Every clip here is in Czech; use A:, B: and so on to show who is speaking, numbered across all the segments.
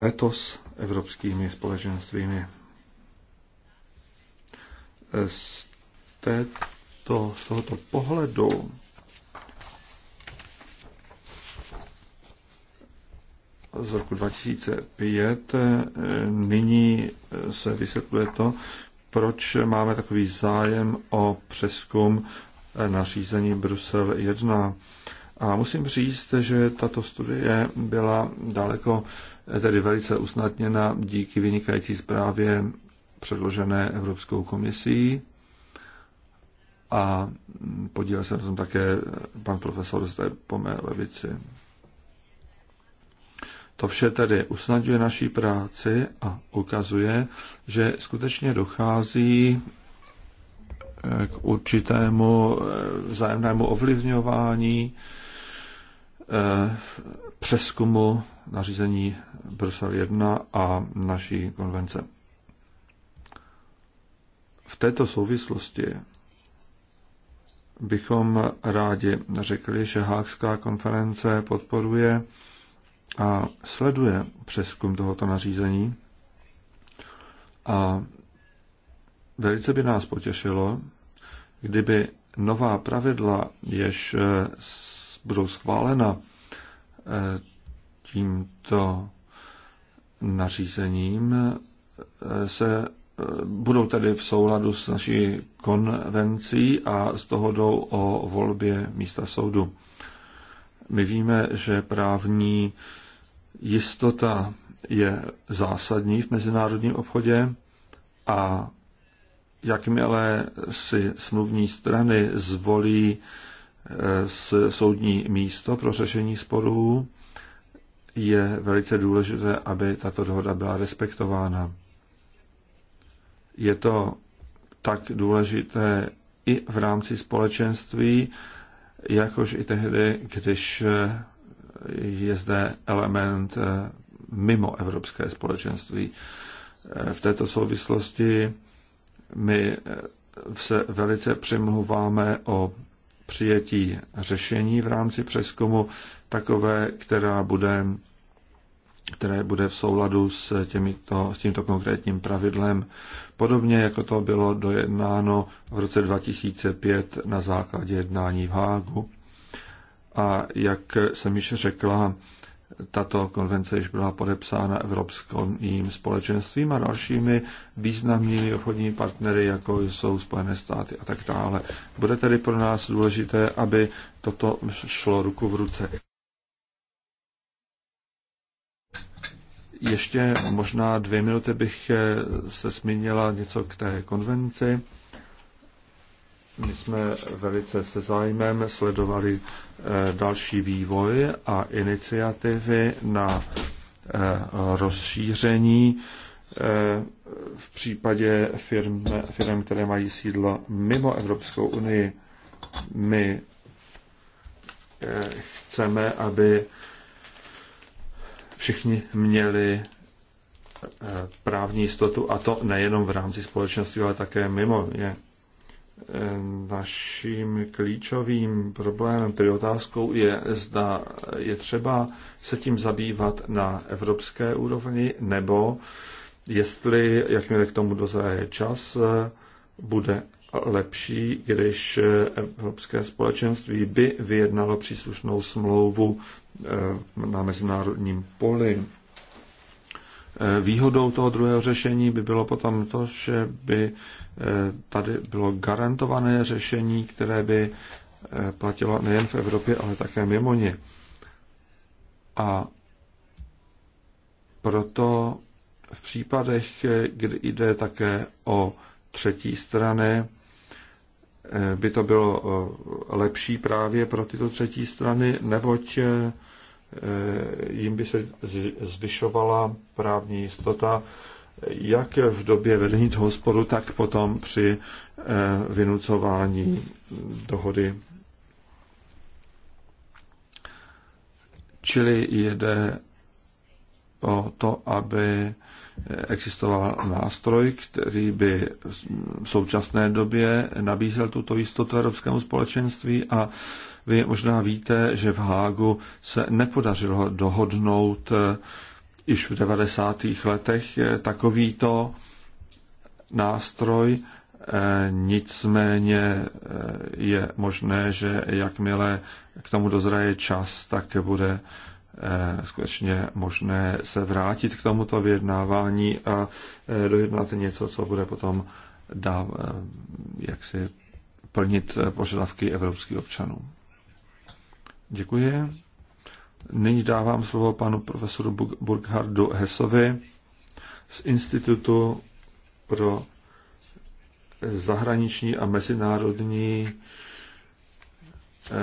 A: letos evropskými společenstvími. Z, této, z tohoto pohledu z roku 2005 eh, nyní se vysvětluje to, proč máme takový zájem o přeskum eh, nařízení Brusel 1. A musím říct, že tato studie byla daleko tedy velice usnadněna díky vynikající zprávě předložené Evropskou komisí a podílel se na tom také pan profesor zde po mé levici. To vše tedy usnadňuje naší práci a ukazuje, že skutečně dochází eh, k určitému eh, vzájemnému ovlivňování Eh, přeskumu nařízení Brusel 1 a naší konvence. V této souvislosti bychom rádi řekli, že Hákská konference podporuje a sleduje přeskum tohoto nařízení a velice by nás potěšilo, kdyby nová pravidla, jež budou schválena eh, tímto nařízením, eh, se eh, budou tedy v souladu s naší konvencí a s dohodou o volbě místa soudu. My víme, že právní jistota je zásadní v mezinárodním obchodě a jakmile si smluvní strany zvolí soudní místo pro řešení sporů, je velice důležité, aby tato dohoda byla respektována. Je to tak důležité i v rámci společenství, jakož i tehdy, když je zde element eh, mimo evropské společenství. Eh, v této souvislosti my eh, se velice přemluváme o přijetí řešení v rámci přeskumu, takové, která bude, které bude v souladu s, těmito, s tímto konkrétním pravidlem, podobně jako to bylo dojednáno v roce 2005 na základě jednání v Hágu. A jak jsem již řekla, tato konvence již byla podepsána Evropským společenstvím a dalšími významnými obchodními partnery, jako jsou Spojené státy a tak dále. Bude tedy pro nás důležité, aby toto šlo ruku v ruce. Ještě možná dvě minuty bych se zmínila něco k té konvenci. My jsme velice se zájmem sledovali eh, další vývoj a iniciativy na eh, rozšíření eh, v případě firm, firm, které mají sídlo mimo Evropskou unii. My chceme, aby všichni měli právní jistotu, a to nejenom v rámci společnosti, ale také mimo ně naším klíčovým problémem, tedy otázkou je, zda je třeba se tím zabývat na evropské úrovni, nebo jestli, jakmile k tomu dozraje čas, bude lepší, když Evropské společenství by vyjednalo příslušnou smlouvu eh, na mezinárodním poli. Eh, výhodou toho druhého řešení by bylo potom to, že by Eh, tady bylo garantované řešení, které by eh, platilo nejen v Evropě, ale také mimo ně. A proto v případech, kdy jde také o třetí strany, eh, by to bylo lepší právě pro tyto třetí strany, neboť jim by se zvyšovala právní jistota jak v době vedení toho sporu, tak potom při eh, vynucování dohody. Čili jde o to, aby existoval nástroj, který by v současné době nabízel tuto jistotu Evropskému společenství a vy možná víte, že v Hágu se nepodařilo dohodnout eh, již v 90. letech takovýto nástroj, eh, nicméně eh, je možné, že jakmile k tomu dozraje čas, tak bude eh, skutečně možné se vrátit k tomuto vyjednávání a dojednat něco, co bude potom dá, jak si plnit požadavky evropských občanů. Děkuji. Nyní dávám slovo panu profesoru Burkhardu Hesovi z Institutu pro zahraniční a mezinárodní eh,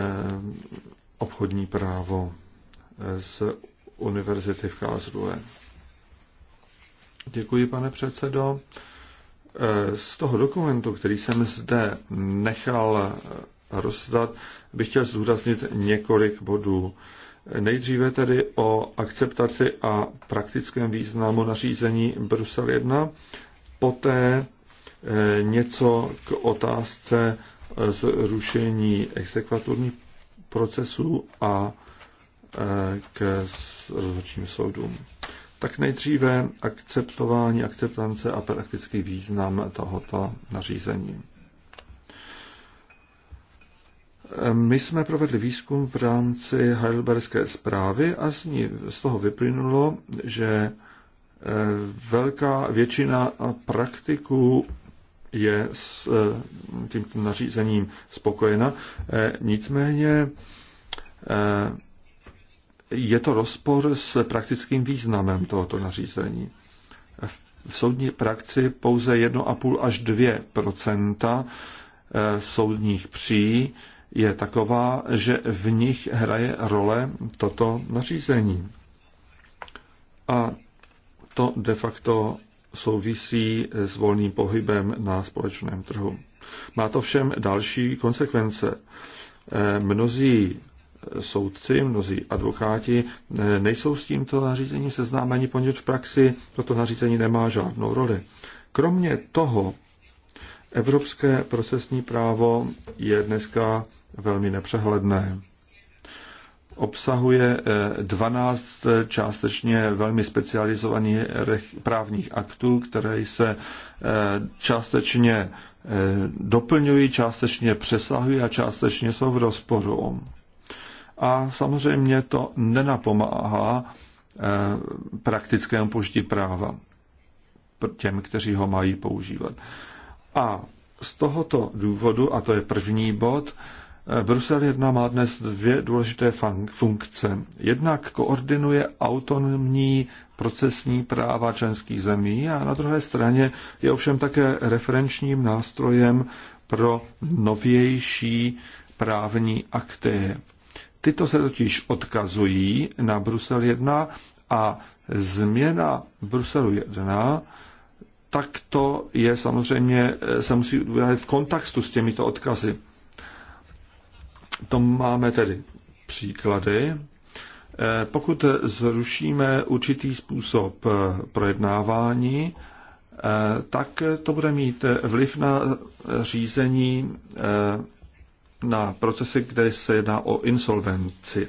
A: obchodní právo eh, z Univerzity v Karlsruhe. Děkuji, pane předsedo. Eh, z toho dokumentu, který jsem zde nechal rozdat, bych chtěl zdůraznit několik bodů. Nejdříve tedy o akceptaci a praktickém významu nařízení Brusel 1, poté eh, něco k otázce zrušení exekvaturních procesů a eh, k rozhodčím soudům. Tak nejdříve akceptování, akceptance a praktický význam tohoto nařízení. Ehm, my jsme provedli výzkum v rámci Heidelbergské zprávy a z, ní, z toho vyplynulo, že eh, velká většina praktiků je s eh, tímto nařízením spokojena. Eh, nicméně je to rozpor s praktickým významem tohoto nařízení. V soudní praxi pouze 1,5 až 2 soudních pří je taková, že v nich hraje role toto nařízení. A to de facto souvisí s volným pohybem na společném trhu. Má to všem další konsekvence. Eh, mnozí soudci, mnozí advokáti eh, nejsou s tímto nařízením seznámeni, poněvadž v praxi toto nařízení nemá žádnou roli. Kromě toho, evropské procesní právo je dneska velmi nepřehledné. Obsahuje 12 eh, eh, částečně velmi specializovaných právních aktů, které se eh, částečně doplňují, částečně přesahují a částečně jsou v rozporu. A samozřejmě to nenapomáhá praktickému požití práva těm, kteří ho mají používat. A z tohoto důvodu, a to je první bod, Brusel 1 má dnes dvě důležité funkce. Jednak koordinuje autonomní procesní práva členských zemí a na druhé straně je ovšem také referenčním nástrojem pro novější právní akty. Tyto se totiž odkazují na Brusel 1 a změna Bruselu 1 tak to je samozřejmě, se musí udělat v kontextu s těmito odkazy tom máme tedy příklady. Eh, pokud zrušíme určitý způsob eh, projednávání, eh, tak to bude mít vliv na řízení na procesy, kde se jedná o insolvenci.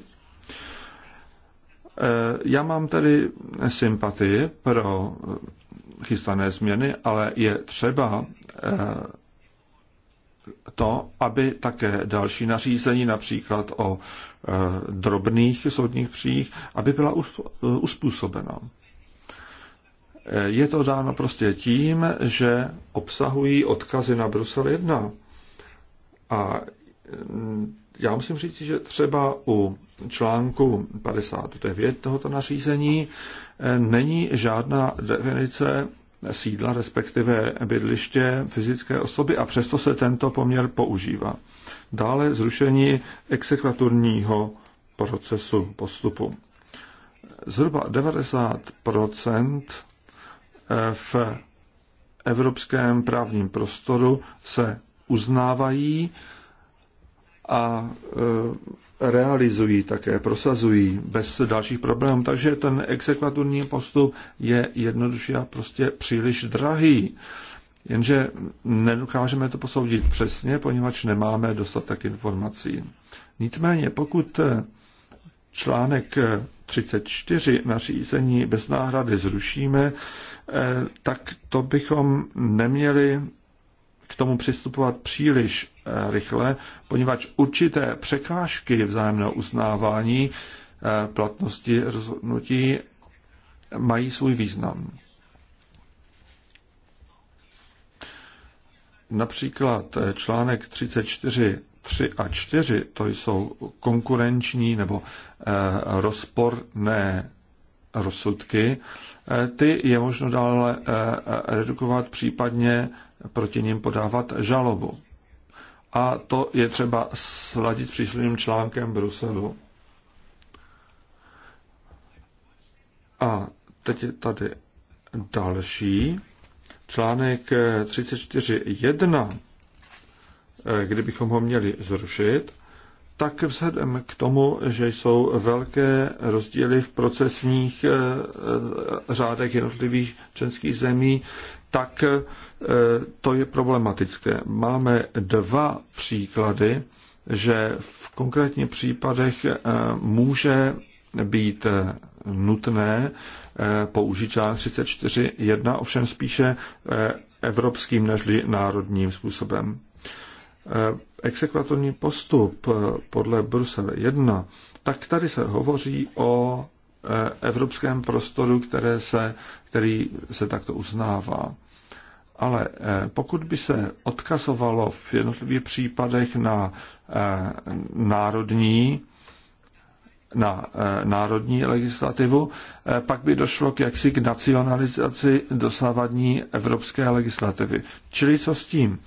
A: Já mám tedy sympatii pro chystané změny, ale je třeba to, aby také další nařízení, například o e, drobných soudních příjích, aby byla e, uspůsobena. E, je to dáno prostě tím, že obsahují odkazy na Brusel 1. A já musím říct, že třeba u článku 59 tohoto nařízení není žádná definice sídla, respektive bydliště fyzické osoby a přesto se tento poměr používá. Dále zrušení exekvaturního procesu postupu. Zhruba 90 eh, v evropském právním prostoru se uznávají a eh, realizují, také prosazují bez dalších problémů. Takže ten exekvaturní postup je jednodušší a prostě příliš drahý. Jenže nedokážeme to posoudit přesně, poněvadž nemáme dostatek informací. Nicméně, pokud článek 34 nařízení bez náhrady zrušíme, eh, tak to bychom neměli k tomu přistupovat příliš eh, rychle, poněvadž určité překážky vzájemného uznávání eh, platnosti rozhodnutí mají svůj význam. Například eh, článek 34 3 a 4, to jsou konkurenční nebo rozporné rozsudky, ty je možno dále redukovat, případně proti ním podávat žalobu. A to je třeba sladit příslušným článkem Bruselu. A teď je tady další článek 34.1, kdybychom ho měli zrušit, tak vzhledem k tomu, že jsou velké rozdíly v procesních eh, řádech jednotlivých členských zemí, tak Eh, to je problematické. Máme dva příklady, že v konkrétních případech eh, může být eh, nutné použít článek 34.1, ovšem spíše evropským než národním způsobem. Exekvatorní postup podle Brusel 1, tak tady se hovoří o evropském prostoru, které se, který se takto uznává. Ale eh, pokud by se odkazovalo v jednotlivých případech na eh, národní, na eh, národní legislativu, pak by došlo k jaksi k nacionalizaci dosávadní evropské legislativy. Čili co s tím?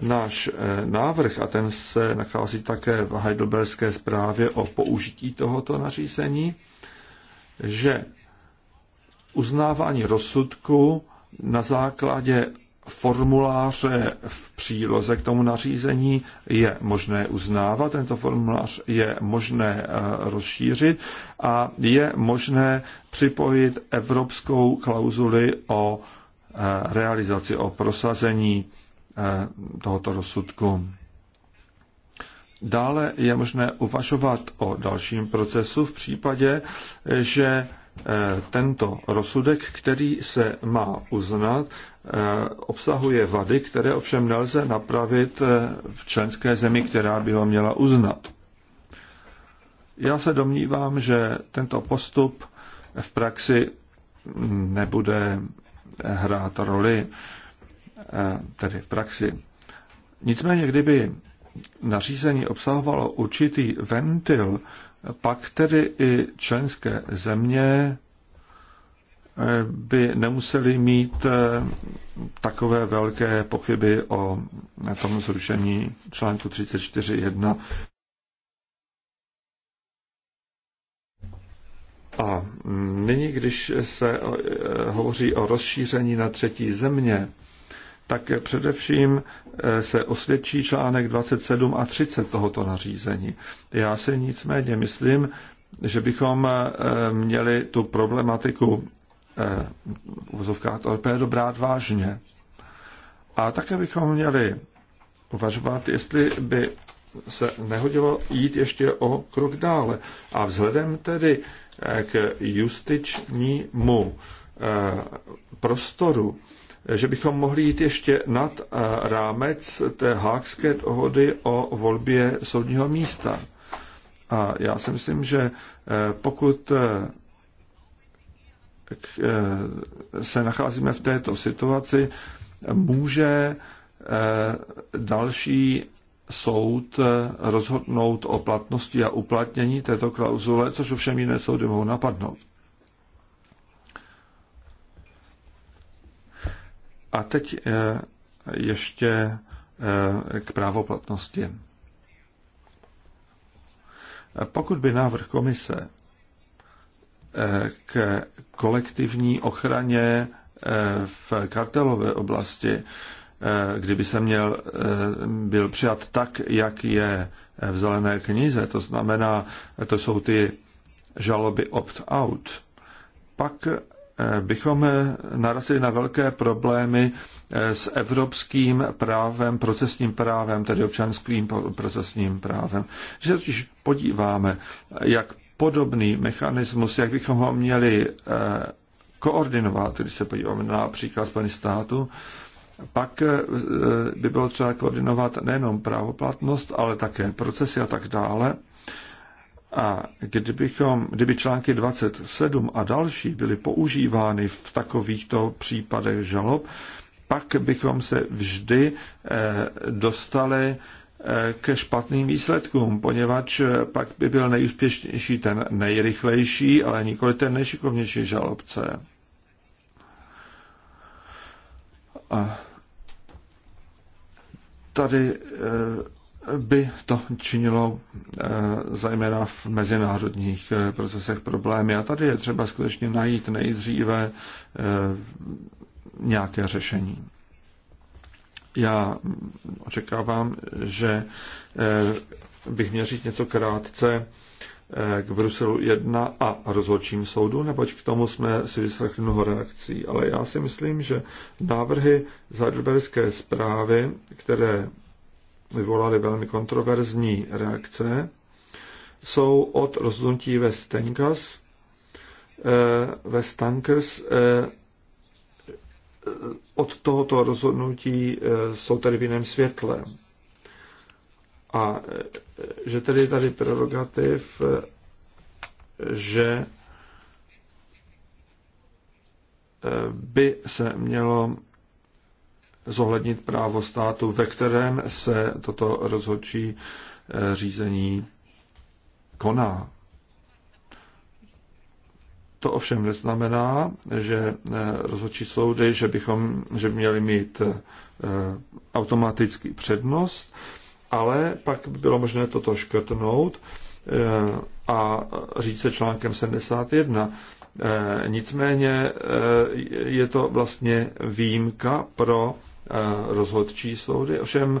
A: Náš návrh, a ten se nachází také v Heidelberské zprávě o použití tohoto nařízení, že uznávání rozsudku na základě formuláře v příloze k tomu nařízení je možné uznávat, tento formulář je možné eh, rozšířit a je možné připojit evropskou klauzuli o eh, realizaci, o prosazení eh, tohoto rozsudku. Dále je možné uvažovat o dalším procesu v případě, že Eh, tento rozsudek, který se má uznat, eh, obsahuje vady, které ovšem nelze napravit eh, v členské zemi, která by ho měla uznat. Já se domnívám, že tento postup v praxi nebude hrát roli, tedy v praxi. Nicméně, kdyby nařízení obsahovalo určitý ventil, pak tedy i členské země eh, by nemuseli mít eh, takové velké pochyby o tom zrušení článku 34.1. A nyní, když se eh, hovoří o rozšíření na třetí země, tak především eh, se osvědčí článek 27 a 30 tohoto nařízení. Já si nicméně myslím, že bychom eh, měli tu problematiku eh, vozovkách torpédo brát vážně. A také bychom měli uvažovat, jestli by se nehodilo jít ještě o krok dále. A vzhledem tedy k justičnímu prostoru že bychom mohli jít ještě nad eh, rámec té hákské dohody o volbě soudního místa. A já si myslím, že eh, pokud eh, se nacházíme v této situaci, může další soud rozhodnout o platnosti a uplatnění této klauzule, což ovšem jiné soudy mohou napadnout. A teď eh, ještě eh, k právoplatnosti. Pokud by návrh komise eh, k kolektivní ochraně v kartelové oblasti, kdyby se měl, byl přijat tak, jak je v zelené knize, to znamená, to jsou ty žaloby opt-out, pak bychom eh, narazili na velké problémy eh, s evropským právem, procesním právem, tedy občanským procesním právem. Když se totiž podíváme, jak podobný mechanismus, jak bychom ho měli eh, koordinovat, když se podíváme na příklad Spojených států, pak by bylo třeba koordinovat nejenom právoplatnost, ale také procesy a tak dále. A kdybychom, kdyby články 27 a další byly používány v takovýchto případech žalob, pak bychom se vždy eh, dostali eh, ke špatným výsledkům, poněvadž eh, pak by byl nejúspěšnější ten nejrychlejší, ale nikoli ten nejšikovnější žalobce. A tady by to činilo eh, zejména v mezinárodních eh, procesech problémy. A tady je třeba skutečně najít nejdříve eh, nějaké řešení. Já očekávám, že bych měl říct něco krátce k Bruselu 1 a rozhodčím soudu, neboť k tomu jsme si vyslechli mnoho reakcí. Ale já si myslím, že návrhy Zaderberské zprávy, které vyvolaly velmi kontroverzní reakce, jsou od rozhodnutí ve Stankers, eh, ve Stankers eh, od tohoto rozhodnutí eh, jsou tady v jiném světle. A že tedy je tady prerogativ, že by se mělo zohlednit právo státu, ve kterém se toto rozhodčí eh, řízení koná. To ovšem neznamená, že eh, rozhodčí soudy, že bychom že by měli mít eh, automatický přednost, ale pak by bylo možné toto škrtnout a říct se článkem 71. Nicméně je to vlastně výjimka pro rozhodčí soudy. Ovšem e,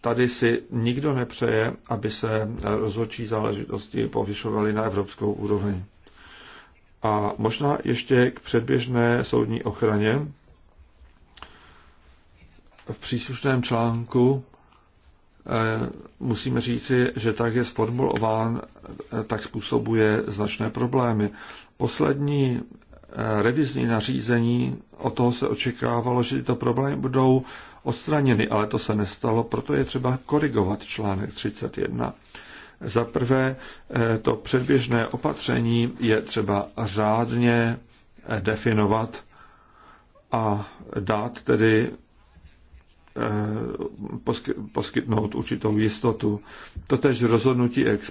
A: tady si nikdo nepřeje, aby se rozhodčí záležitosti povyšovaly na evropskou úroveň. A možná ještě k předběžné soudní ochraně. V příslušném článku e, musíme říci, že tak je sformulován, e, tak způsobuje značné problémy. Poslední revizní nařízení, o toho se očekávalo, že tyto problémy budou odstraněny, ale to se nestalo, proto je třeba korigovat článek 31. Za prvé, eh, to předběžné opatření je třeba řádně eh, definovat a dát tedy eh, poskytnout určitou jistotu. Totež rozhodnutí ex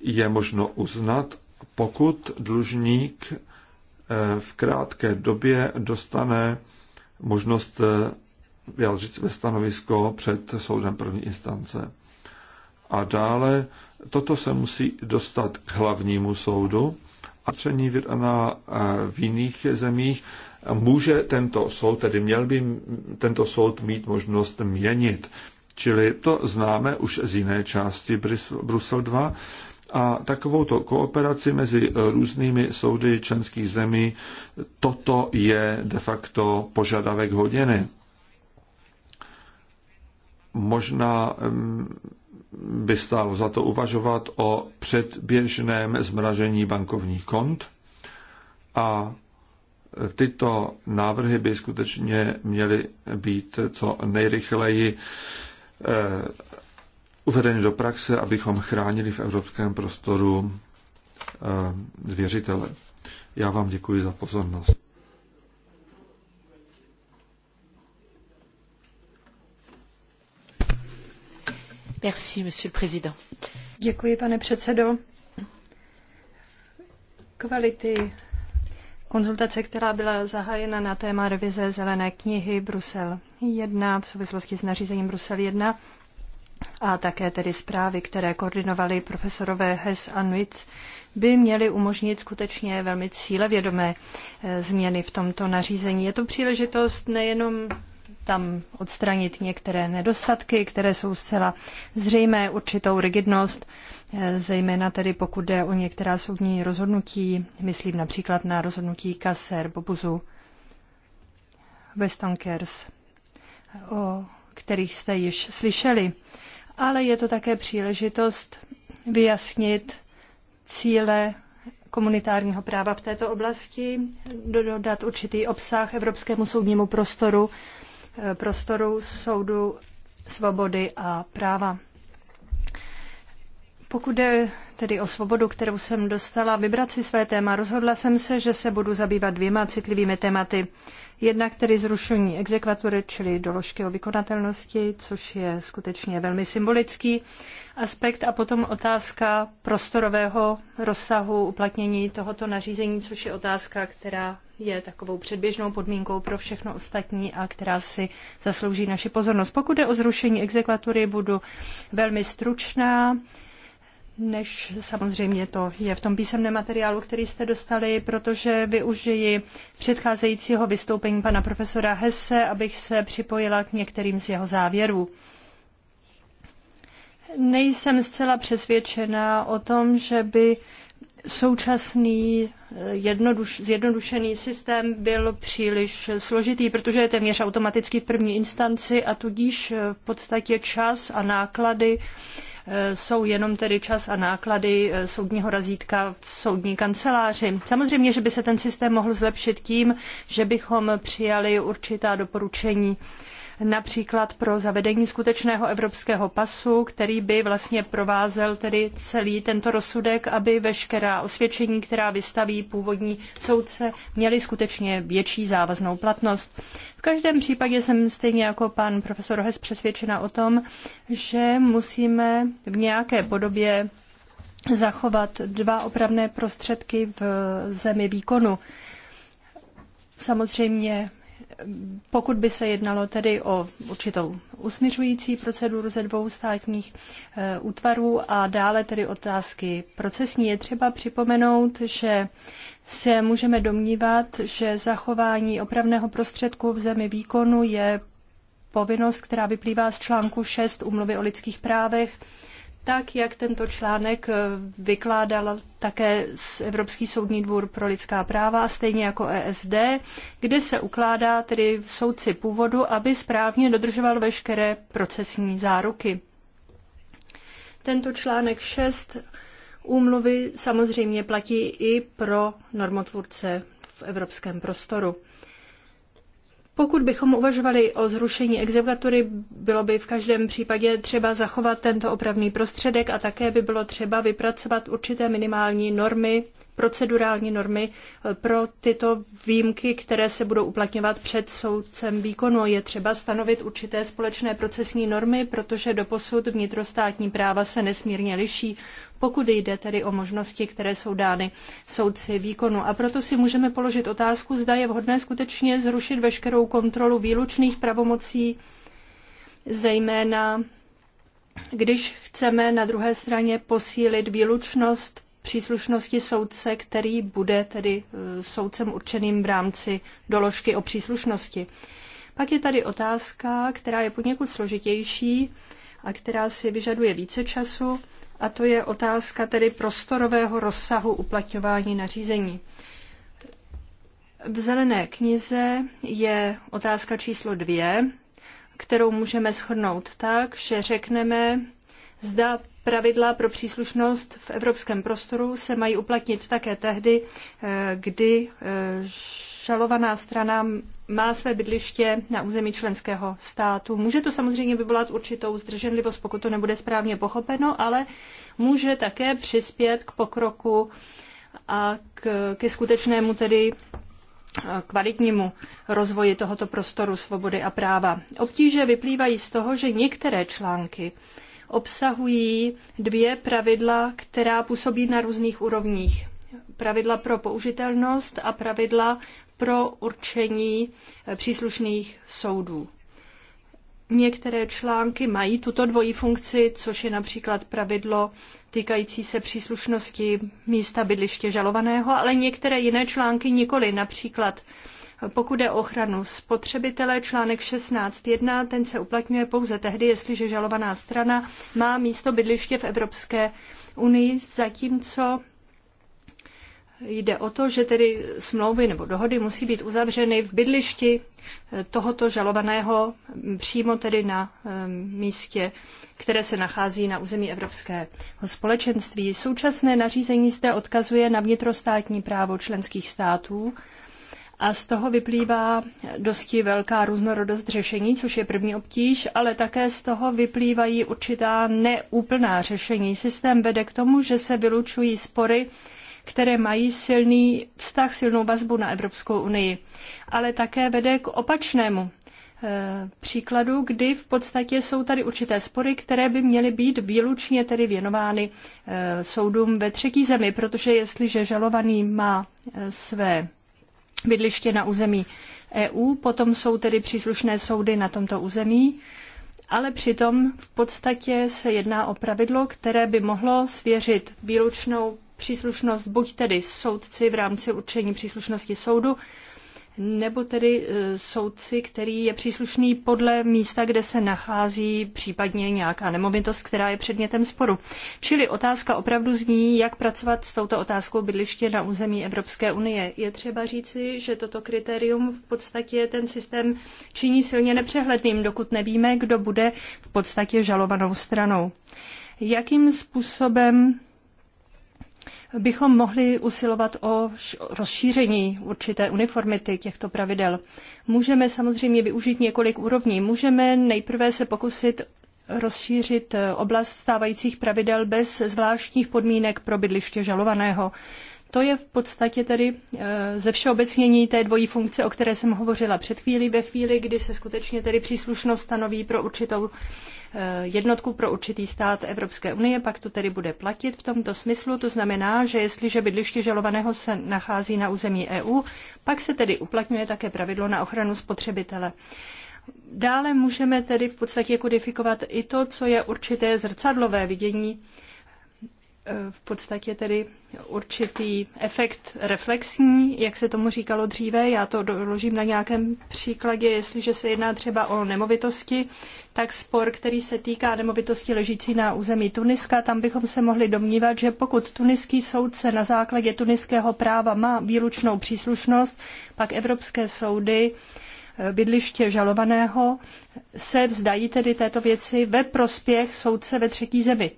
A: je možno uznat pokud dlužník eh, v krátké době dostane možnost eh, vyjádřit své stanovisko před soudem první instance. A dále toto se musí dostat k hlavnímu soudu. A tření vydaná eh, v jiných zemích může tento soud, tedy měl by tento soud mít možnost měnit. Čili to známe už z jiné části Brusel 2 a takovouto kooperaci mezi různými soudy členských zemí, toto je de facto požadavek hodiny. Možná mm, by stálo za to uvažovat o předběžném zmražení bankovních kont a tyto návrhy by skutečně měly být co nejrychleji eh, uvedeny do praxe, abychom chránili v evropském prostoru zvěřitele. Eh, Já vám děkuji za pozornost.
B: Merci, monsieur le président. Děkuji, pane předsedo. Kvality konzultace, která byla zahájena na téma revize zelené knihy Brusel 1 v souvislosti s nařízením Brusel 1, a také tedy zprávy, které koordinovali profesorové Hess a Nitz, by měly umožnit skutečně velmi cílevědomé eh, změny v tomto nařízení. Je to příležitost nejenom tam odstranit některé nedostatky, které jsou zcela zřejmé, určitou rigidnost, eh, zejména tedy pokud jde o některá soudní rozhodnutí, myslím například na rozhodnutí Kasser, Bobuzu, Westonkers, o kterých jste již slyšeli ale je to také příležitost vyjasnit cíle komunitárního práva v této oblasti, dodat určitý obsah Evropskému soudnímu prostoru, eh, prostoru soudu svobody a práva. Pokud jde tedy o svobodu, kterou jsem dostala vybrat si své téma, rozhodla jsem se, že se budu zabývat dvěma citlivými tématy. Jednak tedy zrušení exekvatury, čili doložky o vykonatelnosti, což je skutečně velmi symbolický aspekt, a potom otázka prostorového rozsahu uplatnění tohoto nařízení, což je otázka, která je takovou předběžnou podmínkou pro všechno ostatní a která si zaslouží naši pozornost. Pokud jde o zrušení exekvatury, budu velmi stručná než samozřejmě to je v tom písemném materiálu, který jste dostali, protože využiji předcházejícího vystoupení pana profesora Hesse, abych se připojila k některým z jeho závěrů. Nejsem zcela přesvědčena o tom, že by současný eh, jednoduš, zjednodušený systém byl příliš složitý, protože je téměř automaticky v první instanci a tudíž eh, v podstatě čas a náklady uh, Eh, jsou jenom tedy čas a náklady eh, soudního razítka v soudní kanceláři. Samozřejmě, že by se ten systém mohl zlepšit tím, že bychom přijali určitá doporučení například pro zavedení skutečného evropského pasu, který by vlastně provázel tedy celý tento rozsudek, aby veškerá osvědčení, která vystaví původní soudce, měly skutečně větší závaznou platnost. V každém případě jsem stejně jako pan profesor Hes přesvědčena o tom, že musíme v nějaké podobě zachovat dva opravné prostředky v zemi výkonu. Samozřejmě pokud by se jednalo tedy o určitou usmiřující proceduru ze dvou státních eh, útvarů a dále tedy otázky procesní, je třeba připomenout, že se můžeme domnívat, že zachování opravného prostředku v zemi výkonu je povinnost, která vyplývá z článku 6 Umluvy o lidských právech tak jak tento článek eh, vykládal také Evropský soudní dvůr pro lidská práva, stejně jako ESD, kde se ukládá tedy soudci původu, aby správně dodržoval veškeré procesní záruky. Tento článek 6 úmluvy samozřejmě platí i pro normotvůrce v evropském prostoru. Pokud bychom uvažovali o zrušení exekvatury, bylo by v každém případě třeba zachovat tento opravný prostředek a také by bylo třeba vypracovat určité minimální normy, procedurální normy eh, pro tyto výjimky, které se budou uplatňovat před soudcem výkonu. Je třeba stanovit určité společné procesní normy, protože doposud vnitrostátní práva se nesmírně liší pokud jde tedy o možnosti, které jsou dány soudci výkonu. A proto si můžeme položit otázku, zda je vhodné skutečně zrušit veškerou kontrolu výlučných pravomocí, zejména když chceme na druhé straně posílit výlučnost příslušnosti soudce, který bude tedy eh, soudcem určeným v rámci doložky o příslušnosti. Pak je tady otázka, která je poněkud složitější a která si vyžaduje více času a to je otázka tedy prostorového rozsahu uplatňování nařízení. V zelené knize je otázka číslo dvě, kterou můžeme shodnout tak, že řekneme, zda pravidla pro příslušnost v evropském prostoru se mají uplatnit také tehdy, eh, kdy eh, žalovaná strana má své bydliště na území členského státu. Může to samozřejmě vyvolat určitou zdrženlivost, pokud to nebude správně pochopeno, ale může také přispět k pokroku a k, ke skutečnému tedy kvalitnímu rozvoji tohoto prostoru svobody a práva. Obtíže vyplývají z toho, že některé články obsahují dvě pravidla, která působí na různých úrovních. Pravidla pro použitelnost a pravidla pro určení eh, příslušných soudů. Některé články mají tuto dvojí funkci, což je například pravidlo týkající se příslušnosti místa bydliště žalovaného, ale některé jiné články nikoli, například eh, pokud je ochranu spotřebitele, článek 16.1, ten se uplatňuje pouze tehdy, jestliže žalovaná strana má místo bydliště v Evropské unii, zatímco jde o to, že tedy smlouvy nebo dohody musí být uzavřeny v bydlišti eh, tohoto žalovaného mm, přímo tedy na ehm, místě, které se nachází na území Evropského společenství. Současné nařízení zde odkazuje na vnitrostátní právo členských států a z toho vyplývá dosti velká různorodost řešení, což je první obtíž, ale také z toho vyplývají určitá neúplná řešení. Systém vede k tomu, že se vylučují spory, které mají silný vztah, silnou vazbu na Evropskou unii. Ale také vede k opačnému eh, příkladu, kdy v podstatě jsou tady určité spory, které by měly být výlučně tedy věnovány eh, soudům ve třetí zemi, protože jestliže žalovaný má eh, své bydliště na území EU, potom jsou tedy příslušné soudy na tomto území, ale přitom v podstatě se jedná o pravidlo, které by mohlo svěřit výlučnou příslušnost buď tedy soudci v rámci určení příslušnosti soudu, nebo tedy e, soudci, který je příslušný podle místa, kde se nachází případně nějaká nemovitost, která je předmětem sporu. Čili otázka opravdu zní, jak pracovat s touto otázkou bydliště na území Evropské unie. Je třeba říci, že toto kritérium v podstatě ten systém činí silně nepřehledným, dokud nevíme, kdo bude v podstatě žalovanou stranou. Jakým způsobem bychom mohli usilovat o rozšíření určité uniformity těchto pravidel. Můžeme samozřejmě využít několik úrovní. Můžeme nejprve se pokusit rozšířit eh, oblast stávajících pravidel bez zvláštních podmínek pro bydliště žalovaného. To je v podstatě tedy eh, ze všeobecnění té dvojí funkce, o které jsem hovořila před chvílí, ve chvíli, kdy se skutečně tedy příslušnost stanoví pro určitou Eh, jednotku pro určitý stát Evropské unie, pak to tedy bude platit v tomto smyslu. To znamená, že jestliže bydliště žalovaného se nachází na území EU, pak se tedy uplatňuje také pravidlo na ochranu spotřebitele. Dále můžeme tedy v podstatě kodifikovat i to, co je určité zrcadlové vidění Eh, v podstatě tedy určitý efekt reflexní, jak se tomu říkalo dříve. Já to doložím na nějakém příkladě. Jestliže se jedná třeba o nemovitosti, tak spor, který se týká nemovitosti ležící na území Tuniska, tam bychom se mohli domnívat, že pokud tuniský soudce na základě tuniského práva má výlučnou příslušnost, pak evropské soudy eh, bydliště žalovaného se vzdají tedy této věci ve prospěch soudce ve třetí zemi.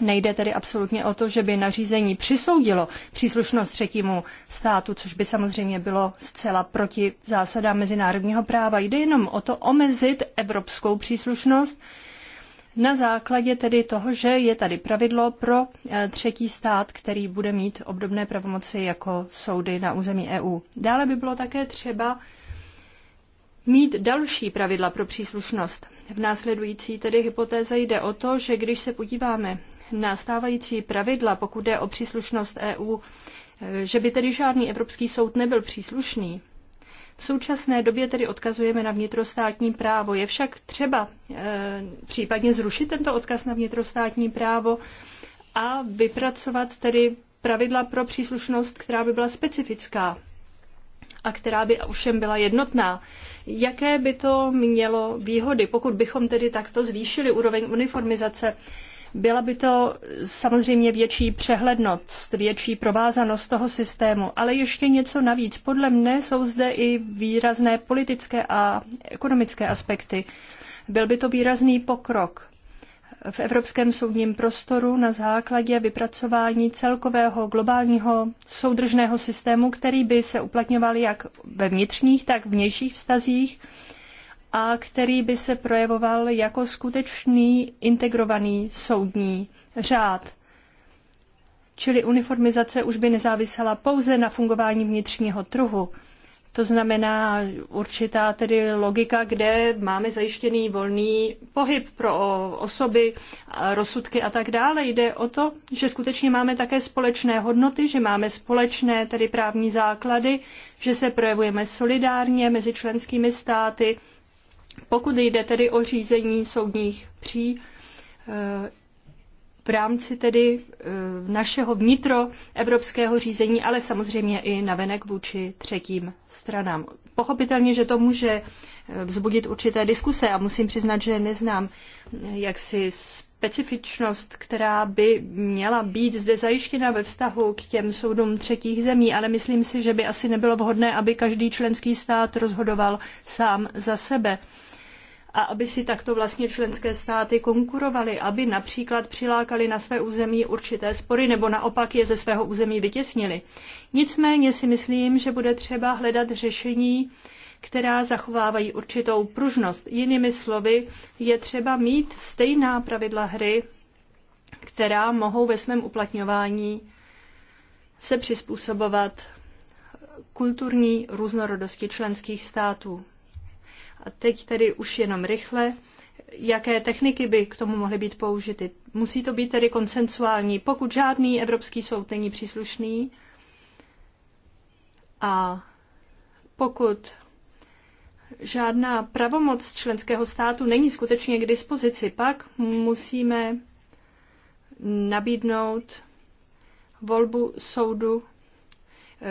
B: Nejde tedy absolutně o to, že by nařízení přisoudilo příslušnost třetímu státu, což by samozřejmě bylo zcela proti zásadám mezinárodního práva. Jde jenom o to omezit evropskou příslušnost na základě tedy toho, že je tady pravidlo pro eh, třetí stát, který bude mít obdobné pravomoci jako soudy na území EU. Dále by bylo také třeba mít další pravidla pro příslušnost. V následující tedy hypotéze jde o to, že když se podíváme na stávající pravidla, pokud jde o příslušnost EU, že by tedy žádný Evropský soud nebyl příslušný. V současné době tedy odkazujeme na vnitrostátní právo. Je však třeba e, případně zrušit tento odkaz na vnitrostátní právo a vypracovat tedy pravidla pro příslušnost, která by byla specifická a která by ovšem byla jednotná. Jaké by to mělo výhody, pokud bychom tedy takto zvýšili úroveň uniformizace byla by to samozřejmě větší přehlednost, větší provázanost toho systému, ale ještě něco navíc. Podle mne jsou zde i výrazné politické a ekonomické aspekty. Byl by to výrazný pokrok v evropském soudním prostoru na základě vypracování celkového globálního soudržného systému, který by se uplatňoval jak ve vnitřních, tak vnějších vztazích a který by se projevoval jako skutečný integrovaný soudní řád. Čili uniformizace už by nezávisela pouze na fungování vnitřního trhu. To znamená určitá tedy logika, kde máme zajištěný volný pohyb pro osoby, rozsudky a tak dále. Jde o to, že skutečně máme také společné hodnoty, že máme společné tedy právní základy, že se projevujeme solidárně mezi členskými státy pokud jde tedy o řízení soudních pří, eh, v rámci tedy eh, našeho vnitro evropského řízení, ale samozřejmě i navenek vůči třetím stranám. Pochopitelně, že to může eh, vzbudit určité diskuse a musím přiznat, že neznám jaksi specifičnost, která by měla být zde zajištěna ve vztahu k těm soudům třetích zemí, ale myslím si, že by asi nebylo vhodné, aby každý členský stát rozhodoval sám za sebe a aby si takto vlastně členské státy konkurovaly, aby například přilákali na své území určité spory nebo naopak je ze svého území vytěsnili. Nicméně si myslím, že bude třeba hledat řešení, která zachovávají určitou pružnost. Jinými slovy, je třeba mít stejná pravidla hry, která mohou ve svém uplatňování se přizpůsobovat kulturní různorodosti členských států. A teď tedy už jenom rychle, jaké techniky by k tomu mohly být použity. Musí to být tedy konsensuální, pokud žádný Evropský soud není příslušný a pokud žádná pravomoc členského státu není skutečně k dispozici, pak musíme nabídnout volbu soudu,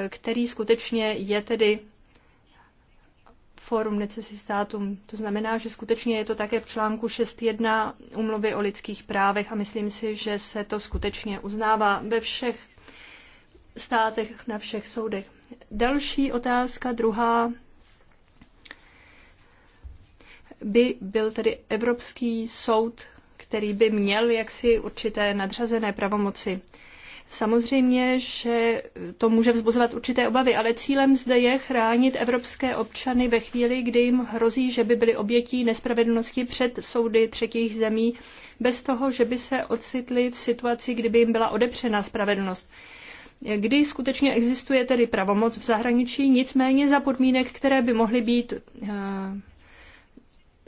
B: který skutečně je tedy Forum necesistátům. To znamená, že skutečně je to také v článku 6.1 umluvy o lidských právech a myslím si, že se to skutečně uznává ve všech státech, na všech soudech. Další otázka, druhá, by byl tedy Evropský soud, který by měl jaksi určité nadřazené pravomoci. Samozřejmě, že to může vzbuzovat určité obavy, ale cílem zde je chránit evropské občany ve chvíli, kdy jim hrozí, že by byli obětí nespravedlnosti před soudy třetích zemí, bez toho, že by se ocitli v situaci, kdyby jim byla odepřena spravedlnost kdy skutečně existuje tedy pravomoc v zahraničí, nicméně za podmínek, které by mohly být eh,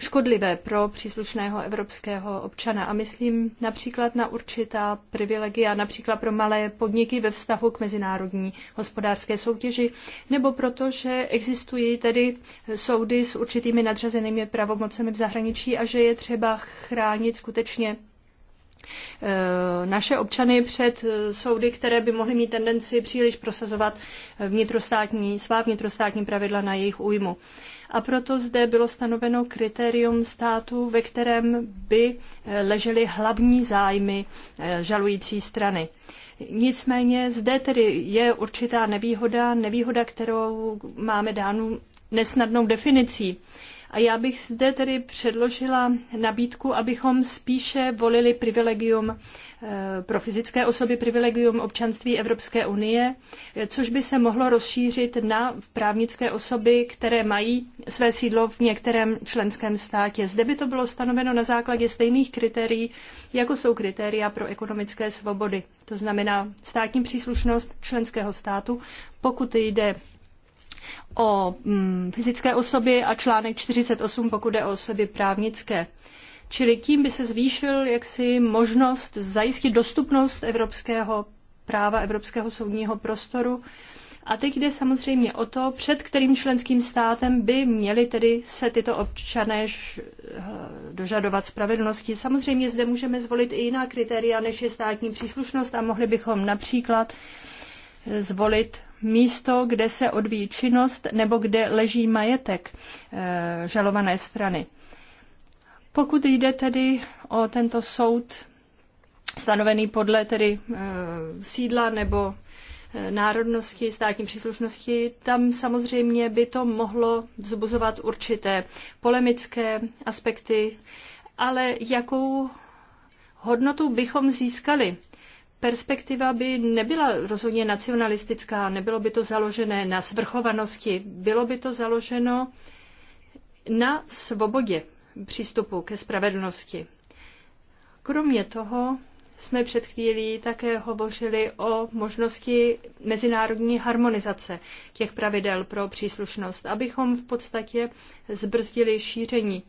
B: škodlivé pro příslušného evropského občana. A myslím například na určitá privilegia, například pro malé podniky ve vztahu k mezinárodní hospodářské soutěži, nebo proto, že existují tedy soudy s určitými nadřazenými pravomocemi v zahraničí a že je třeba chránit skutečně Eh, naše občany před eh, soudy, které by mohly mít tendenci příliš prosazovat eh, vnitrostátní, svá vnitrostátní pravidla na jejich újmu. A proto zde bylo stanoveno kritérium státu, ve kterém by ležely hlavní zájmy žalující strany. Nicméně zde tedy je určitá nevýhoda, nevýhoda, kterou máme dánu nesnadnou definicí a já bych zde tedy předložila nabídku, abychom spíše volili privilegium eh, pro fyzické osoby, privilegium občanství Evropské unie, eh, což by se mohlo rozšířit na právnické osoby, které mají své sídlo v některém členském státě. Zde by to bylo stanoveno na základě stejných kritérií, jako jsou kritéria pro ekonomické svobody. To znamená státní příslušnost členského státu, pokud jde o mm, fyzické osoby a článek 48, pokud jde o osoby právnické. Čili tím by se zvýšil jaksi možnost zajistit dostupnost evropského práva, evropského soudního prostoru. A teď jde samozřejmě o to, před kterým členským státem by měli tedy se tyto občané eh, dožadovat spravedlnosti. Samozřejmě zde můžeme zvolit i jiná kritéria, než je státní příslušnost a mohli bychom například zvolit místo, kde se odvíjí činnost nebo kde leží majetek eh, žalované strany. Pokud jde tedy o tento soud stanovený podle tedy eh, sídla nebo eh, národnosti, státní příslušnosti, tam samozřejmě by to mohlo vzbuzovat určité polemické aspekty, ale jakou hodnotu bychom získali perspektiva by nebyla rozhodně nacionalistická, nebylo by to založené na svrchovanosti, bylo by to založeno na svobodě přístupu ke spravedlnosti. Kromě toho jsme před chvílí také hovořili o možnosti mezinárodní harmonizace těch pravidel pro příslušnost, abychom v podstatě zbrzdili šíření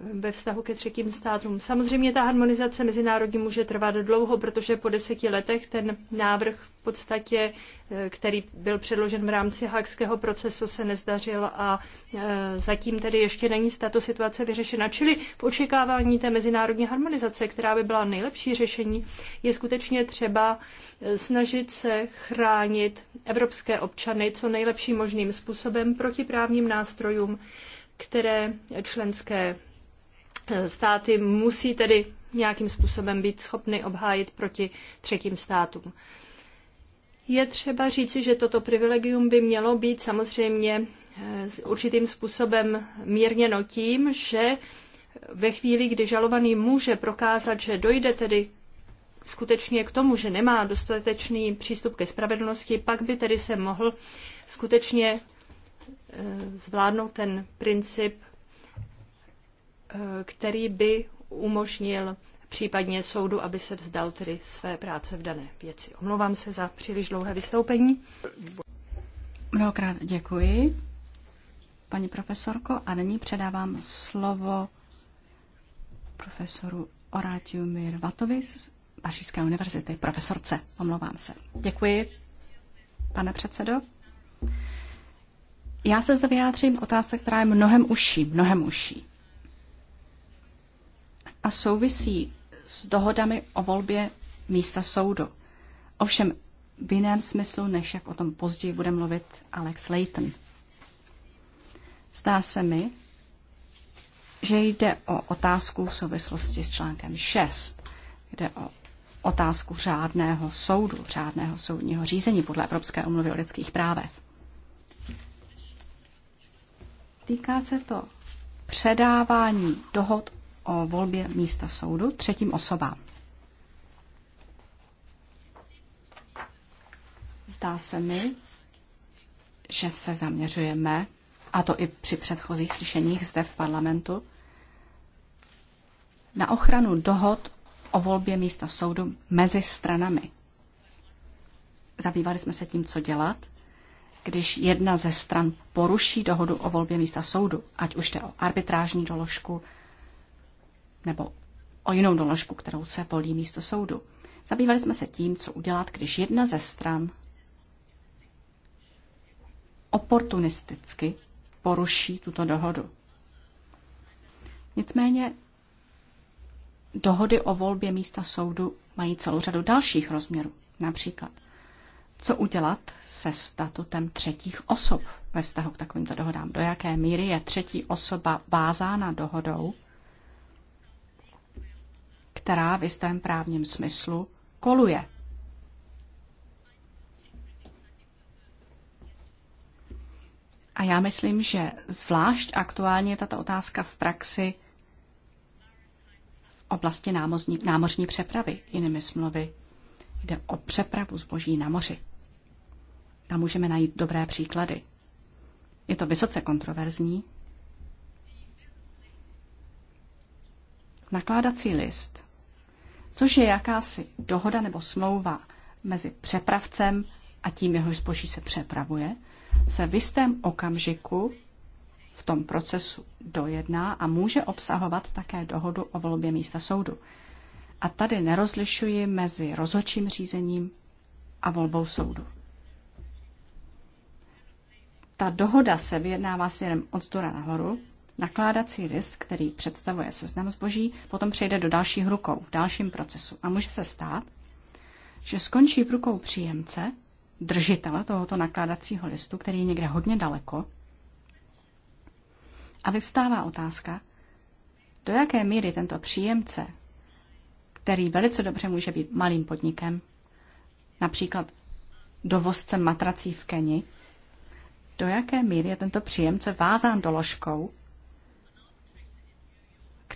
B: ve vztahu ke třetím státům. Samozřejmě ta harmonizace mezinárodní může trvat dlouho, protože po deseti letech ten návrh v podstatě, eh, který byl předložen v rámci hákského procesu, se nezdařil a eh, zatím tedy ještě není tato situace vyřešena. Čili v očekávání té mezinárodní harmonizace, která by byla nejlepší řešení, je skutečně třeba eh, snažit se chránit evropské občany co nejlepším možným způsobem proti právním nástrojům, které členské státy musí tedy nějakým způsobem být schopny obhájit proti třetím státům. Je třeba říci, že toto privilegium by mělo být samozřejmě eh, určitým způsobem mírněno tím, že ve chvíli, kdy žalovaný může prokázat, že dojde tedy skutečně k tomu, že nemá dostatečný přístup ke spravedlnosti, pak by tedy se mohl skutečně eh, zvládnout ten princip Eh, který by umožnil případně soudu, aby se vzdal tedy své práce v dané věci. Omlouvám se za příliš dlouhé vystoupení. Mnohokrát děkuji, paní profesorko, a nyní předávám slovo
C: profesoru Orátiu Mirvatovi z Pařížské univerzity, profesorce. Omlouvám se. Děkuji, pane předsedo. Já se zde vyjádřím otázce, která je mnohem užší, mnohem užší a souvisí s dohodami o volbě místa soudu. Ovšem v jiném smyslu, než jak o tom později bude mluvit Alex Layton. Zdá se mi, že jde o otázku v souvislosti s článkem 6, jde o otázku řádného soudu, řádného soudního řízení podle Evropské umluvy o lidských právech. Týká se to předávání dohod o volbě místa soudu třetím osobám. Zdá se mi, že se zaměřujeme, a to i při předchozích slyšeních zde v parlamentu, na ochranu dohod o volbě místa soudu mezi stranami. Zabývali jsme se tím, co dělat, když jedna ze stran poruší dohodu o volbě místa soudu, ať už jde o arbitrážní doložku nebo o jinou doložku, kterou se volí místo soudu. Zabývali jsme se tím, co udělat, když jedna ze stran oportunisticky poruší tuto dohodu. Nicméně dohody o volbě místa soudu mají celou řadu dalších rozměrů. Například, co udělat se statutem třetích osob ve vztahu k takovýmto dohodám? Do jaké míry je třetí osoba vázána dohodou která v jistém právním smyslu koluje. A já myslím, že zvlášť aktuálně je tato otázka v praxi v oblasti námozní, námořní přepravy. Jinými smlouvy jde o přepravu zboží na moři. Tam můžeme najít dobré příklady. Je to vysoce kontroverzní. Nakládací list což je jakási dohoda nebo smlouva mezi přepravcem a tím jeho zboží se přepravuje, se v jistém okamžiku v tom procesu dojedná a může obsahovat také dohodu o volbě místa soudu. A tady nerozlišuji mezi rozhodčím řízením a volbou soudu. Ta dohoda se vyjednává směrem od nahoru nakládací list, který představuje seznam zboží, potom přejde do dalších rukou, v dalším procesu. A může se stát, že skončí v rukou příjemce, držitele tohoto nakládacího listu, který je někde hodně daleko, a vyvstává otázka, do jaké míry tento příjemce, který velice dobře může být malým podnikem, například dovozcem matrací v Keni, do jaké míry je tento příjemce vázán doložkou,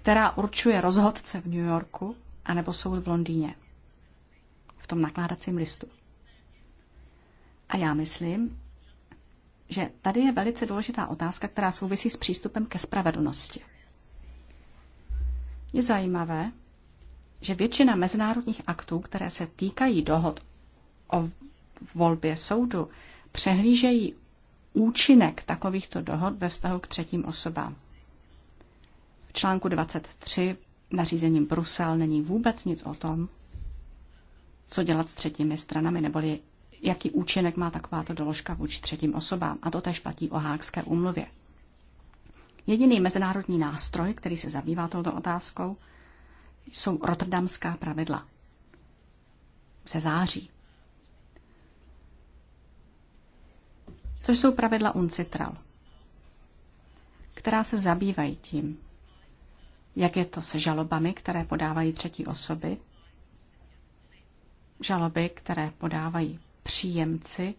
C: která určuje rozhodce v New Yorku anebo soud v Londýně v tom nakládacím listu. A já myslím, že tady je velice důležitá otázka, která souvisí s přístupem ke spravedlnosti. Je zajímavé, že většina mezinárodních aktů, které se týkají dohod o volbě soudu, přehlížejí účinek takovýchto dohod ve vztahu k třetím osobám článku 23 nařízením Brusel není vůbec nic o tom, co dělat s třetími stranami, neboli jaký účinek má takováto doložka vůči třetím osobám. A to tež platí o Hákské úmluvě. Jediný mezinárodní nástroj, který se zabývá touto otázkou, jsou rotterdamská pravidla ze září. Což jsou pravidla UNCITRAL, která se zabývají tím, jak je to se žalobami, které podávají třetí osoby? Žaloby, které podávají příjemci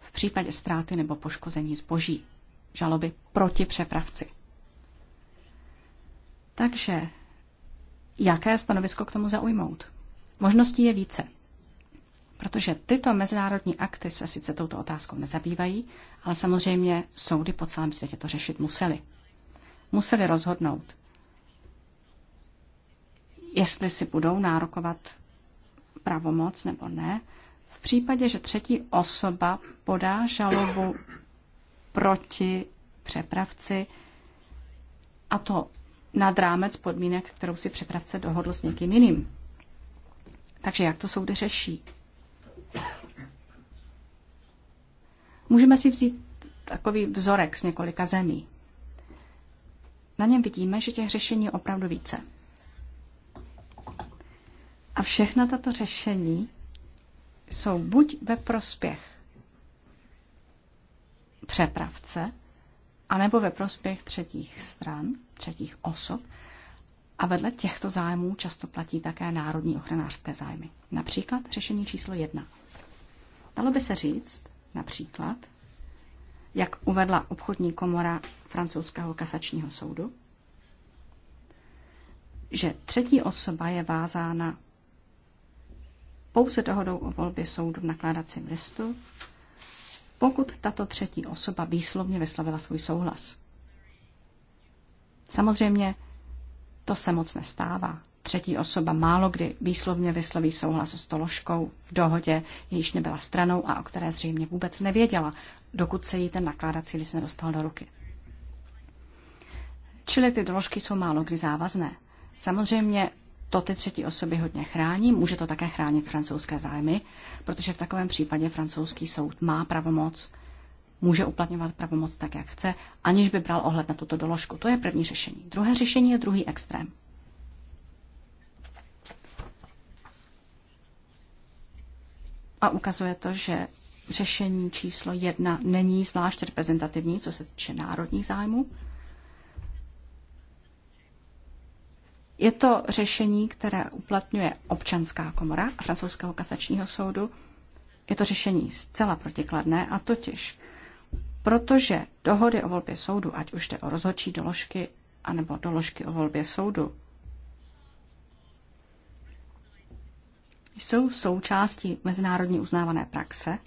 C: v případě ztráty nebo poškození zboží. Žaloby proti přepravci. Takže jaké stanovisko k tomu zaujmout? Možností je více, protože tyto mezinárodní akty se sice touto otázkou nezabývají, ale samozřejmě soudy po celém světě to řešit museli. Museli rozhodnout, jestli si budou nárokovat pravomoc nebo ne, v případě, že třetí osoba podá žalobu proti přepravci a to nad rámec podmínek, kterou si přepravce dohodl s někým jiným. Takže jak to soudy řeší? Můžeme si vzít takový vzorek z několika zemí. Na něm vidíme, že těch řešení je opravdu více všechna tato řešení jsou buď ve prospěch přepravce, anebo ve prospěch třetích stran, třetích osob. A vedle těchto zájmů často platí také národní ochranářské zájmy. Například řešení číslo jedna. Dalo by se říct, například, jak uvedla obchodní komora francouzského kasačního soudu, že třetí osoba je vázána pouze dohodou o volbě soudu v nakládacím listu, pokud tato třetí osoba výslovně vyslovila svůj souhlas. Samozřejmě to se moc nestává. Třetí osoba málo kdy výslovně vysloví souhlas s doložkou v dohodě, jejíž nebyla stranou a o které zřejmě vůbec nevěděla, dokud se jí ten nakládací list nedostal do ruky. Čili ty doložky jsou málo kdy závazné. Samozřejmě to ty třetí osoby hodně chrání, může to také chránit francouzské zájmy, protože v takovém případě francouzský soud má pravomoc, může uplatňovat pravomoc tak, jak chce, aniž by bral ohled na tuto doložku. To je první řešení. Druhé řešení je druhý extrém. A ukazuje to, že řešení číslo jedna není zvlášť reprezentativní, co se týče národních zájmů. Je to řešení, které uplatňuje občanská komora a francouzského kasačního soudu. Je to řešení zcela protikladné a totiž, protože dohody o volbě soudu, ať už jde o rozhodčí doložky anebo doložky o volbě soudu, jsou součástí mezinárodní uznávané praxe.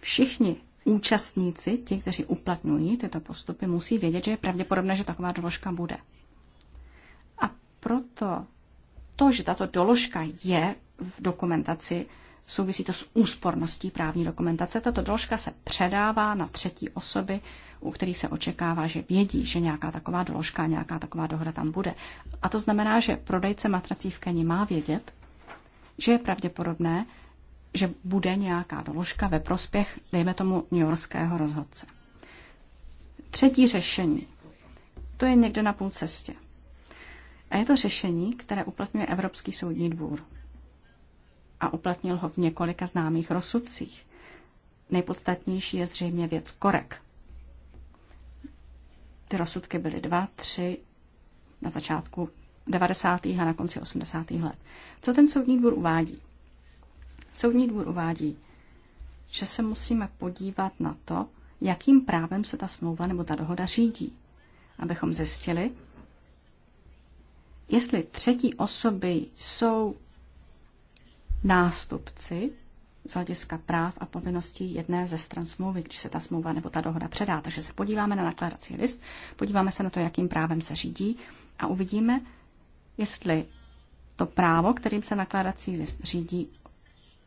C: Všichni účastníci, ti, kteří uplatňují tyto postupy, musí vědět, že je pravděpodobné, že taková doložka bude. A proto to, že tato doložka je v dokumentaci, souvisí to s úsporností právní dokumentace. Tato doložka se předává na třetí osoby, u kterých se očekává, že vědí, že nějaká taková doložka, nějaká taková dohoda tam bude. A to znamená, že prodejce matrací v Keni má vědět, že je pravděpodobné, že bude nějaká doložka ve prospěch, dejme tomu, Yorkského rozhodce. Třetí řešení. To je někde na půl cestě. A je to řešení, které uplatňuje Evropský soudní dvůr. A uplatnil ho v několika známých rozsudcích. Nejpodstatnější je zřejmě věc korek. Ty rozsudky byly dva, tři na začátku 90. a na konci 80. let. Co ten soudní dvůr uvádí? Soudní dvůr uvádí, že se musíme podívat na to, jakým právem se ta smlouva nebo ta dohoda řídí, abychom zjistili, jestli třetí osoby jsou nástupci z hlediska práv a povinností jedné ze stran smlouvy, když se ta smlouva nebo ta dohoda předá. Takže se podíváme na nakládací list, podíváme se na to, jakým právem se řídí a uvidíme, jestli to právo, kterým se nakládací list řídí,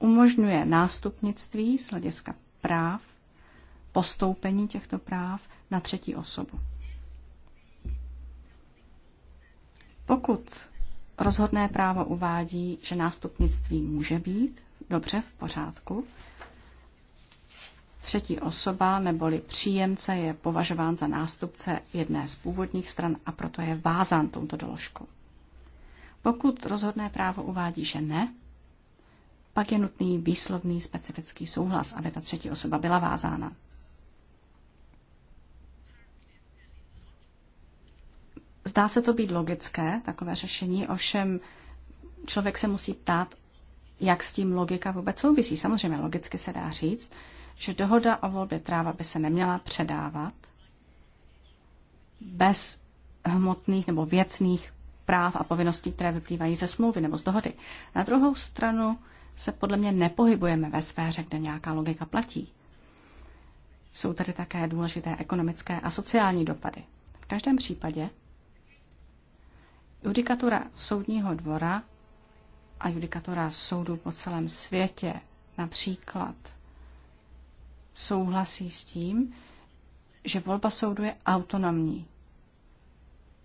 C: umožňuje nástupnictví z hlediska práv, postoupení těchto práv na třetí osobu. Pokud rozhodné právo uvádí, že nástupnictví může být, dobře, v pořádku, třetí osoba neboli příjemce je považován za nástupce jedné z původních stran a proto je vázán touto doložkou. Pokud rozhodné právo uvádí, že ne, pak je nutný výslovný specifický souhlas, aby ta třetí osoba byla vázána. Zdá se to být logické, takové řešení, ovšem člověk se musí ptát, jak s tím logika vůbec souvisí. Samozřejmě logicky se dá říct, že dohoda o volbě tráva by se neměla předávat bez hmotných nebo věcných práv a povinností, které vyplývají ze smlouvy nebo z dohody. Na druhou stranu se podle mě nepohybujeme ve sféře, kde nějaká logika platí. Jsou tady také důležité ekonomické a sociální dopady. V každém případě judikatura soudního dvora a judikatura soudu po celém světě například souhlasí s tím, že volba soudu je autonomní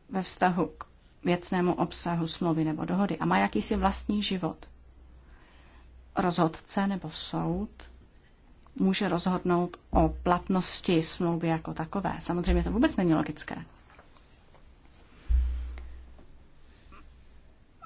C: ve vztahu k věcnému obsahu smlouvy nebo dohody a má jakýsi vlastní život rozhodce nebo soud může rozhodnout o platnosti smlouvy jako takové. Samozřejmě to vůbec není logické.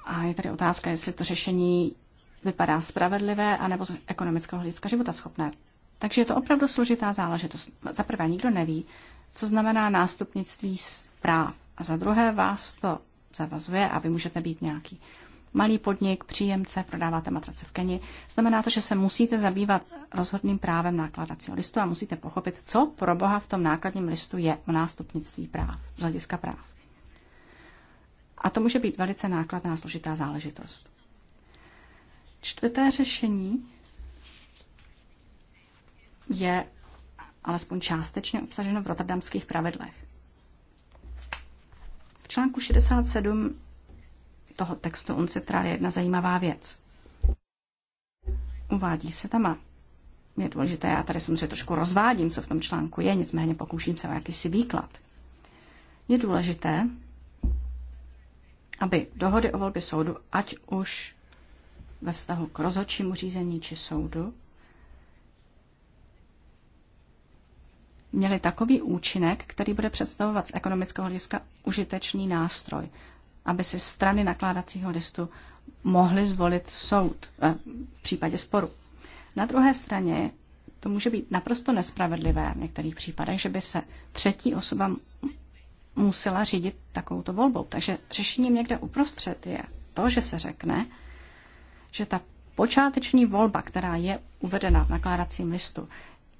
C: A je tady otázka, jestli to řešení vypadá spravedlivé anebo z ekonomického hlediska života schopné. Takže je to opravdu složitá záležitost. Za prvé, nikdo neví, co znamená nástupnictví práv. A za druhé, vás to zavazuje a vy můžete být nějaký malý podnik, příjemce, prodáváte matrace v Keni. Znamená to, že se musíte zabývat rozhodným právem nákladacího listu a musíte pochopit, co pro boha v tom nákladním listu je o nástupnictví práv, z hlediska práv. A to může být velice nákladná, a složitá záležitost. Čtvrté řešení je alespoň částečně obsaženo v rotterdamských pravidlech. V článku 67 toho textu UNCITRAL je jedna zajímavá věc. Uvádí se tam, je důležité, já tady samozřejmě trošku rozvádím, co v tom článku je, nicméně pokouším se o jakýsi výklad. Je důležité, aby dohody o volbě soudu, ať už ve vztahu k rozhodčímu řízení či soudu, měly takový účinek, který bude představovat z ekonomického hlediska užitečný nástroj aby si strany nakládacího listu mohly zvolit soud eh, v případě sporu. Na druhé straně to může být naprosto nespravedlivé v některých případech, že by se třetí osoba musela řídit takovouto volbou. Takže řešením někde uprostřed je to, že se řekne, že ta počáteční volba, která je uvedena v nakládacím listu,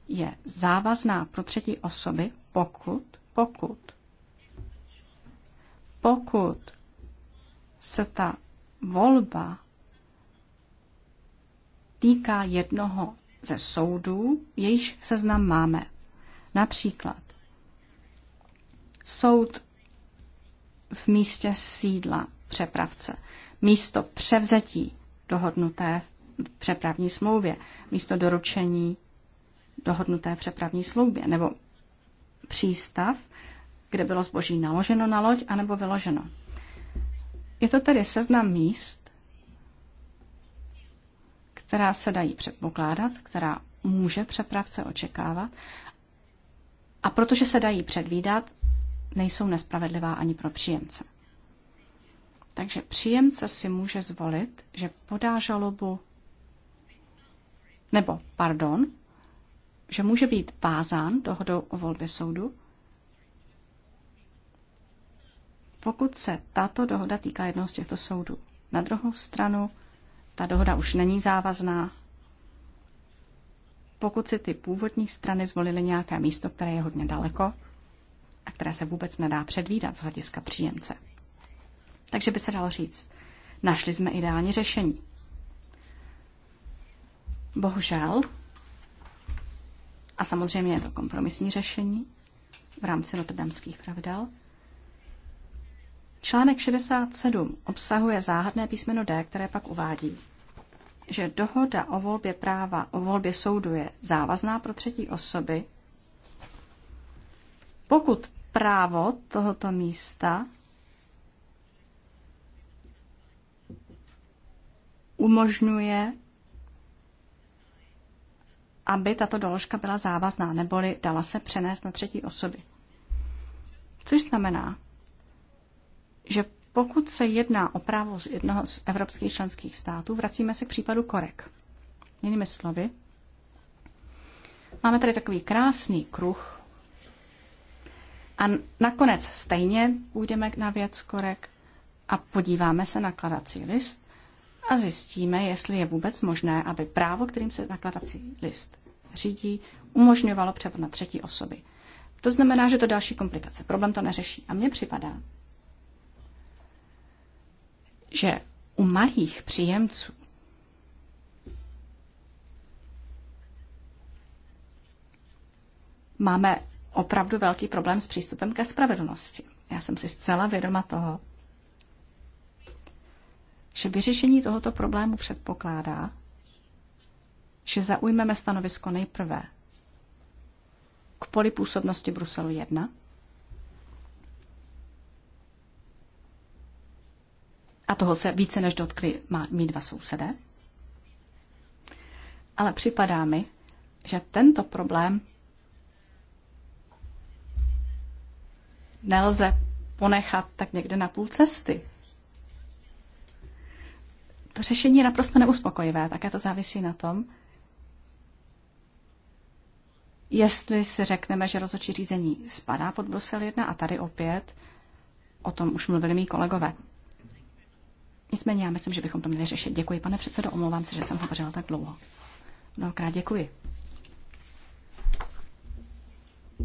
C: je závazná pro třetí osoby, pokud, pokud, pokud se ta volba týká jednoho ze soudů, jejíž seznam máme. Například soud v místě sídla přepravce, místo převzetí dohodnuté v přepravní smlouvě, místo doručení dohodnuté přepravní smlouvě, nebo přístav, kde bylo zboží naloženo na loď anebo vyloženo. Je to tedy seznam míst, která se dají předpokládat, která může přepravce očekávat. A protože se dají předvídat, nejsou nespravedlivá ani pro příjemce. Takže příjemce si může zvolit, že podá žalobu, nebo, pardon, že může být vázán dohodou o volbě soudu, pokud se tato dohoda týká jednoho z těchto soudů. Na druhou stranu, ta dohoda už není závazná, pokud si ty původní strany zvolily nějaké místo, které je hodně daleko a které se vůbec nedá předvídat z hlediska příjemce. Takže by se dalo říct, našli jsme ideální řešení. Bohužel, a samozřejmě je to kompromisní řešení v rámci rotterdamských pravidel, Článek 67 obsahuje záhadné písmeno D, které pak uvádí, že dohoda o volbě práva o volbě soudu je závazná pro třetí osoby, pokud právo tohoto místa umožňuje, aby tato doložka byla závazná, neboli dala se přenést na třetí osoby. Což znamená, že pokud se jedná o právo z jednoho z evropských členských států, vracíme se k případu korek. Jinými slovy, máme tady takový krásný kruh a nakonec stejně půjdeme na věc korek a podíváme se na kladací list a zjistíme, jestli je vůbec možné, aby právo, kterým se nakladací list řídí, umožňovalo převod na třetí osoby. To znamená, že to další komplikace. Problém to neřeší. A mně připadá, že u malých příjemců máme opravdu velký problém s přístupem ke spravedlnosti. Já jsem si zcela vědoma toho, že vyřešení tohoto problému předpokládá, že zaujmeme stanovisko nejprve k poli působnosti Bruselu 1 a toho se více než dotkli má mý dva sousedé. Ale připadá mi, že tento problém nelze ponechat tak někde na půl cesty. To řešení je naprosto neuspokojivé, také to závisí na tom, jestli si řekneme, že rozhodčí řízení spadá pod Brusel 1 a tady opět, o tom už mluvili mý kolegové, Nicméně já myslím, že bychom to měli řešit. Děkuji, pane předsedo, omlouvám se, že jsem hovořila tak dlouho. Mnohokrát děkuji.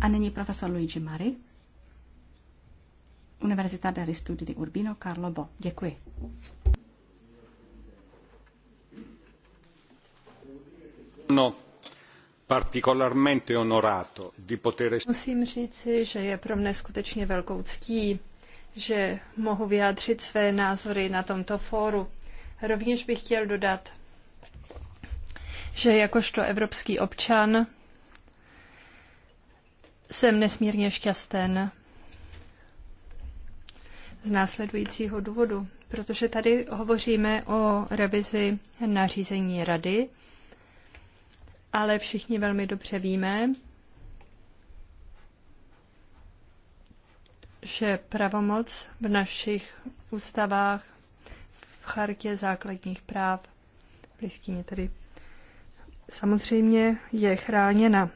C: A nyní profesor Luigi Mari, Univerzita degli Studi di Urbino, Carlo Bo. Děkuji.
A: No,
B: Musím říci, že je pro mne skutečně velkou ctí že mohu vyjádřit své názory na tomto fóru. Rovněž bych chtěl dodat, že jakožto evropský občan jsem nesmírně šťastný z následujícího důvodu, protože tady hovoříme o revizi nařízení rady, ale všichni velmi dobře víme, že pravomoc v našich ústavách, v chartě základních práv, v listině tedy, samozřejmě je chráněna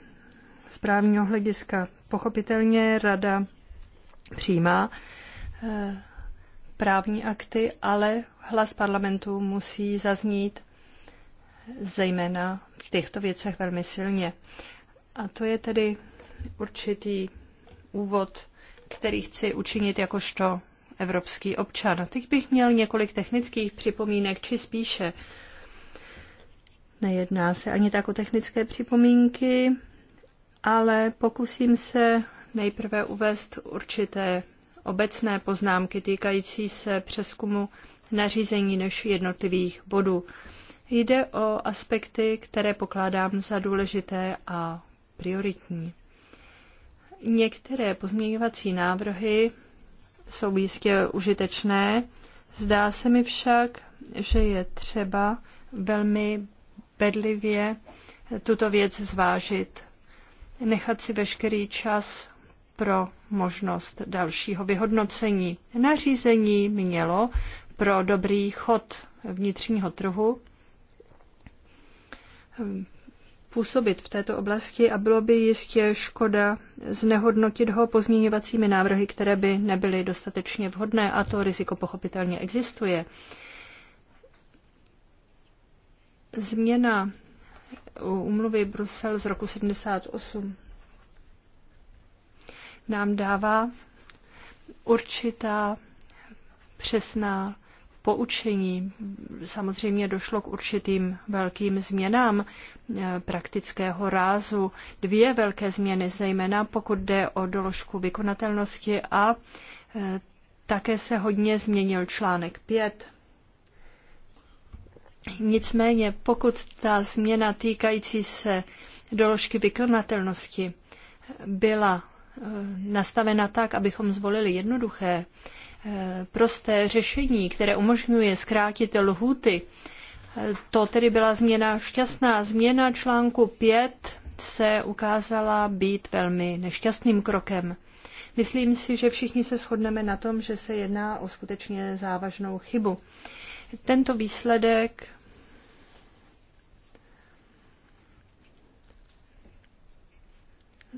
B: z právního hlediska. Pochopitelně rada přijímá eh, právní akty, ale hlas parlamentu musí zaznít eh, zejména v těchto věcech velmi silně. A to je tedy určitý úvod který chci učinit jakožto evropský občan. Teď bych měl několik technických připomínek, či spíše nejedná se ani tak o technické připomínky, ale pokusím se nejprve uvést určité obecné poznámky týkající se přeskumu nařízení než jednotlivých bodů. Jde o aspekty, které pokládám za důležité a prioritní. Některé pozměňovací návrhy jsou jistě užitečné. Zdá se mi však, že je třeba velmi bedlivě tuto věc zvážit. Nechat si veškerý čas pro možnost dalšího vyhodnocení. Nařízení mělo pro dobrý chod vnitřního trhu působit v této oblasti a bylo by jistě škoda znehodnotit ho pozměňovacími návrhy, které by nebyly dostatečně vhodné a to riziko pochopitelně existuje. Změna umluvy Brusel z roku 78 nám dává určitá přesná poučení. Samozřejmě došlo k určitým velkým změnám Eh, praktického rázu. Dvě velké změny, zejména pokud jde o doložku vykonatelnosti a eh, také se hodně změnil článek 5. Nicméně, pokud ta změna týkající se doložky vykonatelnosti byla eh, nastavena tak, abychom zvolili jednoduché, prosté řešení, které umožňuje zkrátit lhuty to tedy byla změna šťastná. Změna článku 5 se ukázala být velmi nešťastným krokem. Myslím si, že všichni se shodneme na tom, že se jedná o skutečně závažnou chybu. Tento výsledek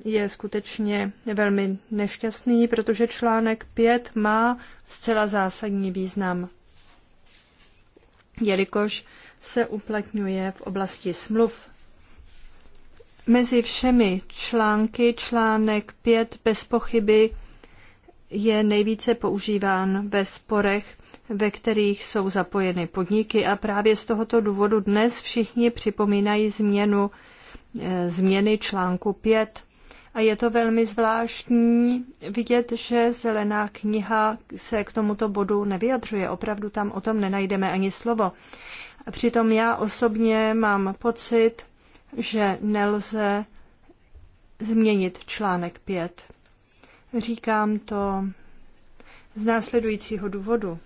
B: je skutečně velmi nešťastný, protože článek 5 má zcela zásadní význam, jelikož se uplatňuje v oblasti smluv. Mezi všemi články článek 5 bez pochyby je nejvíce používán ve sporech, ve kterých jsou zapojeny podniky a právě z tohoto důvodu dnes všichni připomínají změnu e, změny článku 5 a je to velmi zvláštní vidět, že zelená kniha se k tomuto bodu nevyjadřuje. Opravdu tam o tom nenajdeme ani slovo. přitom já osobně mám pocit, že nelze změnit článek 5. Říkám to z následujícího důvodu.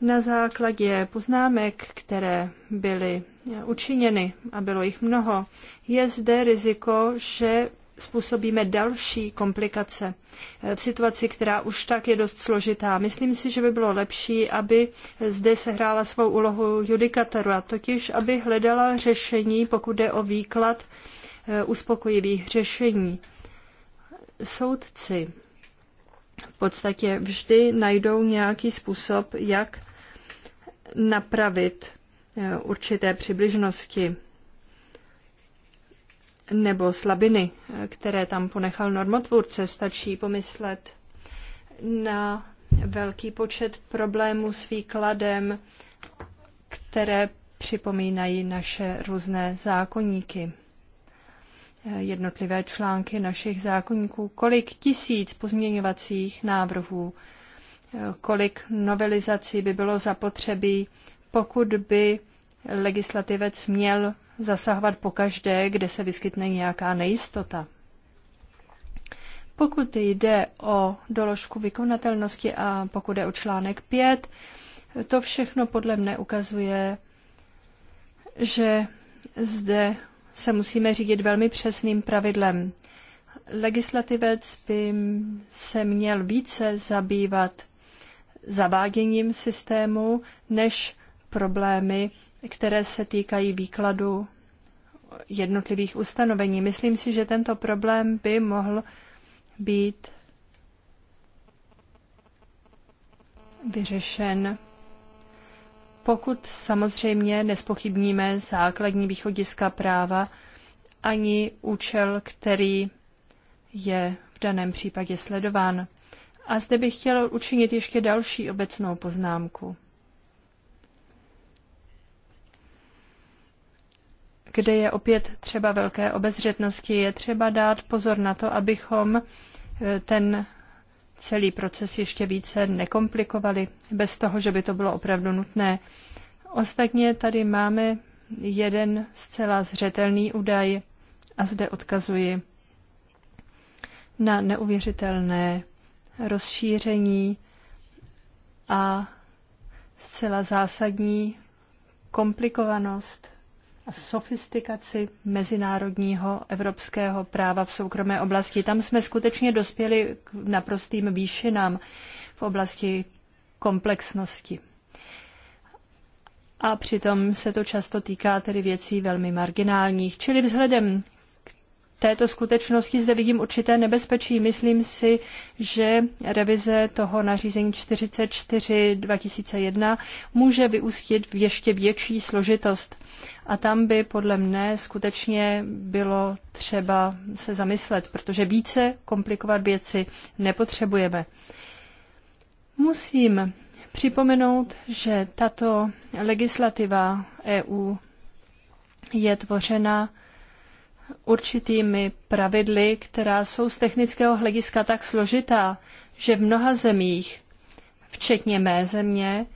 B: Na základě poznámek, které byly učiněny, a bylo jich mnoho, je zde riziko, že způsobíme další komplikace eh, v situaci, která už tak je dost složitá. Myslím si, že by bylo lepší, aby zde sehrála svou úlohu judikatora, totiž aby hledala řešení, pokud jde o výklad eh, uspokojivých řešení. Soudci v podstatě vždy najdou nějaký způsob, jak napravit eh, určité přibližnosti nebo slabiny, eh, které tam ponechal normotvůrce. Stačí pomyslet na velký počet problémů s výkladem, které připomínají naše různé zákoníky eh, jednotlivé články našich zákonníků, kolik tisíc pozměňovacích návrhů kolik novelizací by bylo zapotřebí, pokud by legislativec měl zasahovat pokaždé, kde se vyskytne nějaká nejistota. Pokud jde o doložku vykonatelnosti a pokud je o článek 5, to všechno podle mne ukazuje, že zde se musíme řídit velmi přesným pravidlem. Legislativec by se měl více zabývat zaváděním systému, než problémy, které se týkají výkladu jednotlivých ustanovení. Myslím si, že tento problém by mohl být vyřešen, pokud samozřejmě nespochybníme základní východiska práva ani účel, který je v daném případě sledován. A zde bych chtěl učinit ještě další obecnou poznámku. kde je opět třeba velké obezřetnosti, je třeba dát pozor na to, abychom eh, ten celý proces ještě více nekomplikovali, bez toho, že by to bylo opravdu nutné. Ostatně tady máme jeden zcela zřetelný údaj a zde odkazuji na neuvěřitelné rozšíření a zcela zásadní komplikovanost a sofistikaci mezinárodního evropského práva v soukromé oblasti. Tam jsme skutečně dospěli k naprostým výšinám v oblasti komplexnosti. A přitom se to často týká tedy věcí velmi marginálních. Čili vzhledem této skutečnosti zde vidím určité nebezpečí. Myslím si, že revize toho nařízení 44 2001 může vyústit v ještě větší složitost. A tam by podle mne skutečně bylo třeba se zamyslet, protože více komplikovat věci nepotřebujeme. Musím připomenout, že tato legislativa EU je tvořena určitými pravidly, která jsou z technického hlediska tak složitá, že v mnoha zemích, včetně mé země,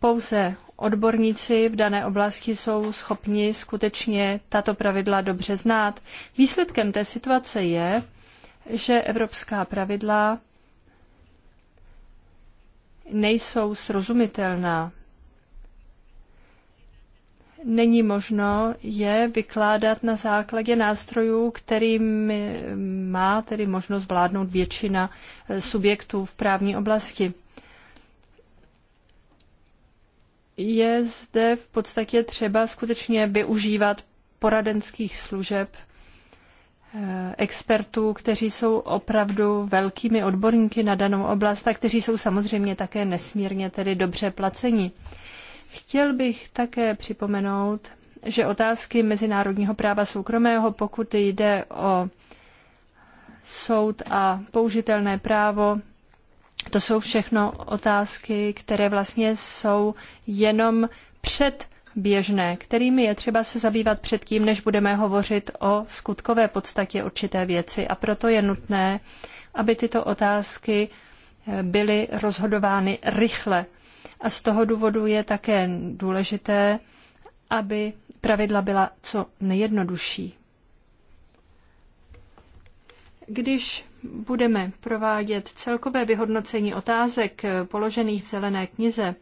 B: pouze odborníci v dané oblasti jsou schopni skutečně tato pravidla dobře znát. Výsledkem té situace je, že evropská pravidla nejsou srozumitelná není možno, je vykládat na základě nástrojů, kterým má tedy možnost vládnout většina eh, subjektů v právní oblasti. Je zde v podstatě třeba skutečně využívat poradenských služeb eh, expertů, kteří jsou opravdu velkými odborníky na danou oblast a kteří jsou samozřejmě také nesmírně tedy dobře placeni. Chtěl bych také připomenout, že otázky mezinárodního práva soukromého, pokud jde o soud a použitelné právo, to jsou všechno otázky, které vlastně jsou jenom před běžné, kterými je třeba se zabývat předtím, než budeme hovořit o skutkové podstatě určité věci. A proto je nutné, aby tyto otázky byly rozhodovány rychle a z toho důvodu je také důležité, aby pravidla byla co nejjednodušší. Když budeme provádět celkové vyhodnocení otázek položených v zelené knize,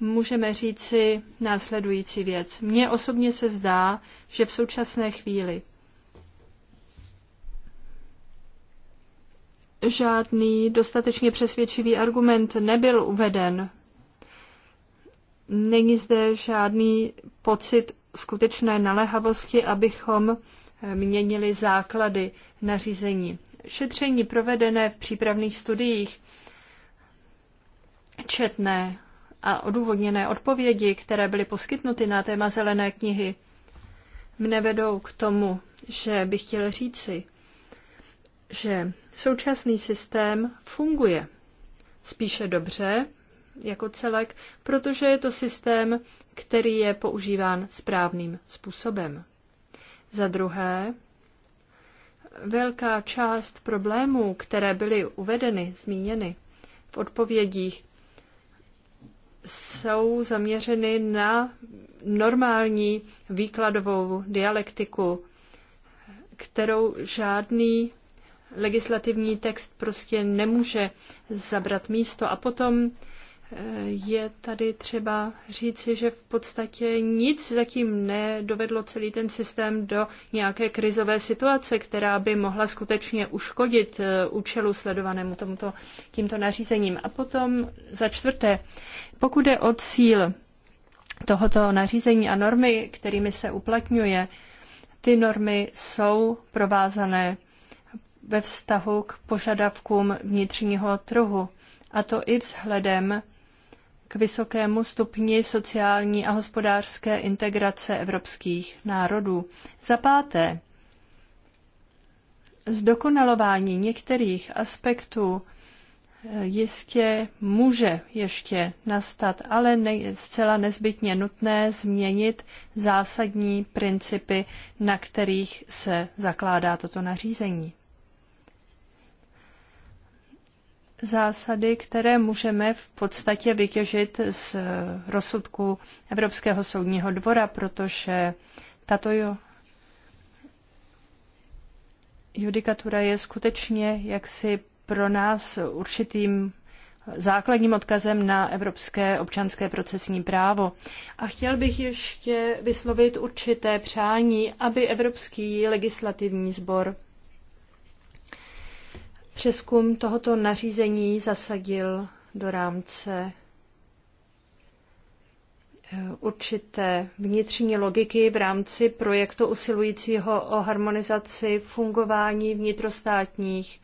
B: můžeme říci následující věc. Mně osobně se zdá, že v současné chvíli žádný dostatečně přesvědčivý argument nebyl uveden Není zde žádný pocit skutečné naléhavosti, abychom eh, měnili základy nařízení. Šetření provedené v přípravných studiích, četné a odůvodněné odpovědi, které byly poskytnuty na téma zelené knihy, mne vedou k tomu, že bych chtěl říci, že současný systém funguje spíše dobře, jako celek, protože je to systém, který je používán správným způsobem. Za druhé, velká část problémů, které byly uvedeny, zmíněny v odpovědích, jsou zaměřeny na normální výkladovou dialektiku, kterou žádný legislativní text prostě nemůže zabrat místo. A potom je tady třeba říci, že v podstatě nic zatím nedovedlo celý ten systém do nějaké krizové situace, která by mohla skutečně uškodit eh, účelu sledovanému tomuto, tímto nařízením. A potom za čtvrté, pokud je o cíl tohoto nařízení a normy, kterými se uplatňuje, ty normy jsou provázané ve vztahu k požadavkům vnitřního trhu. A to i vzhledem k vysokému stupni sociální a hospodářské integrace evropských národů. Za páté, zdokonalování některých aspektů eh, jistě může ještě nastat, ale ne, zcela nezbytně nutné změnit zásadní principy, na kterých se zakládá toto nařízení. zásady, které můžeme v podstatě vytěžit z rozsudku Evropského soudního dvora, protože tato jo, judikatura je skutečně jaksi pro nás určitým základním odkazem na evropské občanské procesní právo. A chtěl bych ještě vyslovit určité přání, aby Evropský legislativní sbor přeskum tohoto nařízení zasadil do rámce eh, určité vnitřní logiky v rámci projektu usilujícího o harmonizaci fungování vnitrostátních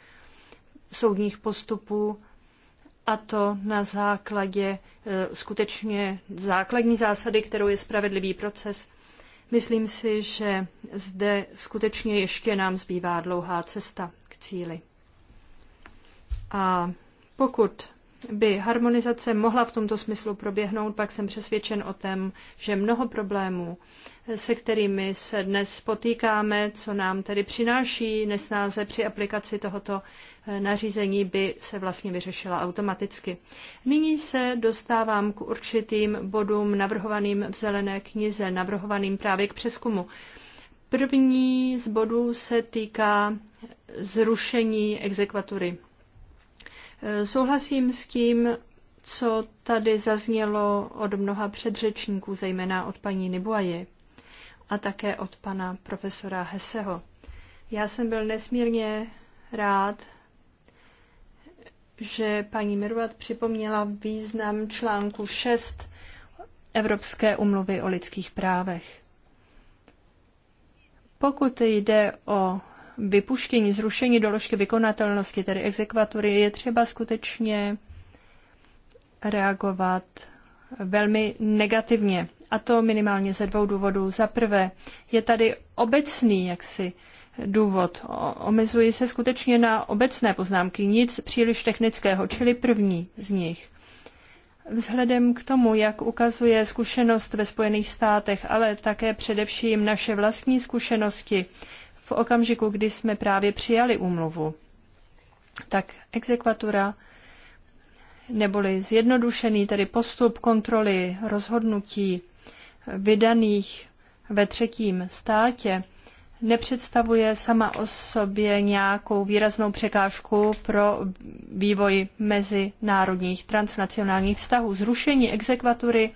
B: soudních postupů, a to na základě eh, skutečně základní zásady, kterou je spravedlivý proces. Myslím si, že zde skutečně ještě nám zbývá dlouhá cesta k cíli. A pokud by harmonizace mohla v tomto smyslu proběhnout, pak jsem přesvědčen o tom, že mnoho problémů, se kterými se dnes potýkáme, co nám tedy přináší nesnáze při aplikaci tohoto eh, nařízení, by se vlastně vyřešila automaticky. Nyní se dostávám k určitým bodům navrhovaným v zelené knize, navrhovaným právě k přeskumu. První z bodů se týká zrušení exekvatury Eh, souhlasím s tím, co tady zaznělo od mnoha předřečníků, zejména od paní Nibuaje a také od pana profesora Heseho. Já jsem byl nesmírně rád, že paní Mirvat připomněla význam článku 6 Evropské umluvy o lidských právech. Pokud jde o vypuštění, zrušení doložky vykonatelnosti, tedy exekvatury, je třeba skutečně reagovat velmi negativně. A to minimálně ze dvou důvodů. Za prvé, je tady obecný jaksi důvod. Omezuji se skutečně na obecné poznámky, nic příliš technického, čili první z nich. Vzhledem k tomu, jak ukazuje zkušenost ve Spojených státech, ale také především naše vlastní zkušenosti, v okamžiku, kdy jsme právě přijali úmluvu, tak exekvatura neboli zjednodušený tedy postup kontroly rozhodnutí vydaných ve třetím státě nepředstavuje sama o sobě nějakou výraznou překážku pro vývoj mezinárodních transnacionálních vztahů. Zrušení exekvatury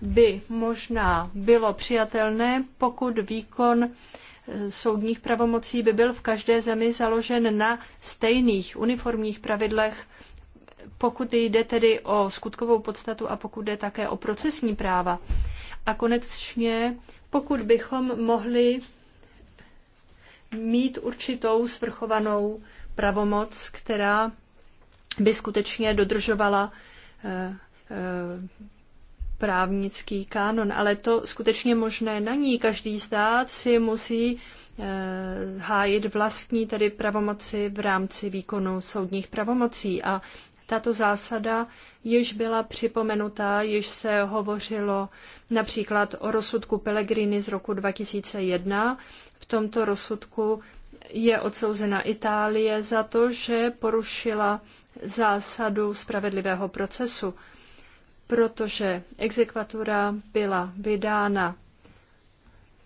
B: by možná bylo přijatelné, pokud výkon soudních pravomocí by byl v každé zemi založen na stejných uniformních pravidlech, pokud jde tedy o skutkovou podstatu a pokud jde také o procesní práva. A konečně, pokud bychom mohli mít určitou svrchovanou pravomoc, která by skutečně dodržovala eh, eh, právnický kánon, ale to skutečně možné ní Každý stát si musí eh, hájit vlastní tedy pravomoci v rámci výkonu soudních pravomocí. A tato zásada již byla připomenutá, již se hovořilo například o rozsudku Pellegrini z roku 2001. V tomto rozsudku je odsouzena Itálie za to, že porušila zásadu spravedlivého procesu protože exekvatura byla vydána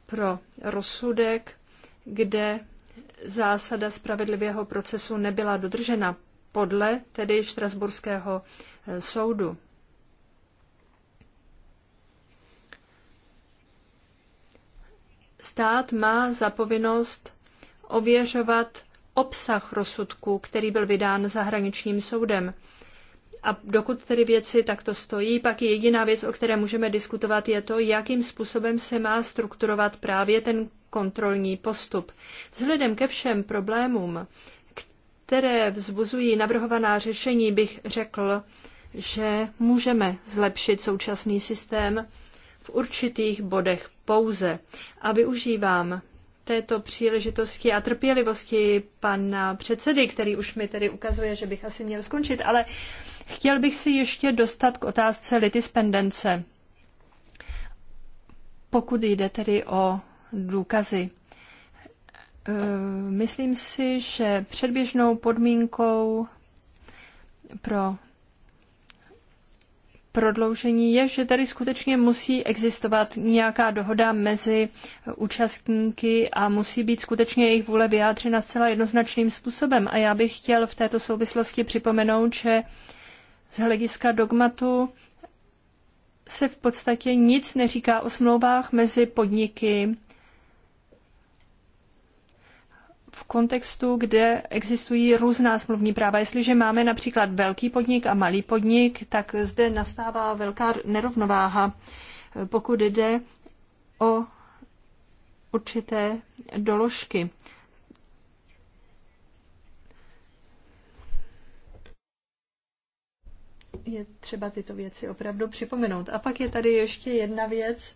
B: pro rozsudek, kde zásada spravedlivého procesu nebyla dodržena podle tedy Štrasburského eh, soudu. Stát má zapovinnost ověřovat obsah rozsudku, který byl vydán zahraničním soudem. A dokud tedy věci takto stojí, pak je jediná věc, o které můžeme diskutovat, je to, jakým způsobem se má strukturovat právě ten kontrolní postup. Vzhledem ke všem problémům, které vzbuzují navrhovaná řešení, bych řekl, že můžeme zlepšit současný systém v určitých bodech pouze. A využívám této příležitosti a trpělivosti pana předsedy, který už mi tedy ukazuje, že bych asi měl skončit, ale Chtěl bych si ještě dostat k otázce litispendence. Pokud jde tedy o důkazy, eh, myslím si, že předběžnou podmínkou pro prodloužení je, že tady skutečně musí existovat nějaká dohoda mezi účastníky a musí být skutečně jejich vůle vyjádřena zcela jednoznačným způsobem. A já bych chtěl v této souvislosti připomenout, že z hlediska dogmatu se v podstatě nic neříká o smlouvách mezi podniky v kontextu, kde existují různá smluvní práva. Jestliže máme například velký podnik a malý podnik, tak zde nastává velká nerovnováha, pokud jde o určité doložky. je třeba tyto věci opravdu připomenout. A pak je tady ještě jedna věc,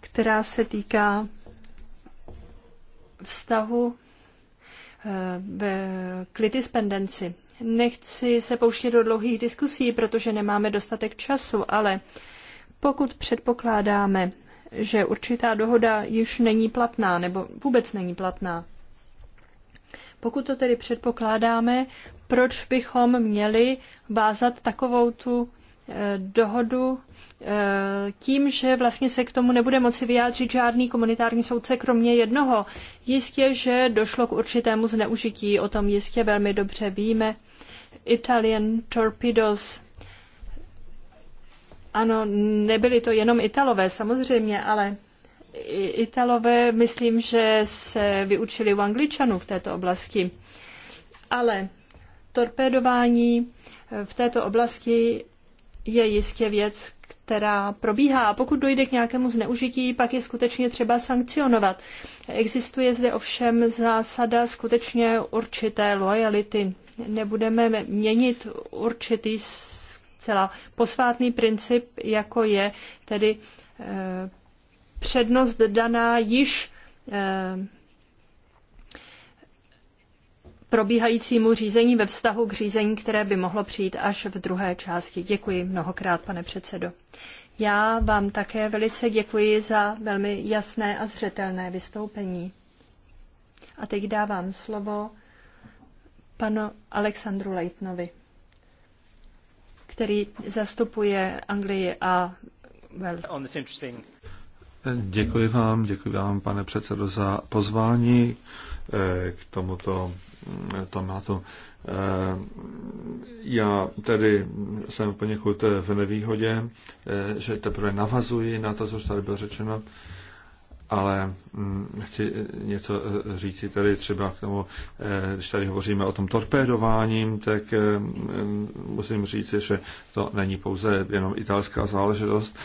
B: která se týká vztahu eh, ve klitispendenci. Nechci se pouštět do dlouhých diskusí, protože nemáme dostatek času, ale pokud předpokládáme, že určitá dohoda již není platná nebo vůbec není platná, pokud to tedy předpokládáme, proč bychom měli vázat takovou tu e, dohodu e, tím, že vlastně se k tomu nebude moci vyjádřit žádný komunitární soudce, kromě jednoho. Jistě, že došlo k určitému zneužití, o tom jistě velmi dobře víme. Italian Torpedoes. Ano, nebyli to jenom Italové, samozřejmě, ale Italové, myslím, že se vyučili u Angličanů v této oblasti. Ale torpédování eh, v této oblasti je jistě věc, která probíhá. A pokud dojde k nějakému zneužití, pak je skutečně třeba sankcionovat. Existuje zde ovšem zásada skutečně určité lojality. Nebudeme měnit určitý zcela posvátný princip, jako je tedy eh, přednost daná již eh, probíhajícímu řízení ve vztahu k řízení, které by mohlo přijít až v druhé části. Děkuji mnohokrát, pane předsedo. Já vám také velice děkuji za velmi jasné a zřetelné vystoupení. A teď dávám slovo panu Alexandru Leitnovi, který zastupuje Anglii a Wales.
A: Děkuji vám, děkuji vám, pane předsedo, za pozvání eh, k tomuto to. Eh, já tedy jsem poněkud v nevýhodě, eh, že teprve navazuji na to, co tady bylo řečeno, ale hm, chci něco eh, říci tady třeba k tomu, když tady hovoříme o tom torpédováním, tak hm, musím říci, že to není pouze jenom italská záležitost.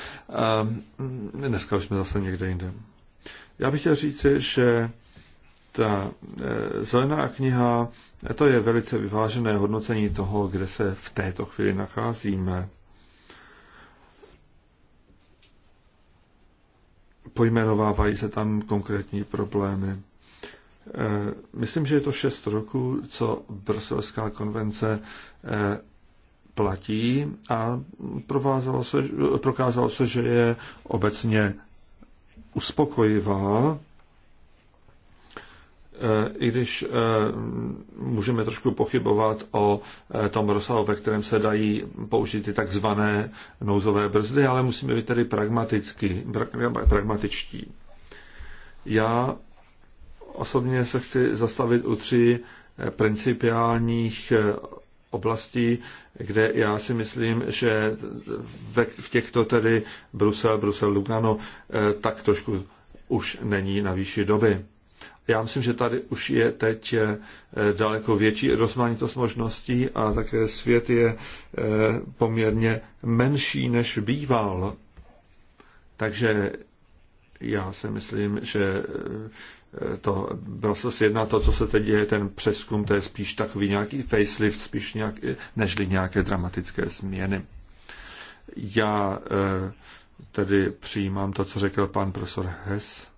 A: Hm, dneska už jsme zase někde jinde. Já bych chtěl říci, že ta eh, zelená kniha, to je velice vyvážené hodnocení toho, kde se v této chvíli nacházíme. Pojmenovávají se tam konkrétní problémy. Eh, myslím, že je to šest roků, co Bruselská konvence eh, platí a se, prokázalo se, že je obecně uspokojivá i když eh, můžeme trošku pochybovat o eh, tom rozsahu, ve kterém se dají použít ty takzvané nouzové brzdy, ale musíme být tedy pragmaticky, pragmatičtí. Já osobně se chci zastavit u tří eh, principiálních oblastí, kde já si myslím, že v těchto tedy Brusel, Brusel, Lugano, tak trošku už není na výši doby. Já myslím, že tady už je teď eh, daleko větší rozmanitost možností a také svět je eh, poměrně menší, než býval. Takže já si myslím, že eh, to Brussels 1, to, co se teď děje, ten přeskum, to je spíš takový nějaký facelift, spíš nějak, nežli nějaké dramatické změny. Já tedy přijímám to, co řekl pan profesor Hess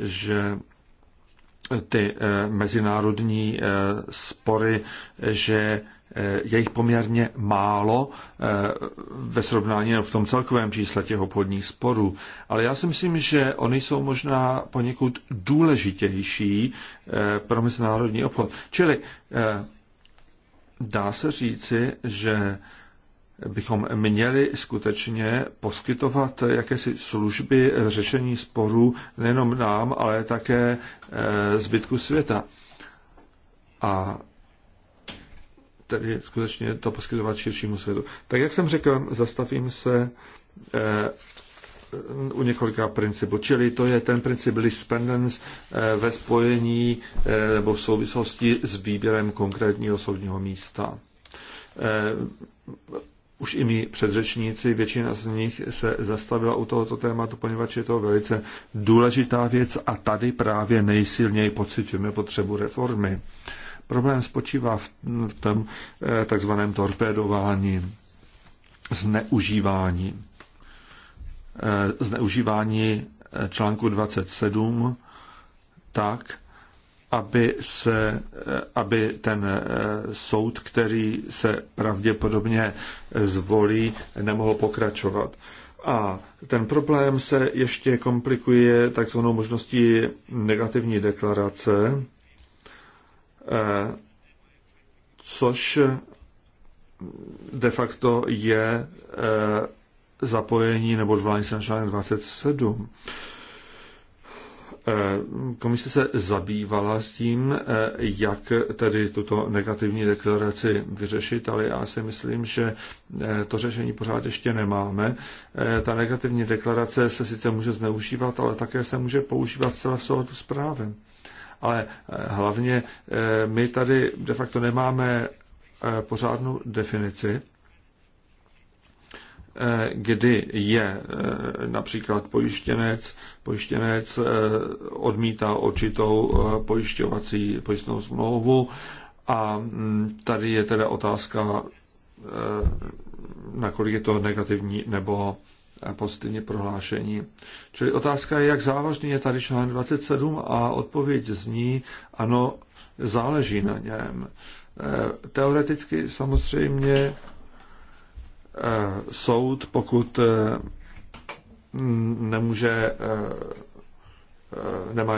A: že ty eh, mezinárodní eh, spory, že eh, je jich poměrně málo ve srovnání v tom celkovém čísle těch obchodních sporů. Ale já si myslím, že oni jsou možná poněkud důležitější pro mezinárodní obchod. Čili dá se říci, že bychom měli skutečně poskytovat jakési služby řešení sporů nejenom nám, ale také e, zbytku světa. A tedy skutečně to poskytovat širšímu světu. Tak jak jsem řekl, zastavím se e, u několika principů. Čili to je ten princip lispendence e, ve spojení nebo v souvislosti s výběrem konkrétního soudního místa už i mý předřečníci, většina z nich se zastavila u tohoto tématu, poněvadž je to velice důležitá věc a tady právě nejsilněji pocitujeme potřebu reformy. Problém spočívá v, v tom eh, takzvaném torpédování, zneužívání. Eh, zneužívání eh, článku 27 tak, aby, se, eh, aby ten eh, soud, který se pravděpodobně zvolí, nemohl pokračovat. A ten problém se ještě komplikuje takzvanou možností negativní deklarace, eh, což de facto je zapojení nebo zvláštní na článek 27. Eh, komise se zabývala s tím, eh, jak tedy tuto negativní deklaraci vyřešit, ale já si myslím, že eh, to řešení pořád ještě nemáme. Ta negativní deklarace se sice může zneužívat, ale také se může používat celé v souladu s právem. Ale hlavně my tady de facto nemáme pořádnou definici kdy je eh, například pojištěnec, pojištěnec eh, odmítá očitou eh, pojišťovací pojistnou smlouvu a mm, tady je teda otázka, nakolik je to negativní nebo pozitivní prohlášení. Čili otázka je, jak závažný je tady článek 27 a odpověď zní, ano, záleží na něm. Teoreticky samozřejmě Eh, soud, pokud eh, nemůže, eh, nemá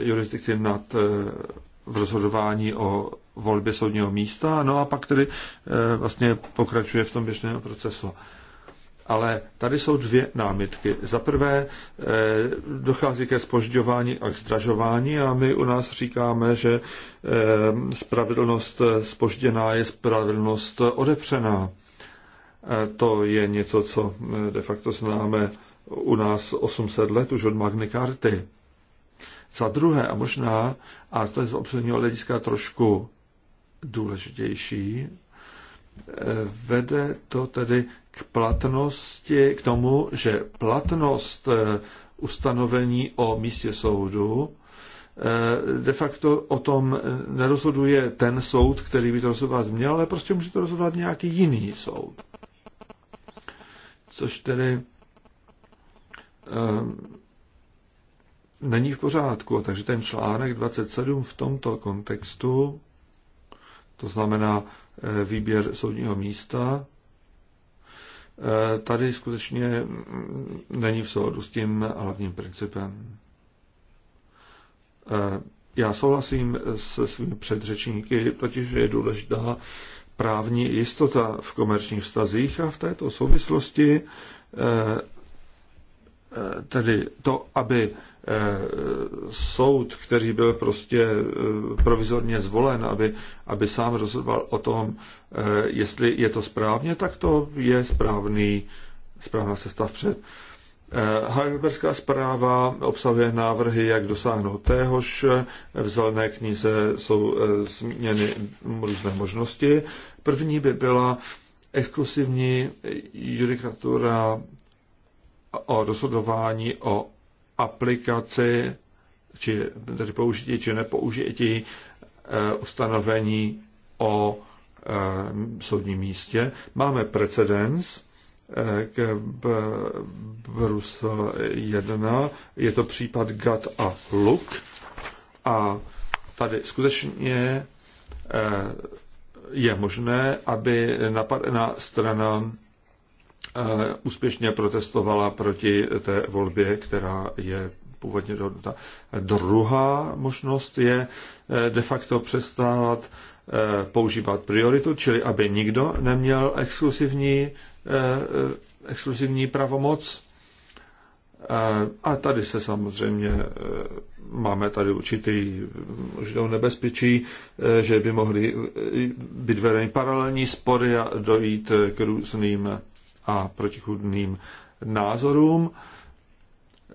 A: jurisdikci nad v rozhodování o volbě soudního místa, no a pak tedy vlastně pokračuje v tom běžném procesu. Ale tady jsou dvě námitky. Za prvé dochází ke spožďování a k zdražování a my u nás říkáme, že spravedlnost spožděná je spravedlnost odepřená. To je něco, co eh, de facto známe u nás 800 let už od Magny Carty. Za druhé a možná, a to je z obsahního hlediska trošku důležitější, eh, vede to tedy k platnosti, k tomu, že platnost eh, ustanovení o místě soudu de facto o tom nerozhoduje ten soud, který by to rozhodovat měl, ale prostě může to rozhodovat nějaký jiný soud což tedy eh, není v pořádku. Takže ten článek 27 v tomto kontextu, to znamená eh, výběr soudního místa, eh, tady skutečně není v souladu s tím hlavním principem. Já souhlasím se svými předřečníky, totiž je důležitá právní jistota v komerčních vztazích a v této souvislosti eh, eh, tedy to, aby eh, soud, který byl prostě provizorně zvolen, aby, aby sám rozhodoval o tom, jestli je to správně, tak to je správný, správná cesta vpřed. Eh, Heidelbergská zpráva obsahuje návrhy, jak dosáhnout téhož. V zelené knize jsou eh, změny různé možnosti. První by byla exkluzivní judikatura o rozhodování o aplikaci, či tedy použití, či nepoužití eh, ustanovení o soudním místě. Máme precedens, k Brusel 1. Je to případ Gat a Luk. A tady skutečně eh, je možné, aby napadená strana eh, úspěšně protestovala proti té volbě, která je původně dohodnuta. Druhá možnost je eh, de facto přestávat používat prioritu, čili aby nikdo neměl exkluzivní Eh, exkluzivní pravomoc. Eh, a tady se samozřejmě eh, máme tady určitý, možnou nebezpečí, že by mohly být vedeny paralelní spory a dojít k různým a protichudným názorům.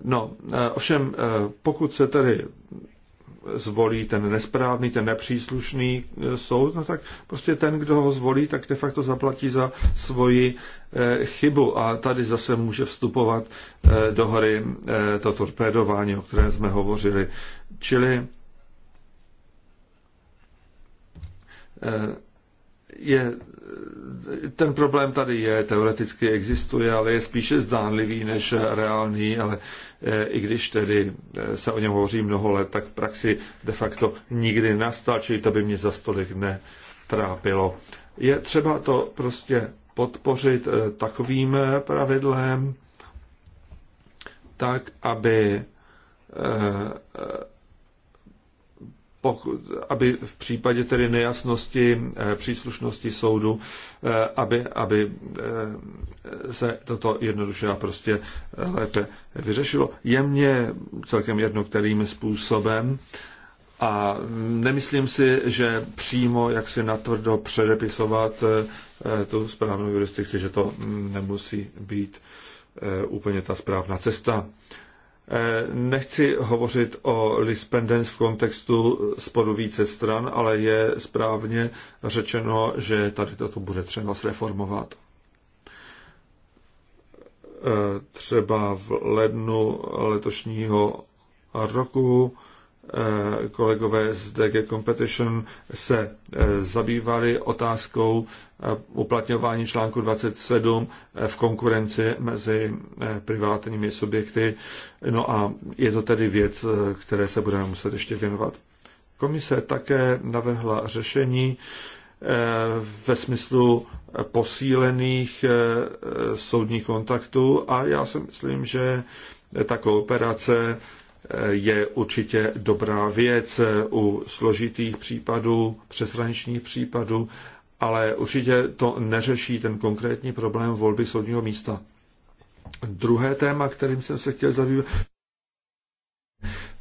A: No, ovšem, pokud se tedy zvolí ten nesprávný, ten nepříslušný e, soud, no tak prostě ten, kdo ho zvolí, tak de facto zaplatí za svoji e, chybu. A tady zase může vstupovat e, do hory to torpédování, o kterém jsme hovořili. Čili je, ten problém tady je, teoreticky existuje, ale je spíše zdánlivý než reálný, ale e, i když tedy e, se o něm hovoří mnoho let, tak v praxi de facto nikdy nastal, čili to by mě za stolik netrápilo. Je třeba to prostě podpořit e, takovým pravidlem, tak, aby aby v případě tedy nejasnosti eh, příslušnosti soudu, eh, aby, aby eh, se toto jednoduše a prostě lépe vyřešilo. Je mně celkem jedno, kterým způsobem. A nemyslím si, že přímo jak si natvrdo předepisovat tu správnou jurisdikci, že to nemusí být úplně ta správná cesta. Eh, nechci hovořit o lispendence v kontextu sporu více stran, ale je správně řečeno, že tady toto bude třeba zreformovat. Eh, třeba v lednu letošního roku Eh, kolegové z DG Competition se eh, zabývali otázkou eh, uplatňování článku 27 v konkurenci mezi privátními subjekty. No a je to tedy věc, které se budeme muset ještě věnovat. Komise také navrhla řešení ve smyslu posílených soudních kontaktů a já si myslím, že ta kooperace je určitě dobrá věc u složitých případů, přeshraničních případů, ale určitě to neřeší ten konkrétní problém volby soudního místa. Druhé téma, kterým jsem se chtěl zabývat,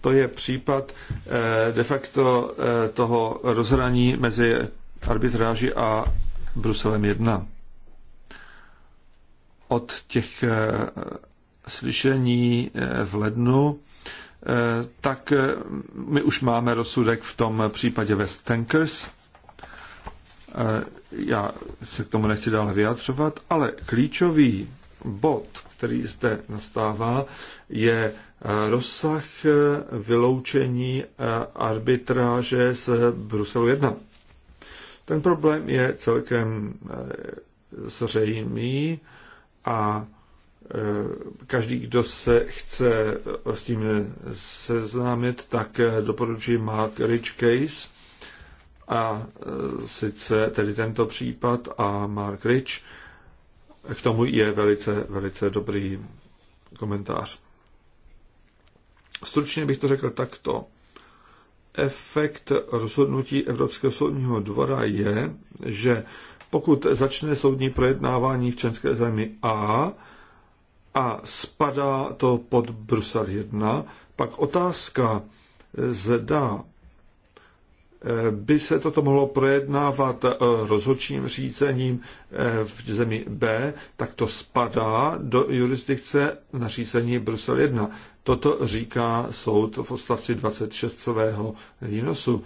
A: to je případ eh, de facto eh, toho rozhraní mezi arbitráži a Bruselem 1. Od těch eh, slyšení v lednu Eh, tak eh, my už máme rozsudek v tom případě West Tankers. Eh, já se k tomu nechci dále vyjadřovat, ale klíčový bod, který zde nastává, je rozsah vyloučení arbitráže z Bruselu 1. Ten problém je celkem zřejmý a Eh, každý, kdo se chce s tím seznámit, tak eh, doporučuji Mark Rich Case a eh, sice tedy tento případ a Mark Rich. K tomu je velice, velice dobrý komentář. Stručně bych to řekl takto. Efekt rozhodnutí Evropského soudního dvora je, že pokud začne soudní projednávání v české zemi A, a spadá to pod Brusel 1, pak otázka, zda eh, by se toto mohlo projednávat eh, rozhodčím řízením eh, v zemi B, tak to spadá do jurisdikce nařízení Brusel 1. Toto říká soud v odstavci 26. výnosu.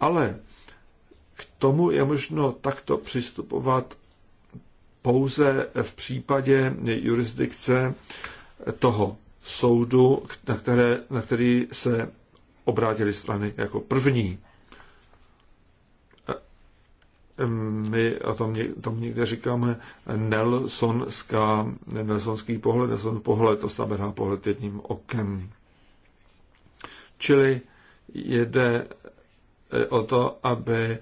A: Ale k tomu je možno takto přistupovat pouze v případě jurisdikce toho soudu, na, které, na který se obrátili strany jako první. My o tom, tom někde říkáme Nelsonská, Nelsonský pohled, Nelson pohled, to znamená pohled jedním okem. Čili jde e, o to, aby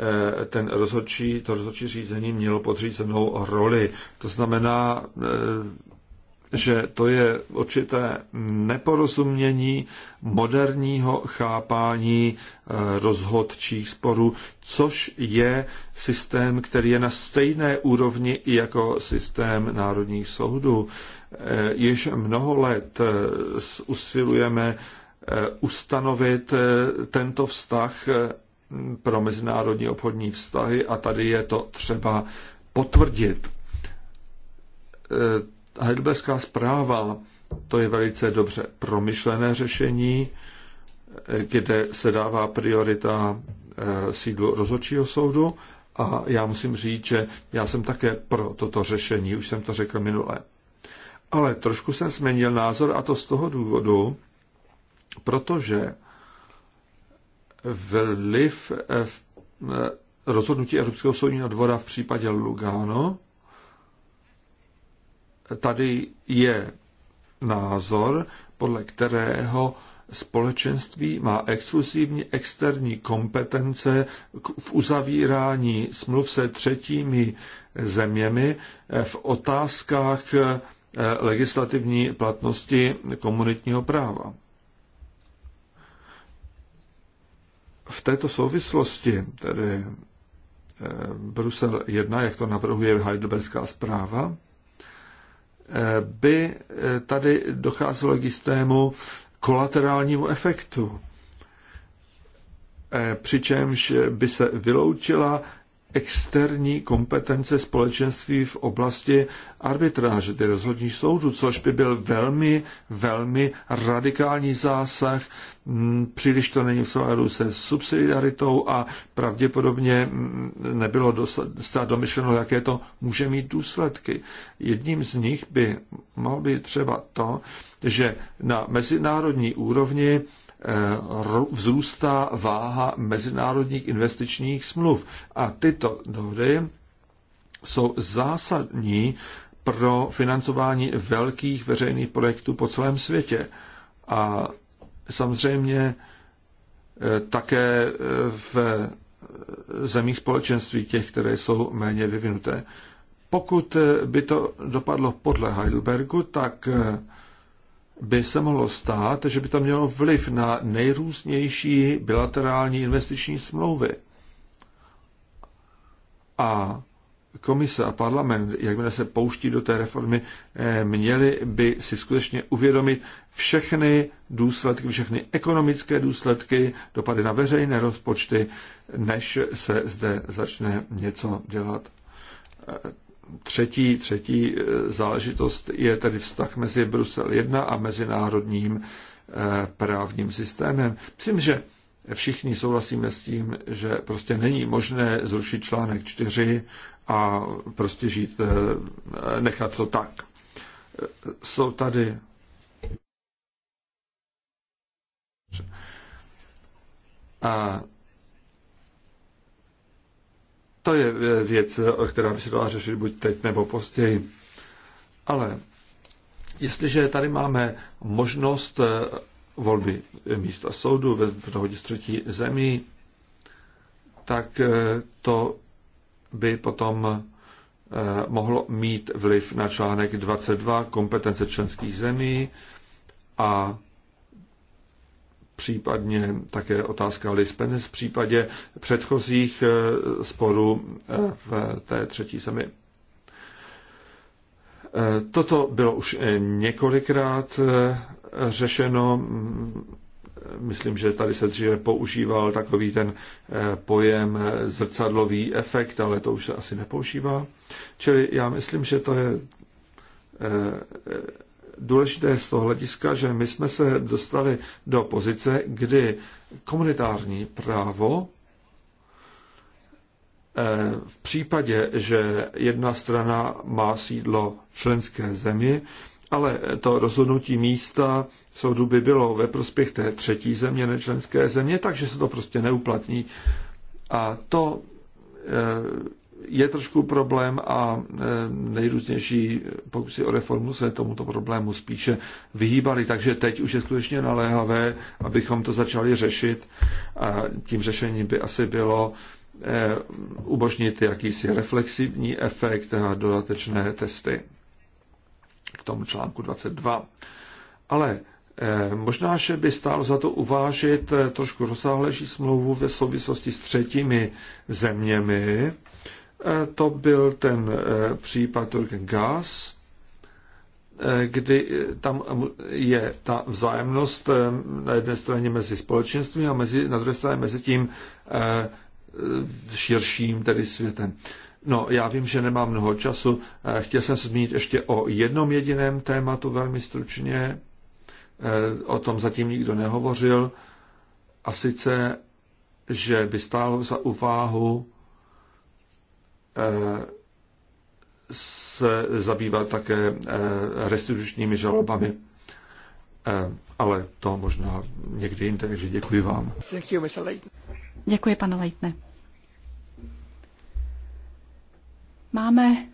A: Eh, ten rozhodčí, to rozhodčí řízení mělo podřízenou roli. To znamená, eh, že to je určité neporozumění moderního chápání eh, rozhodčích sporů, což je systém, který je na stejné úrovni i jako systém národních soudů. Již mnoho let usilujeme ustanovit tento vztah pro mezinárodní obchodní vztahy a tady je to třeba potvrdit. E, Heidelbergská zpráva, to je velice dobře promyšlené řešení, e, kde se dává priorita e, sídlu rozhodčího soudu a já musím říct, že já jsem také pro toto řešení, už jsem to řekl minule. Ale trošku jsem změnil názor a to z toho důvodu, protože vliv eh, v eh, rozhodnutí Evropského soudního dvora v případě Lugano. Tady je názor, podle kterého společenství má exkluzivní externí kompetence v uzavírání smluv se třetími zeměmi eh, v otázkách legislativní platnosti komunitního práva. V této souvislosti, tedy eh, Brusel 1, jak to navrhuje Heidelberská zpráva, eh, by eh, tady docházelo k jistému kolaterálnímu efektu, přičemž by se vyloučila externí kompetence společenství v oblasti arbitráže, tedy rozhodní soudů, což by byl velmi, velmi radikální zásah. Mm, příliš to není v souladu se subsidiaritou a pravděpodobně mm, nebylo dostat domyšleno, jaké to může mít důsledky. Jedním z nich by mohl být třeba to, že na mezinárodní úrovni Eh, vzrůstá váha mezinárodních investičních smluv. A tyto dohody jsou zásadní pro financování velkých veřejných projektů po celém světě. A samozřejmě eh, také eh, v zemích společenství, těch, které jsou méně vyvinuté. Pokud by to dopadlo podle Heidelbergu, tak by se mohlo stát, že by to mělo vliv na nejrůznější bilaterální investiční smlouvy. A komise a parlament, jakmile se pouští do té reformy, eh, měli by si skutečně uvědomit všechny důsledky, všechny ekonomické důsledky, dopady na veřejné rozpočty, než se zde začne něco dělat. Eh, třetí, třetí eh, záležitost je tedy vztah mezi Brusel 1 a mezinárodním eh, právním systémem. Myslím, že všichni souhlasíme s tím, že prostě není možné zrušit článek 4 a prostě žít, eh, nechat to tak. Jsou tady a to je eh, věc, eh, která by se dala řešit buď teď nebo později. Ale jestliže tady máme možnost eh, volby místa soudu ve dohodě s třetí zemí, tak to by potom mohlo mít vliv na článek 22 kompetence členských zemí a případně také otázka Lispenes v případě předchozích eh, sporů eh, v té třetí zemi. Eh, toto bylo už několikrát řešeno. Mm, myslím, že tady se dříve používal takový ten pojem zrcadlový efekt, ale to už se asi nepoužívá. Čili já myslím, že to je důležité z toho hlediska, že my jsme se dostali do pozice, kdy komunitární právo eh, v případě, že jedna strana má sídlo v členské zemi, ale to rozhodnutí místa soudu by bylo ve prospěch té třetí země, nečlenské země, takže se to prostě neuplatní. A to eh, je trošku problém a e, nejrůznější pokusy o reformu se tomuto problému spíše vyhýbaly, takže teď už je skutečně naléhavé, abychom to začali řešit a tím řešením by asi bylo e, umožnit jakýsi reflexivní efekt a dodatečné testy k tomu článku 22. Ale e, možná, že by stálo za to uvážit trošku rozsáhlejší smlouvu ve souvislosti s třetími zeměmi, E, to byl ten e, případ Turken Gas, e, kdy tam je ta vzájemnost na jedné straně mezi společenstvím a mezi, na druhé straně mezi tím širším tedy světem. No, já vím, že nemám mnoho času. Chtěl jsem se zmínit ještě o jednom jediném tématu velmi stručně. O tom zatím nikdo nehovořil. A sice, že by stálo za uváhu se zabývat také eh, restitučními žalobami. Eh, ale to možná někdy jinde, takže děkuji vám.
C: Děkuji, pane Leitne. Máme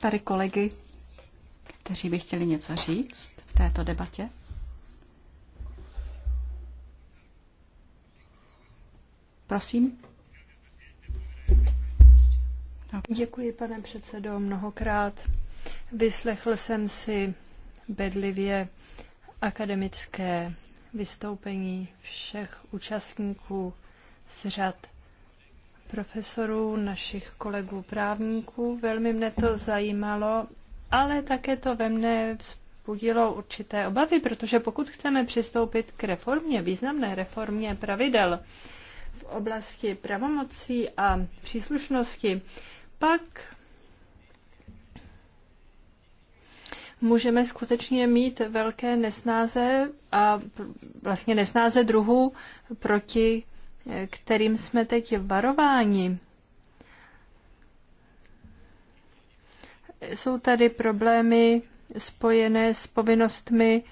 C: tady kolegy, kteří by chtěli něco říct v této debatě.
B: Prosím. Děkuji, pane předsedo, mnohokrát. Vyslechl jsem si bedlivě akademické vystoupení všech účastníků z řad profesorů, našich kolegů právníků. Velmi mne to zajímalo, ale také to ve mne vzbudilo určité obavy, protože pokud chceme přistoupit k reformě, významné reformě pravidel, v oblasti pravomocí a příslušnosti, pak můžeme skutečně mít velké nesnáze a vlastně nesnáze druhů, proti kterým jsme teď varováni. Jsou tady problémy spojené s povinnostmi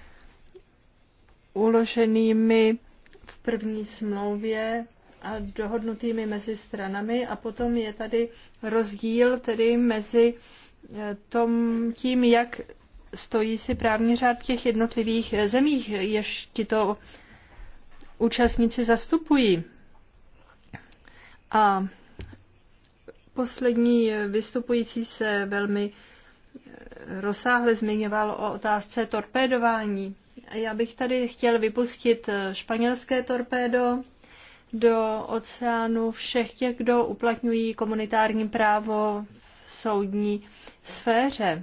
B: uloženými v první smlouvě a dohodnutými mezi stranami a potom je tady rozdíl tedy mezi eh, tom, tím, jak stojí si právní řád v těch jednotlivých eh, zemích, jež tito účastníci zastupují. A poslední eh, vystupující se velmi rozsáhle zmiňoval o otázce torpédování. Já bych tady chtěl vypustit španělské torpédo, do oceánu všech těch, kdo uplatňují komunitární právo v soudní sféře.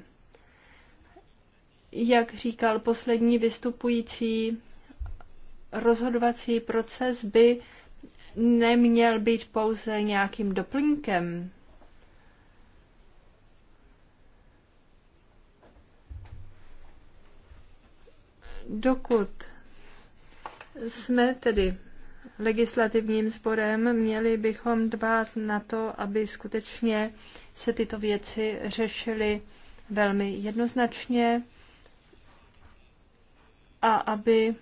B: Jak říkal poslední vystupující, rozhodovací proces by neměl být pouze nějakým doplňkem. Dokud jsme tedy legislativním sborem, měli bychom dbát na to, aby skutečně se tyto věci řešily velmi jednoznačně a aby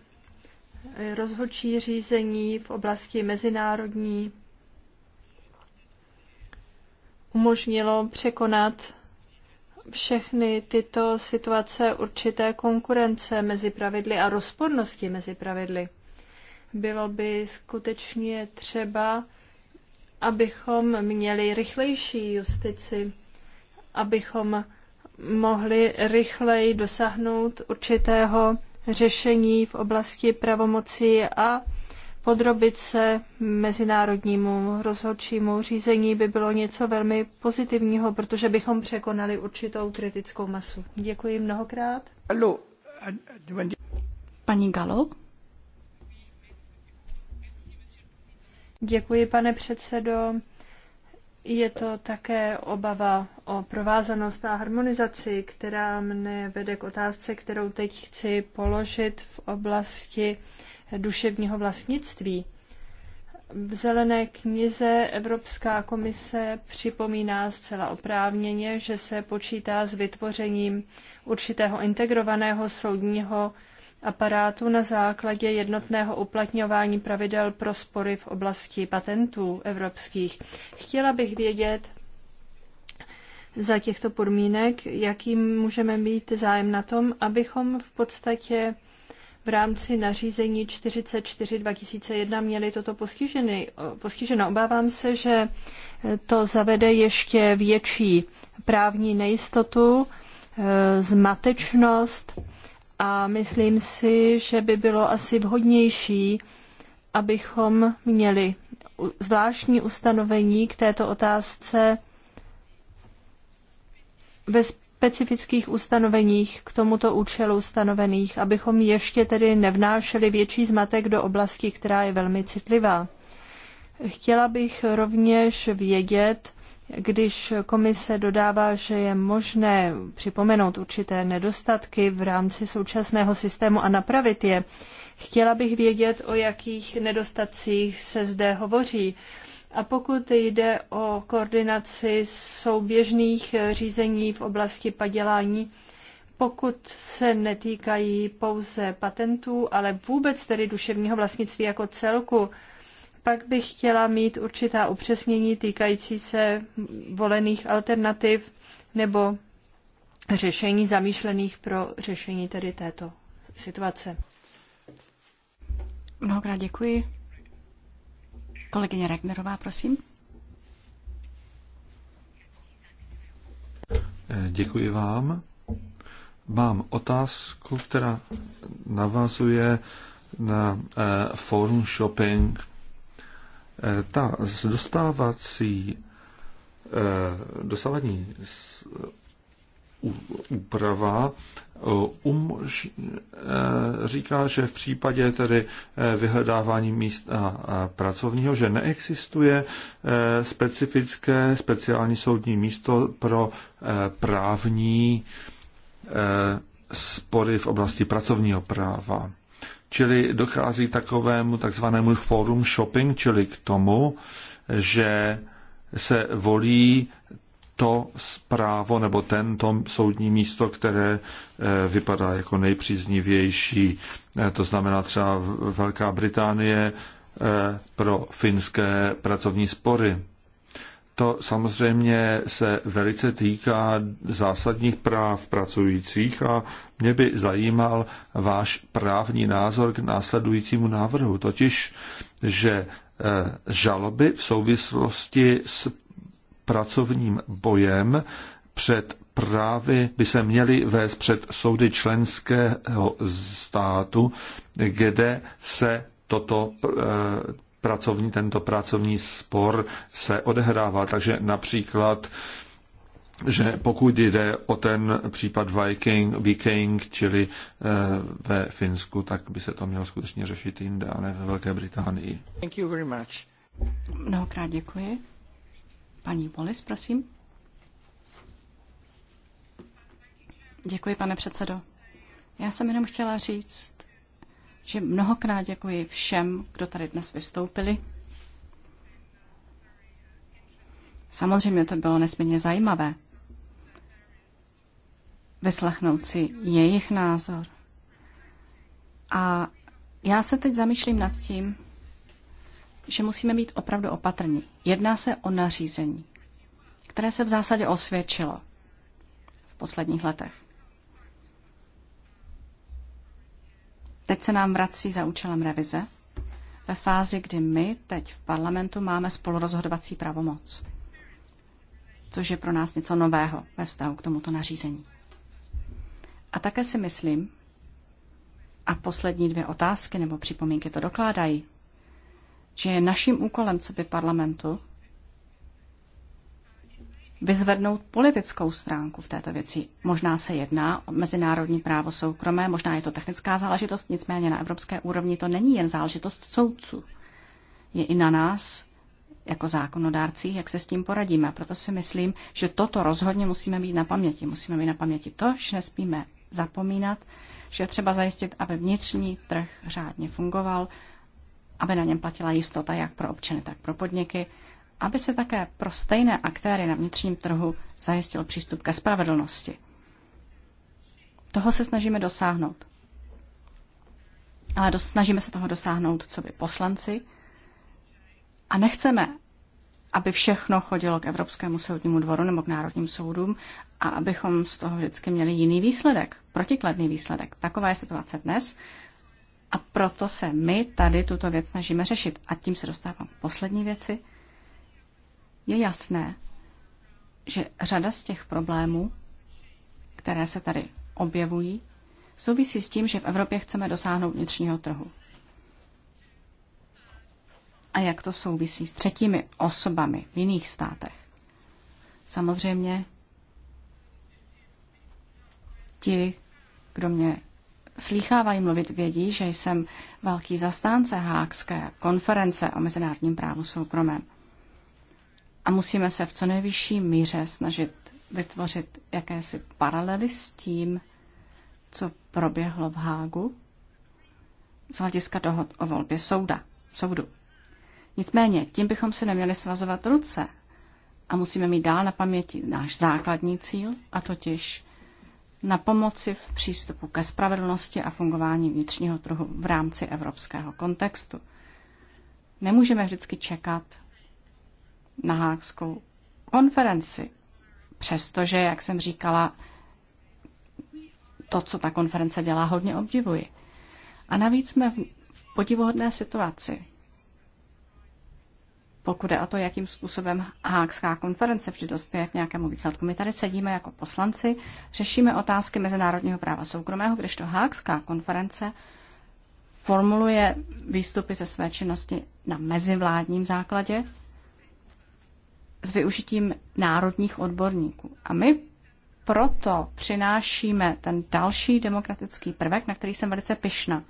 B: rozhodčí řízení v oblasti mezinárodní umožnilo překonat všechny tyto situace určité konkurence mezi pravidly a rozpornosti mezi pravidly. Bylo by skutečně třeba, abychom měli rychlejší justici, abychom mohli rychleji dosáhnout určitého řešení v oblasti pravomocí a podrobit se mezinárodnímu rozhodčímu řízení by bylo něco velmi pozitivního, protože bychom překonali určitou kritickou masu. Děkuji mnohokrát. Uh, uh, Paní Galo, Děkuji, pane předsedo. Je to také obava o provázanost a harmonizaci, která mne vede k otázce, kterou teď chci položit v oblasti duševního vlastnictví. V zelené knize Evropská komise připomíná zcela oprávněně, že se počítá s vytvořením určitého integrovaného soudního aparátu na základě jednotného uplatňování pravidel pro spory v oblasti patentů evropských. Chtěla bych vědět za těchto podmínek, jakým můžeme mít zájem na tom, abychom v podstatě v rámci nařízení 44 2001 měli toto postiženy, postiženo. Obávám se, že to zavede ještě větší právní nejistotu, e, zmatečnost, a myslím si, že by bylo asi vhodnější, abychom měli zvláštní ustanovení k této otázce ve specifických ustanoveních k tomuto účelu stanovených, abychom ještě tedy nevnášeli větší zmatek do oblasti, která je velmi citlivá. Chtěla bych rovněž vědět, když komise dodává, že je možné připomenout určité nedostatky v rámci současného systému a napravit je, chtěla bych vědět, o jakých nedostatcích se zde hovoří. A pokud jde o koordinaci souběžných řízení v oblasti padělání, pokud se netýkají pouze patentů, ale vůbec tedy duševního vlastnictví jako celku, pak bych chtěla mít určitá upřesnění týkající se volených alternativ nebo řešení zamýšlených pro řešení tedy této situace. Mnohokrát děkuji.
C: Kolegyně Regnerová, prosím.
A: Děkuji vám. Mám otázku, která navazuje na uh, forum shopping ta dostávací eh, dostávání úprava um říká, že v případě tedy vyhledávání místa pracovního, že neexistuje specifické speciální soudní místo pro právní spory v oblasti pracovního práva. Čili dochází k takovému takzvanému forum shopping, čili k tomu, že se volí to právo nebo tento soudní místo, které eh, vypadá jako nejpříznivější. Eh, to znamená třeba Velká Británie eh, pro finské pracovní spory to samozřejmě se velice týká zásadních práv pracujících a mě by zajímal váš právní názor k následujícímu návrhu, totiž, že eh, žaloby v souvislosti s pracovním bojem před právy by se měly vést před soudy členského státu, kde se toto eh, pracovní, tento pracovní spor se odehrává. Takže například že pokud jde o ten případ Viking, Viking čili eh, ve Finsku, tak by se to mělo skutečně řešit jinde, ale ve Velké Británii.
C: Thank you very much. Mnohokrát děkuji. Paní Polis, prosím. Děkuji, pane předsedo. Já jsem jenom chtěla říct, že mnohokrát děkuji všem, kdo tady dnes vystoupili. Samozřejmě to bylo nesmírně zajímavé vyslechnout si jejich názor. A já se teď zamýšlím nad tím, že musíme být opravdu opatrní. Jedná se o nařízení, které se v zásadě osvědčilo v posledních letech. Teď se nám vrací za účelem revize ve fázi, kdy my teď v parlamentu máme spolurozhodovací pravomoc, což je pro nás něco nového ve vztahu k tomuto nařízení. A také si myslím, a poslední dvě otázky nebo připomínky to dokládají, že je naším úkolem, co by parlamentu, vyzvednout politickou stránku v této věci. Možná se jedná o mezinárodní právo soukromé, možná je to technická záležitost, nicméně na evropské úrovni to není jen záležitost soudců. Je i na nás, jako zákonodárcích, jak se s tím poradíme. proto si myslím, že toto rozhodně musíme mít na paměti. Musíme mít na paměti to, že nesmíme zapomínat, že je třeba zajistit, aby vnitřní trh řádně fungoval, aby na něm platila jistota jak pro občany, tak pro podniky, aby se také pro stejné aktéry na vnitřním trhu zajistil přístup ke spravedlnosti. Toho se snažíme dosáhnout. Ale dos- snažíme se toho dosáhnout, co by poslanci. A nechceme, aby všechno chodilo k Evropskému soudnímu dvoru nebo k národním soudům a abychom z toho vždycky měli jiný výsledek, protikladný výsledek. Taková je situace dnes a proto se my tady tuto věc snažíme řešit. A tím se dostávám k poslední věci – je jasné, že řada z těch problémů, které se tady objevují, souvisí s tím, že v Evropě chceme dosáhnout vnitřního trhu. A jak to souvisí s třetími osobami v jiných státech? Samozřejmě ti, kdo mě slýchávají mluvit, vědí, že jsem velký zastánce Hákské konference o mezinárodním právu soukromém. A musíme se v co nejvyšší míře snažit vytvořit jakési paralely s tím, co proběhlo v Hágu z hlediska dohod o volbě souda, soudu. Nicméně, tím bychom si neměli svazovat ruce a musíme mít dál na paměti náš základní cíl, a totiž na pomoci v přístupu ke spravedlnosti a fungování vnitřního trhu v rámci evropského kontextu. Nemůžeme vždycky čekat na Hákskou konferenci. Přestože, jak jsem říkala, to, co ta konference dělá, hodně obdivuji. A navíc jsme v podivohodné situaci. Pokud je o to, jakým způsobem Hákská konference vždy dospěje k nějakému výsledku. My tady sedíme jako poslanci, řešíme otázky mezinárodního práva soukromého, kdežto Hákská konference formuluje výstupy ze své činnosti na mezivládním základě s využitím národních odborníků. A my proto přinášíme ten další demokratický prvek, na který jsem velice pyšná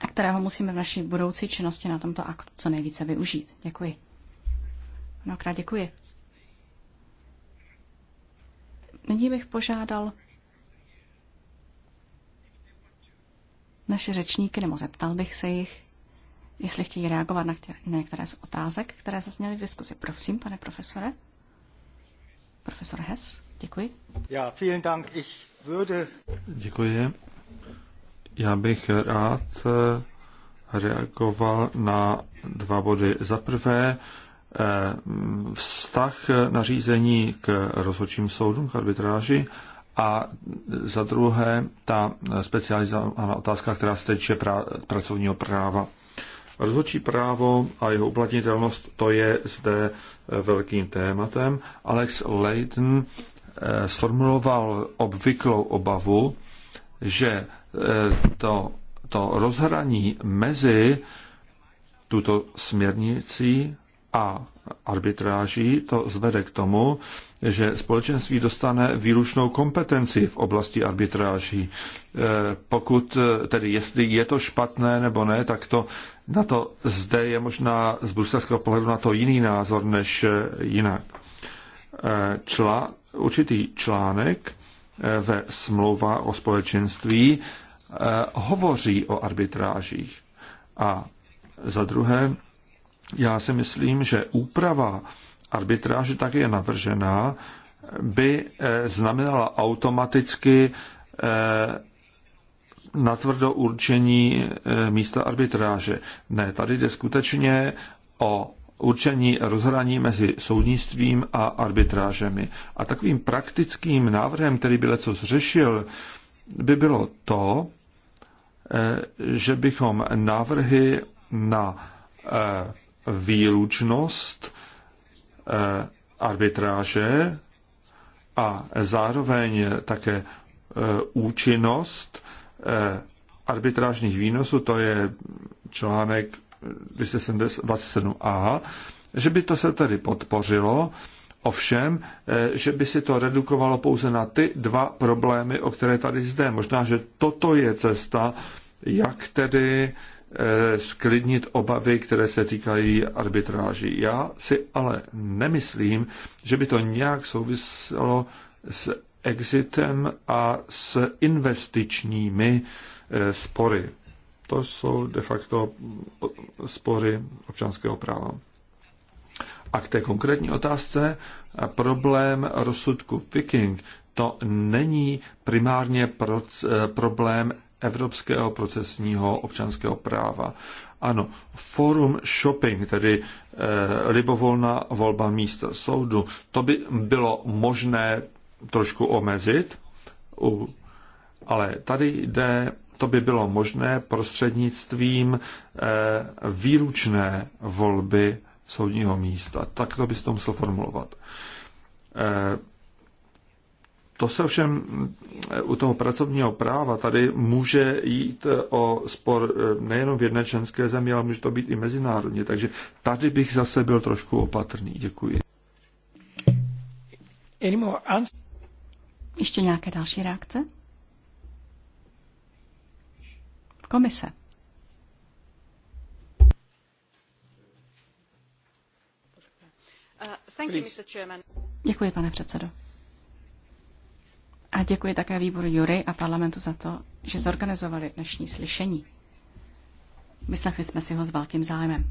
C: a kterého musíme v naší budoucí činnosti na tomto aktu co nejvíce využít. Děkuji. Mnohokrát děkuji. Nyní bych požádal naše řečníky, nebo zeptal bych se jich, jestli chtějí reagovat na některé z otázek, které zazněly v diskuzi. Prosím, pane profesore. Profesor Hess, děkuji.
A: Ja, vielen Dank. Ich würde... Děkuji. Já bych rád eh, reagoval na dva body. Za prvé, eh, vztah nařízení k rozhodčím soudům, k arbitráži a za druhé ta specializovaná otázka, která se týče pra, pracovního práva. Rozhodčí právo a jeho uplatnitelnost, to je zde eh, velkým tématem. Alex Leighton eh, sformuloval obvyklou obavu, že eh, to, to rozhraní mezi tuto směrnicí a arbitráží to zvede k tomu, že společenství dostane výlučnou kompetenci v oblasti arbitráží. E, pokud e, tedy jestli je to špatné nebo ne, tak to na to zde je možná z bruselského pohledu na to jiný názor než e, jinak. Čla, určitý článek ve smlouva o společenství hovoří o arbitrážích. A za druhé, já si myslím, že úprava arbitráže, tak je navržená, by eh, znamenala automaticky eh, natvrdo určení eh, místa arbitráže. Ne, tady jde skutečně o určení rozhraní mezi soudnictvím a arbitrážemi. A takovým praktickým návrhem, který by leco zřešil, by bylo to, že bychom návrhy na výlučnost eh, arbitráže a zároveň také eh, účinnost eh, arbitrážních výnosů, to je článek 27 a že by to se tedy podpořilo, ovšem, že by si to redukovalo pouze na ty dva problémy, o které tady zde. Možná, že toto je cesta, jak tedy Eh, sklidnit obavy, které se týkají arbitráží. Já si ale nemyslím, že by to nějak souviselo s exitem a s investičními eh, spory. To jsou de facto eh, spory občanského práva. A k té konkrétní otázce, problém rozsudku Viking, to není primárně problém evropského procesního občanského práva. Ano, forum shopping, tedy e, libovolná volba místa soudu, to by bylo možné trošku omezit, u, ale tady jde, to by bylo možné prostřednictvím e, eh, výručné volby soudního místa. Tak to by se to formulovat. E, to se všem eh, u toho pracovního práva tady může jít eh, o spor eh, nejenom v jedné členské zemi, ale může to být i mezinárodně. Takže tady bych zase byl trošku opatrný. Děkuji.
C: Ještě nějaké další reakce? Komise. Uh, Děkuji, pane předsedo. A děkuji také výboru Jury a parlamentu za to, že zorganizovali dnešní slyšení. Vyslechli jsme si ho s velkým zájmem.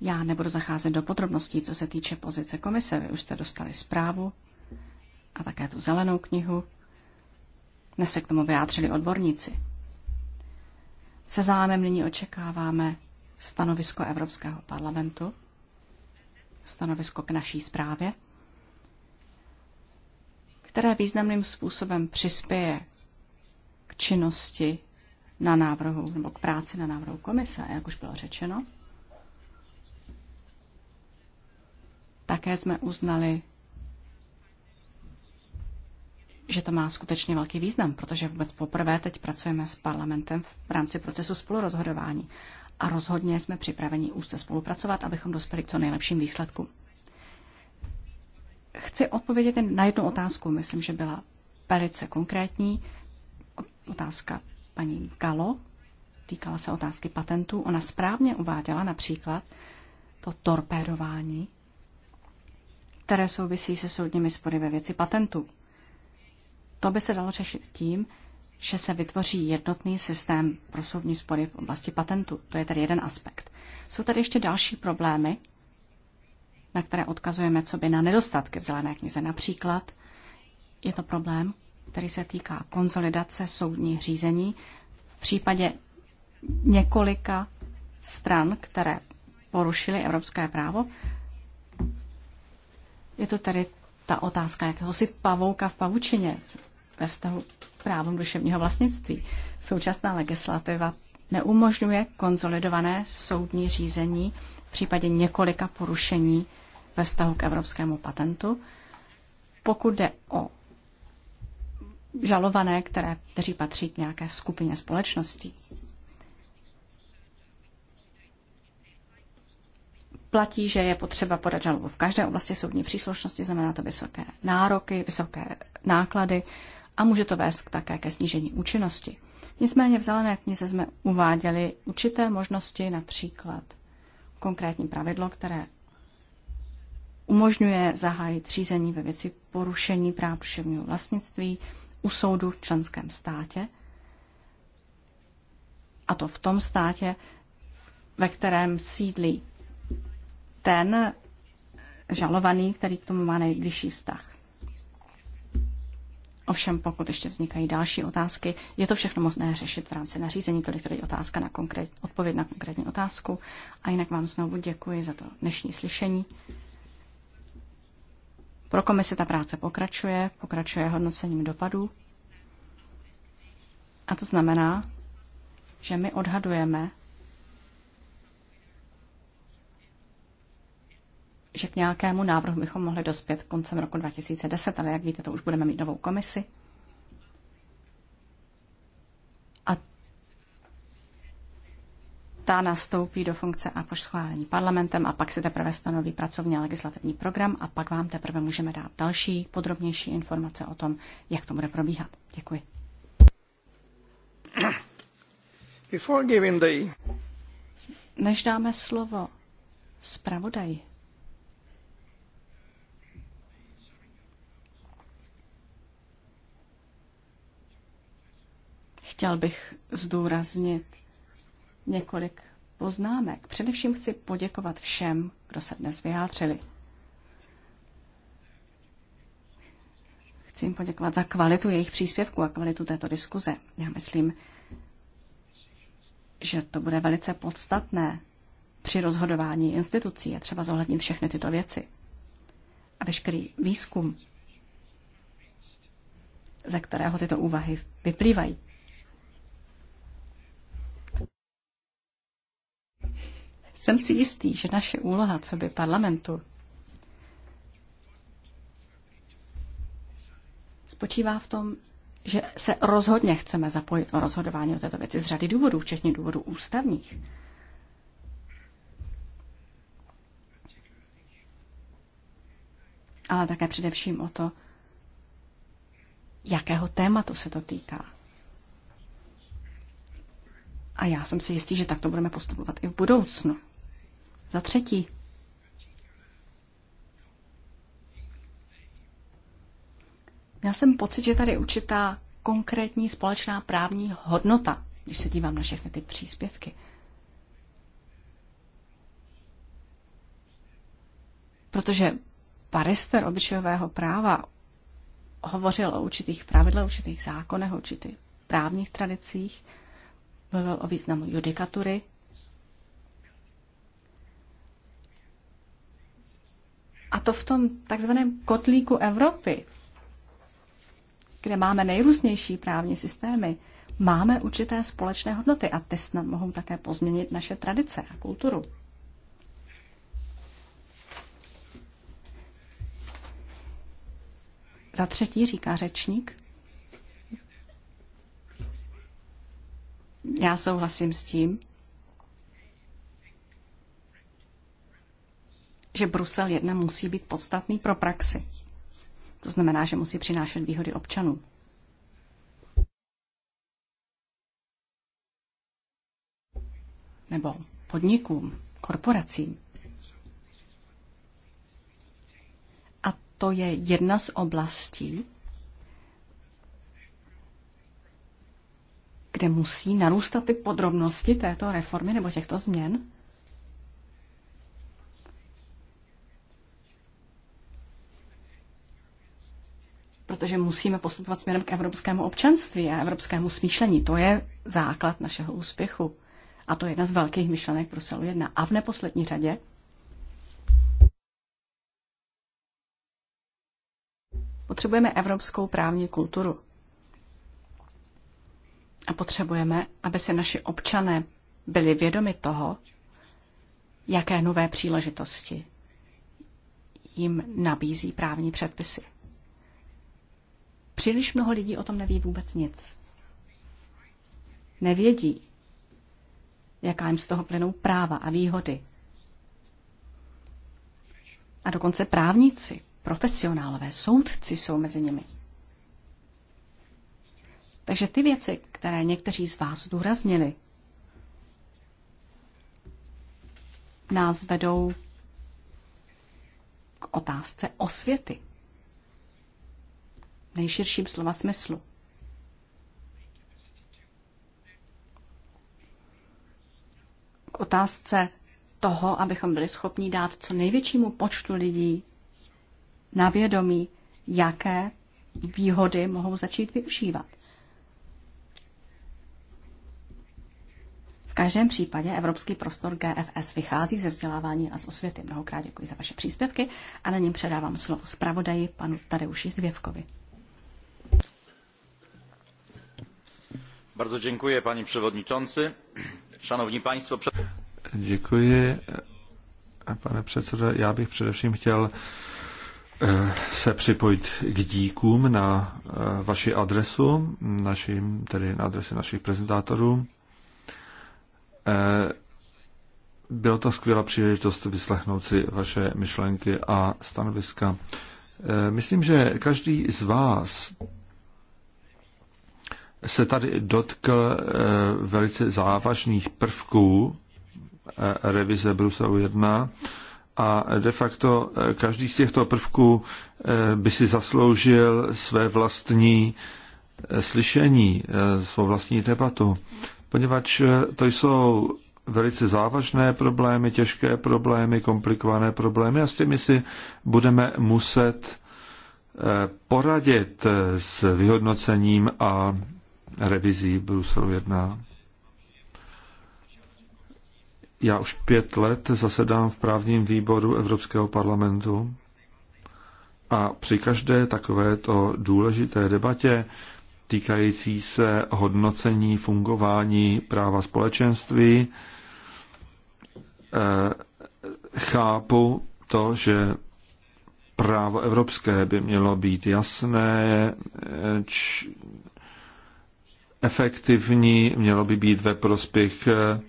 C: Já nebudu zacházet do podrobností, co se týče pozice komise. Vy už jste dostali zprávu a také tu zelenou knihu. Dnes se k tomu vyjádřili odborníci. Se zájmem nyní očekáváme stanovisko Evropského parlamentu, stanovisko k naší zprávě které významným způsobem přispěje k činnosti na návrhu nebo k práci na návrhu komise, jak už bylo řečeno. Také jsme uznali, že to má skutečně velký význam, protože vůbec poprvé teď pracujeme s parlamentem v rámci procesu spolurozhodování a rozhodně jsme připraveni úzce spolupracovat, abychom dospěli k co nejlepším výsledkům chci odpovědět jen na jednu otázku. Myslím, že byla velice konkrétní. Otázka paní Galo týkala se otázky patentů. Ona správně uváděla například to torpédování, které souvisí se soudními spory ve věci patentů. To by se dalo řešit tím, že se vytvoří jednotný systém pro soudní spory v oblasti patentu. To je tedy jeden aspekt. Jsou tady ještě další problémy, na které odkazujeme co by na nedostatky v zelené knize. Například je to problém, který se týká konsolidace soudních řízení v případě několika stran, které porušily evropské právo. Je to tedy ta otázka jakéhosi pavouka v pavučině ve vztahu k právům duševního vlastnictví. Současná legislativa neumožňuje konzolidované soudní řízení v případě několika porušení ve vztahu k evropskému patentu, pokud jde o žalované, které, kteří patří k nějaké skupině společností. Platí, že je potřeba podat žalobu v každé oblasti soudní příslušnosti, znamená to vysoké nároky, vysoké náklady a může to vést také ke snížení účinnosti. Nicméně v zelené knize jsme uváděli určité možnosti, například konkrétní pravidlo, které umožňuje zahájit řízení ve věci porušení práv duševního vlastnictví u soudu v členském státě, a to v tom státě, ve kterém sídlí ten žalovaný, který k tomu má nejbližší vztah. Ovšem, pokud ještě vznikají další otázky, je to všechno možné řešit v rámci nařízení, tolik tedy otázka na konkrét, odpověď na konkrétní otázku. A jinak vám znovu děkuji za to dnešní slyšení. Pro komise ta práce pokračuje, pokračuje hodnocením dopadů. A to znamená, že my odhadujeme, že k nějakému návrhu bychom mohli dospět koncem roku 2010, ale jak víte, to už budeme mít novou komisi. ta nastoupí do funkce a po schválení parlamentem a pak se teprve stanoví pracovní a legislativní program a pak vám teprve můžeme dát další podrobnější informace o tom, jak to bude probíhat. Děkuji. Než dáme slovo zpravodaji, chtěl bych zdůraznit několik poznámek. Především chci poděkovat všem, kdo se dnes vyjádřili. Chci jim poděkovat za kvalitu jejich příspěvku a kvalitu této diskuze. Já myslím, že to bude velice podstatné při rozhodování institucí. Je třeba zohlednit všechny tyto věci. A veškerý výzkum, ze kterého tyto úvahy vyplývají. Jsem si jistý, že naše úloha co by parlamentu spočívá v tom, že se rozhodně chceme zapojit o rozhodování o této věci z řady důvodů, včetně důvodů ústavních. Ale také především o to, jakého tématu se to týká. A já jsem si jistý, že tak to budeme postupovat i v budoucnu. Za třetí, já jsem pocit, že tady je určitá konkrétní společná právní hodnota, když se dívám na všechny ty příspěvky. Protože parister obyčejového práva hovořil o určitých pravidlech, určitých zákonech, určitých právních tradicích, mluvil o významu judikatury A to v tom takzvaném kotlíku Evropy, kde máme nejrůznější právní systémy, máme určité společné hodnoty a ty snad mohou také pozměnit naše tradice a kulturu. Za třetí říká řečník. Já souhlasím s tím, že Brusel 1 musí být podstatný pro praxi. To znamená, že musí přinášet výhody občanů. Nebo podnikům, korporacím. A to je jedna z oblastí, kde musí narůstat ty podrobnosti této reformy nebo těchto změn, protože musíme postupovat směrem k evropskému občanství a evropskému smýšlení. To je základ našeho úspěchu. A to je jedna z velkých myšlenek Bruselu 1. A v neposlední řadě potřebujeme evropskou právní kulturu. A potřebujeme, aby se naši občané byli vědomi toho, jaké nové příležitosti jim nabízí právní předpisy. Příliš mnoho lidí o tom neví vůbec nic. Nevědí, jaká jim z toho plynou práva a výhody. A dokonce právníci, profesionálové, soudci jsou mezi nimi. Takže ty věci, které někteří z vás zdůraznili, nás vedou k otázce osvěty nejširším slova smyslu. K otázce toho, abychom byli schopni dát co největšímu počtu lidí na vědomí, jaké výhody mohou začít využívat. V každém případě Evropský prostor GFS vychází ze vzdělávání a z osvěty. Mnohokrát děkuji za vaše příspěvky a na něm předávám slovo zpravodaji panu Tadeuši Zvěvkovi. państwo.
A: Děkuji, pane předsedo. Já bych především chtěl eh, se připojit k díkům na eh, vaši adresu, našim, tedy na adresu našich prezentátorů. Eh, byla to skvělá příležitost vyslechnout si vaše myšlenky a stanoviska. Myslím, že každý z vás se tady dotkl eh, velice závažných prvků eh, revize Bruselu 1 a de facto eh, každý z těchto prvků by si zasloužil své vlastní slyšení, svou vlastní debatu, poněvadž to jsou velice závažné problémy, těžké problémy, komplikované problémy a s těmi si budeme muset poradit s vyhodnocením a revizí Bruselu 1. Já už pět let zasedám v právním výboru Evropského parlamentu a při každé takovéto důležité debatě týkající se hodnocení fungování práva společenství eh, chápu to, že právo evropské by mělo být jasné, eh, efektivní, mělo by být ve prospěch eh,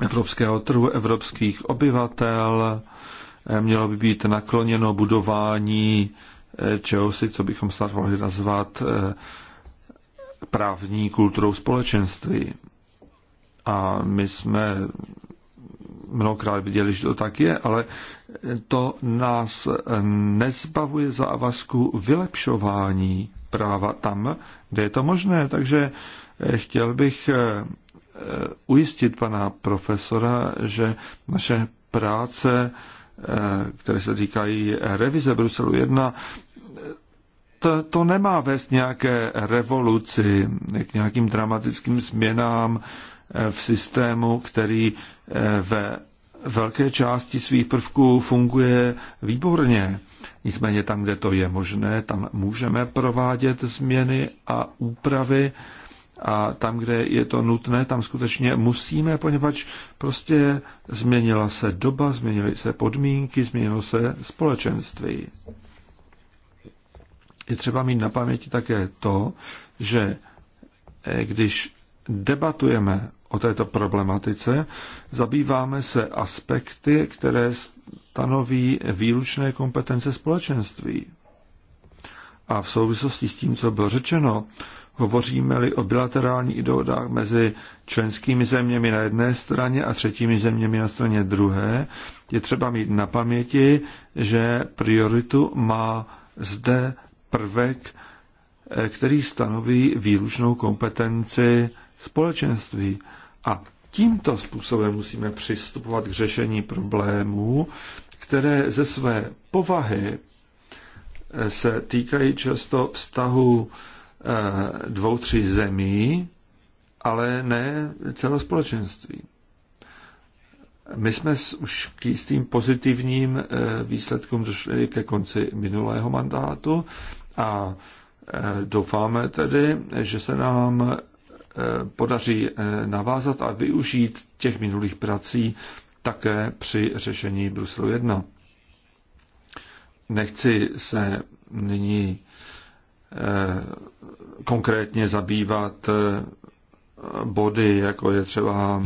A: evropského trhu, evropských obyvatel, eh, mělo by být nakloněno budování eh, čehosi, co bychom snad mohli nazvat právní kulturou společenství. A my jsme mnohokrát viděli, že to tak je, ale to nás nezbavuje závazku vylepšování práva tam, kde je to možné. Takže eh, chtěl bych eh, eh, ujistit pana profesora, že naše práce, které se týkají revize Bruselu 1, to, to nemá vést nějaké revoluci, k nějakým dramatickým změnám v systému, který ve velké části svých prvků funguje výborně. Nicméně tam, kde to je možné, tam můžeme provádět změny a úpravy a tam, kde je to nutné, tam skutečně musíme, poněvadž prostě změnila se doba, změnily se podmínky, změnilo se společenství. Je třeba mít na paměti také to, že eh, když debatujeme o této problematice. Zabýváme se aspekty, které stanoví výlučné kompetence společenství. A v souvislosti s tím, co bylo řečeno, hovoříme-li o bilaterálních dohodách mezi členskými zeměmi na jedné straně a třetími zeměmi na straně druhé, je třeba mít na paměti, že prioritu má zde prvek, eh, který stanoví výlučnou kompetenci společenství. A tímto způsobem musíme přistupovat k řešení problémů, které ze své povahy eh, se týkají často vztahu eh, dvou, tří zemí, ale ne celospolečenství. My jsme už k jistým pozitivním eh, výsledkům došli ke konci minulého mandátu a doufáme tedy, že se nám Eh, podaří eh, navázat a využít těch minulých prací také při řešení Bruselu 1. Nechci se nyní eh, konkrétně zabývat body, jako je třeba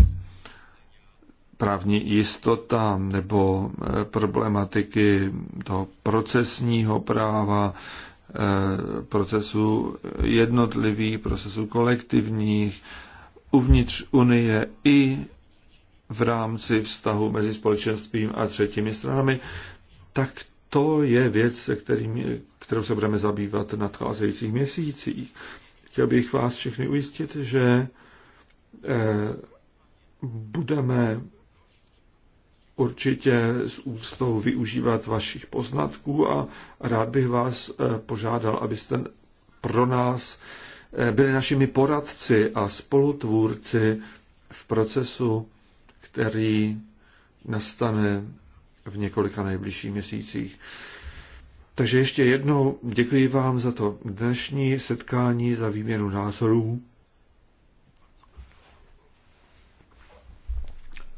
A: právní jistota nebo problematiky toho procesního práva, Eh, procesů jednotlivých, procesů kolektivních, uvnitř Unie i v rámci vztahu mezi společenstvím a třetími stranami, tak to je věc, se kterým, kterou se budeme zabývat v nadcházejících měsících. Chtěl bych vás všechny ujistit, že eh, budeme určitě s úctou využívat vašich poznatků a rád bych vás eh, požádal, abyste pro nás eh, byli našimi poradci a spolutvůrci v procesu, který nastane v několika nejbližších měsících. Takže ještě jednou děkuji vám za to dnešní setkání, za výměnu názorů.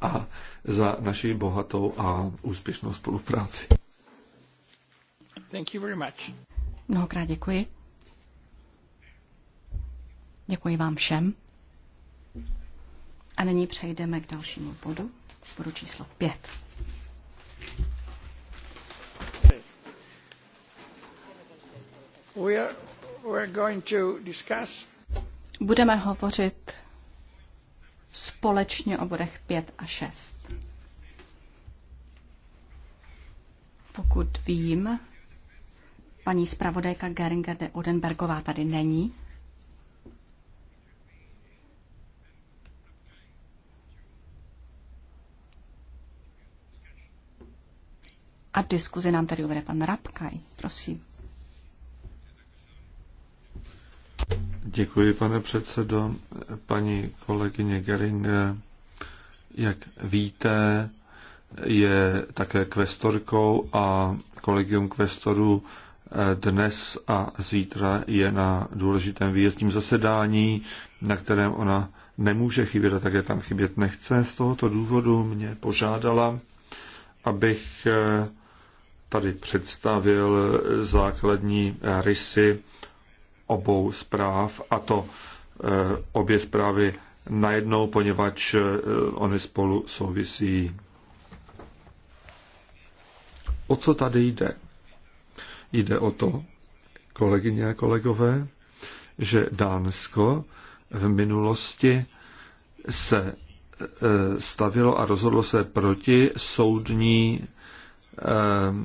A: A za naši bohatou a úspěšnou spolupráci.
C: Thank you very much. Mnohokrát děkuji. Děkuji vám všem. A nyní přejdeme k dalšímu bodu, bodu číslo 5.
A: We are, we are going to discuss...
C: Budeme hovořit společně o bodech 5 a 6. Pokud vím, paní zpravodajka Geringer de Odenbergová tady není. A diskuzi nám tady uvede pan Rabkaj. Prosím.
A: Děkuji, pane předsedo. Paní kolegyně Gering, jak víte, je také kvestorkou a kolegium kvestorů eh, dnes a zítra je na důležitém výjezdním zasedání, na kterém ona nemůže chybět a také tam chybět nechce. Z tohoto důvodu mě požádala, abych eh, tady představil základní rysy obou zpráv a to eh, obě zprávy najednou, poněvadž eh, ony spolu souvisí. O co tady jde? Jde o to, kolegyně a kolegové, že Dánsko v minulosti se eh, stavilo a rozhodlo se proti soudní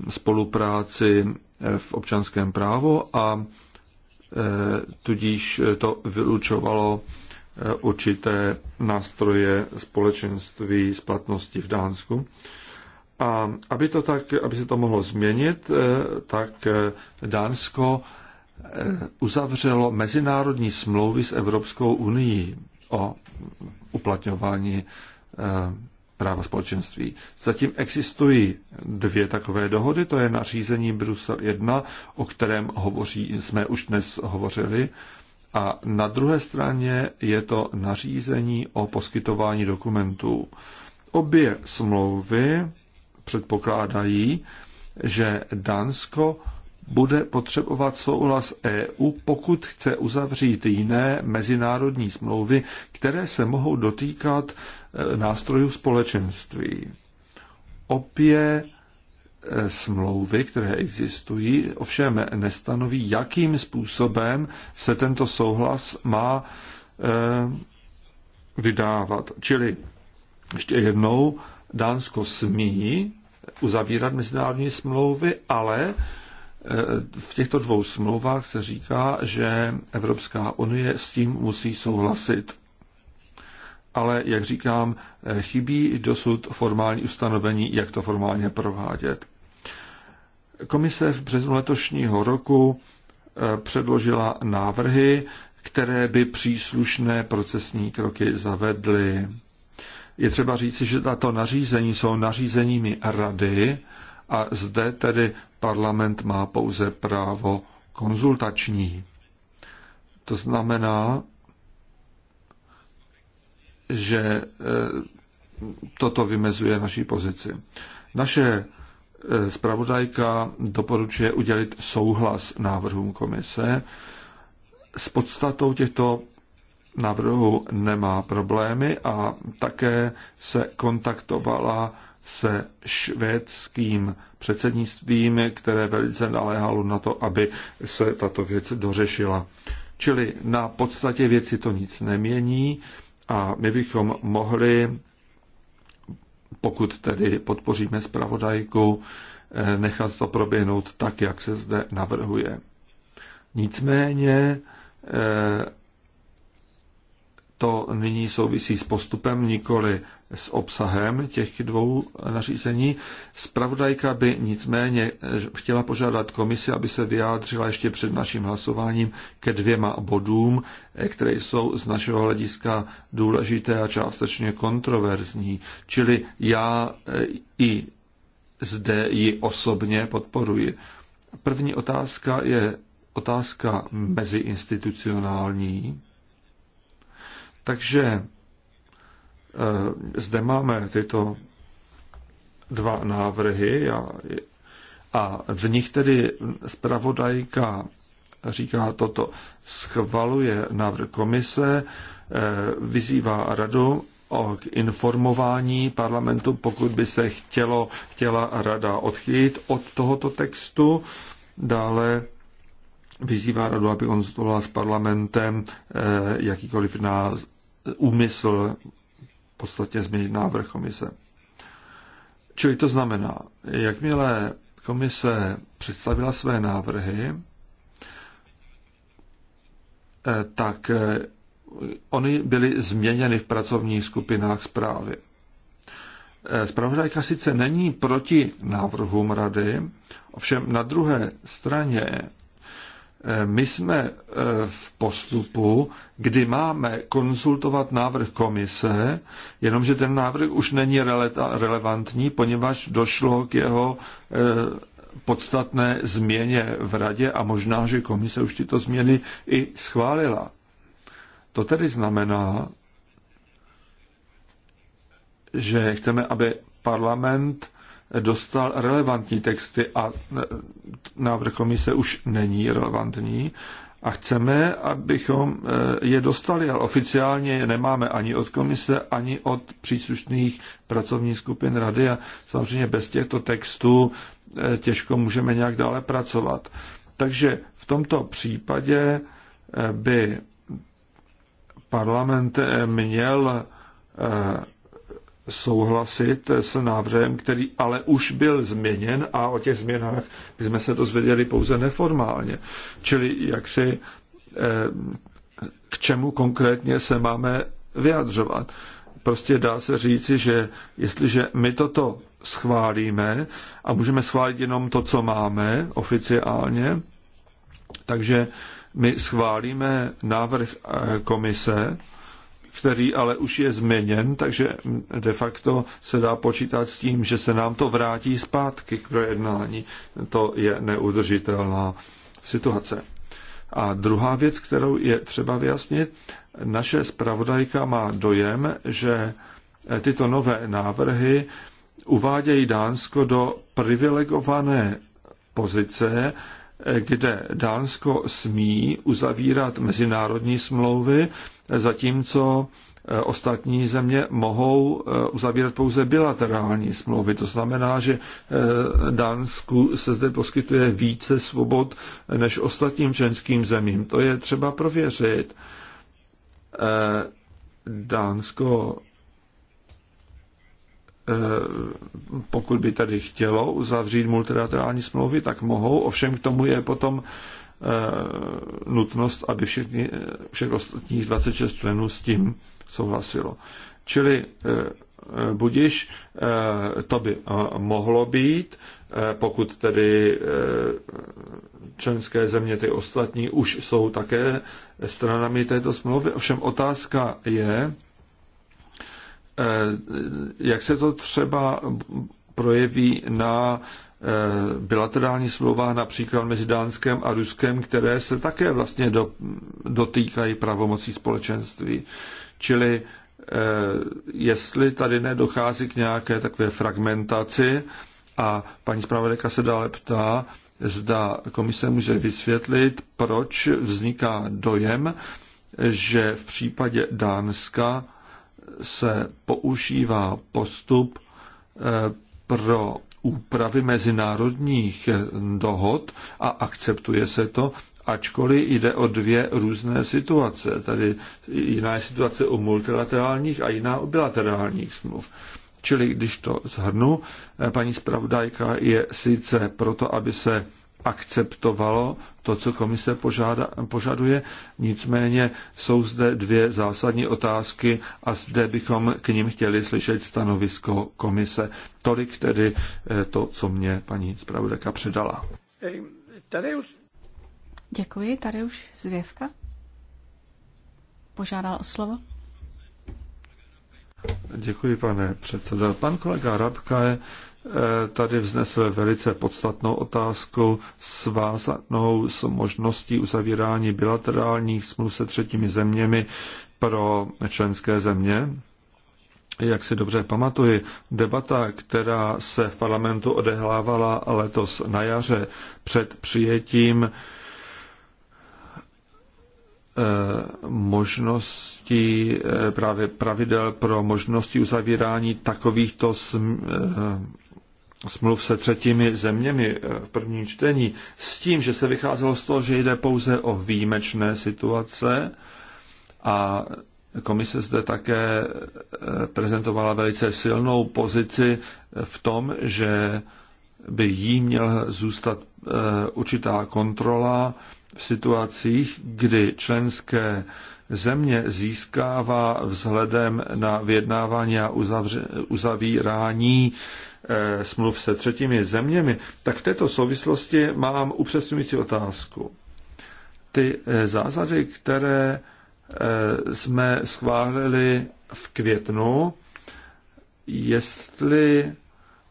A: spolupráci v občanském právu a tudíž to vylučovalo eh, určité nástroje společenství splatnosti v Dánsku. A aby, to tak, aby se to mohlo změnit, eh, tak eh, Dánsko uzavřelo mezinárodní smlouvy s Evropskou unii o uplatňování práva společenství. Zatím existují dvě takové dohody, to je nařízení Brusel 1, o kterém hovoří, jsme už dnes hovořili, a na druhé straně je to nařízení o poskytování dokumentů. Obě smlouvy předpokládají, že Dánsko bude potřebovat souhlas EU, pokud chce uzavřít jiné mezinárodní smlouvy, které se mohou dotýkat e, nástrojů společenství. Opět e, smlouvy, které existují, ovšem nestanoví, jakým způsobem se tento souhlas má e, vydávat. Čili ještě jednou, Dánsko smí uzavírat mezinárodní smlouvy, ale Eh, v těchto dvou smlouvách se říká, že Evropská unie s tím musí souhlasit. Ale, jak říkám, eh, chybí dosud formální ustanovení, jak to formálně provádět. Komise v březnu letošního roku eh, předložila návrhy, které by příslušné procesní kroky zavedly. Je třeba říci, že tato nařízení jsou nařízeními rady a zde tedy parlament má pouze právo konzultační. To znamená, že e, toto vymezuje naší pozici. Naše e, zpravodajka doporučuje udělit souhlas návrhům komise. S podstatou těchto návrhů nemá problémy a také se kontaktovala se švédským předsednictvím, které velice naléhalo na to, aby se tato věc dořešila. Čili na podstatě věci to nic nemění a my bychom mohli, pokud tedy podpoříme zpravodajku, eh, nechat to proběhnout tak, jak se zde navrhuje. Nicméně eh, to nyní souvisí s postupem, nikoli s obsahem těch dvou nařízení. Spravodajka by nicméně eh, chtěla požádat komisi, aby se vyjádřila ještě před naším hlasováním ke dvěma bodům, eh, které jsou z našeho hlediska důležité a částečně kontroverzní. Čili já eh, i zde ji osobně podporuji. První otázka je otázka meziinstitucionální. Takže Eh, zde máme tyto dva návrhy a, a v nich tedy zpravodajka říká toto, schvaluje návrh komise, eh, vyzývá radu k informování parlamentu, pokud by se chtělo, chtěla rada odchýlit od tohoto textu. Dále vyzývá radu, aby konzultovala s parlamentem eh, jakýkoliv na úmysl podstatě změnit návrh komise. Čili to znamená, jakmile komise představila své návrhy, eh, tak eh, oni byly změněny v pracovních skupinách zprávy. Spravodajka eh, sice není proti návrhům rady, ovšem na druhé straně my jsme e, v postupu, kdy máme konzultovat návrh komise, jenomže ten návrh už není relevantní, poněvadž došlo k jeho e, podstatné změně v radě a možná, že komise už tyto změny i schválila. To tedy znamená, že chceme, aby parlament dostal relevantní texty a e, návrh komise už není relevantní a chceme, abychom e, je dostali, ale oficiálně je nemáme ani od komise, ani od příslušných pracovních skupin rady a samozřejmě bez těchto textů e, těžko můžeme nějak dále pracovat. Takže v tomto případě by parlament měl souhlasit s návrhem, který ale už byl změněn a o těch změnách jsme se to zvěděli pouze neformálně. Čili jak si eh, k čemu konkrétně se máme vyjadřovat. Prostě dá se říci, že jestliže my toto schválíme a můžeme schválit jenom to, co máme oficiálně, takže my schválíme návrh eh, komise, který ale už je změněn, takže de facto se dá počítat s tím, že se nám to vrátí zpátky k projednání. To je neudržitelná situace. A druhá věc, kterou je třeba vyjasnit, naše zpravodajka má dojem, že tyto nové návrhy uvádějí Dánsko do privilegované pozice, kde Dánsko smí uzavírat mezinárodní smlouvy, zatímco eh, ostatní země mohou eh, uzavírat pouze bilaterální smlouvy. To znamená, že eh, Dánsku se zde poskytuje více svobod než ostatním členským zemím. To je třeba prověřit. Dánsko Eh, pokud by tady chtělo uzavřít multilaterální smlouvy, tak mohou, ovšem k tomu je potom eh, nutnost, aby všechny, eh, všech ostatních 26 členů s tím souhlasilo. Čili budiš, to by mohlo být, pokud tedy členské země, ty ostatní, už jsou také stranami této smlouvy. Ovšem otázka je, Eh, jak se to třeba projeví na eh, bilaterální smlouva například mezi Dánskem a Ruskem, které se také vlastně do, dotýkají pravomocí společenství. Čili eh, jestli tady nedochází k nějaké takové fragmentaci a paní zpravodajka se dále ptá, zda komise může vysvětlit, proč vzniká dojem, že v případě Dánska se používá postup eh, pro úpravy mezinárodních eh, dohod a akceptuje se to, ačkoliv jde o dvě různé situace. Tady jiná je situace o multilaterálních a jiná o bilaterálních smluv. Čili když to zhrnu, eh, paní zpravodajka je sice proto, aby se akceptovalo to, co komise požáda, požaduje. Nicméně jsou zde dvě zásadní otázky a zde bychom k ním chtěli slyšet stanovisko komise. Tolik tedy eh, to, co mě paní zpravodajka předala.
C: Tady už Děkuji. Tady už Zvěvka požádal o slovo.
A: Děkuji, pane předsedo. Pan kolega Rabka je Eh, tady vznesl velice podstatnou otázku svázanou s možností uzavírání bilaterálních smluv se třetími zeměmi pro členské země. Jak si dobře pamatuji, debata, která se v parlamentu odehlávala letos na jaře před přijetím eh, možností eh, právě pravidel pro možnosti uzavírání takovýchto smluv se třetími zeměmi eh, v prvním čtení s tím, že se vycházelo z toho, že jde pouze o výjimečné situace a komise zde také eh, prezentovala velice silnou pozici eh, v tom, že by jí měl zůstat určitá kontrola v situacích, kdy členské země získává vzhledem na vyjednávání a uzavře, uzavírání Eh, smluv se třetími zeměmi, tak v této souvislosti mám upřesňující otázku. Ty eh, zásady, které eh, jsme schválili v květnu, jestli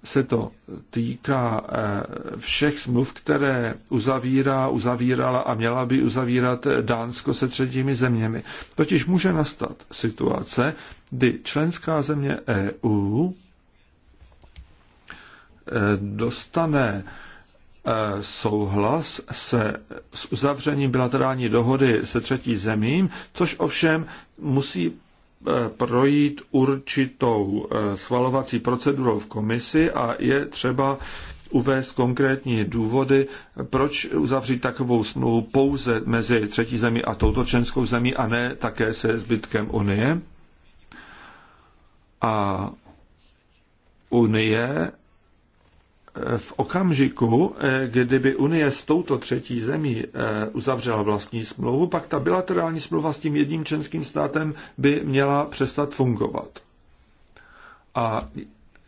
A: se to týká všech smluv, které uzavírá, uzavírala a měla by uzavírat Dánsko se třetími zeměmi. Totiž může nastat situace, kdy členská země EU dostane eh, souhlas se s uzavřením bilaterální dohody se třetí zemím, což ovšem musí eh, projít určitou eh, svalovací procedurou v komisi a je třeba uvést konkrétní důvody, proč uzavřít takovou smlouvu pouze mezi třetí zemí a touto členskou zemí a ne také se zbytkem Unie. A Unie v okamžiku, eh, kdyby Unie s touto třetí zemí eh, uzavřela vlastní smlouvu, pak ta bilaterální smlouva s tím jedním členským státem by měla přestat fungovat. A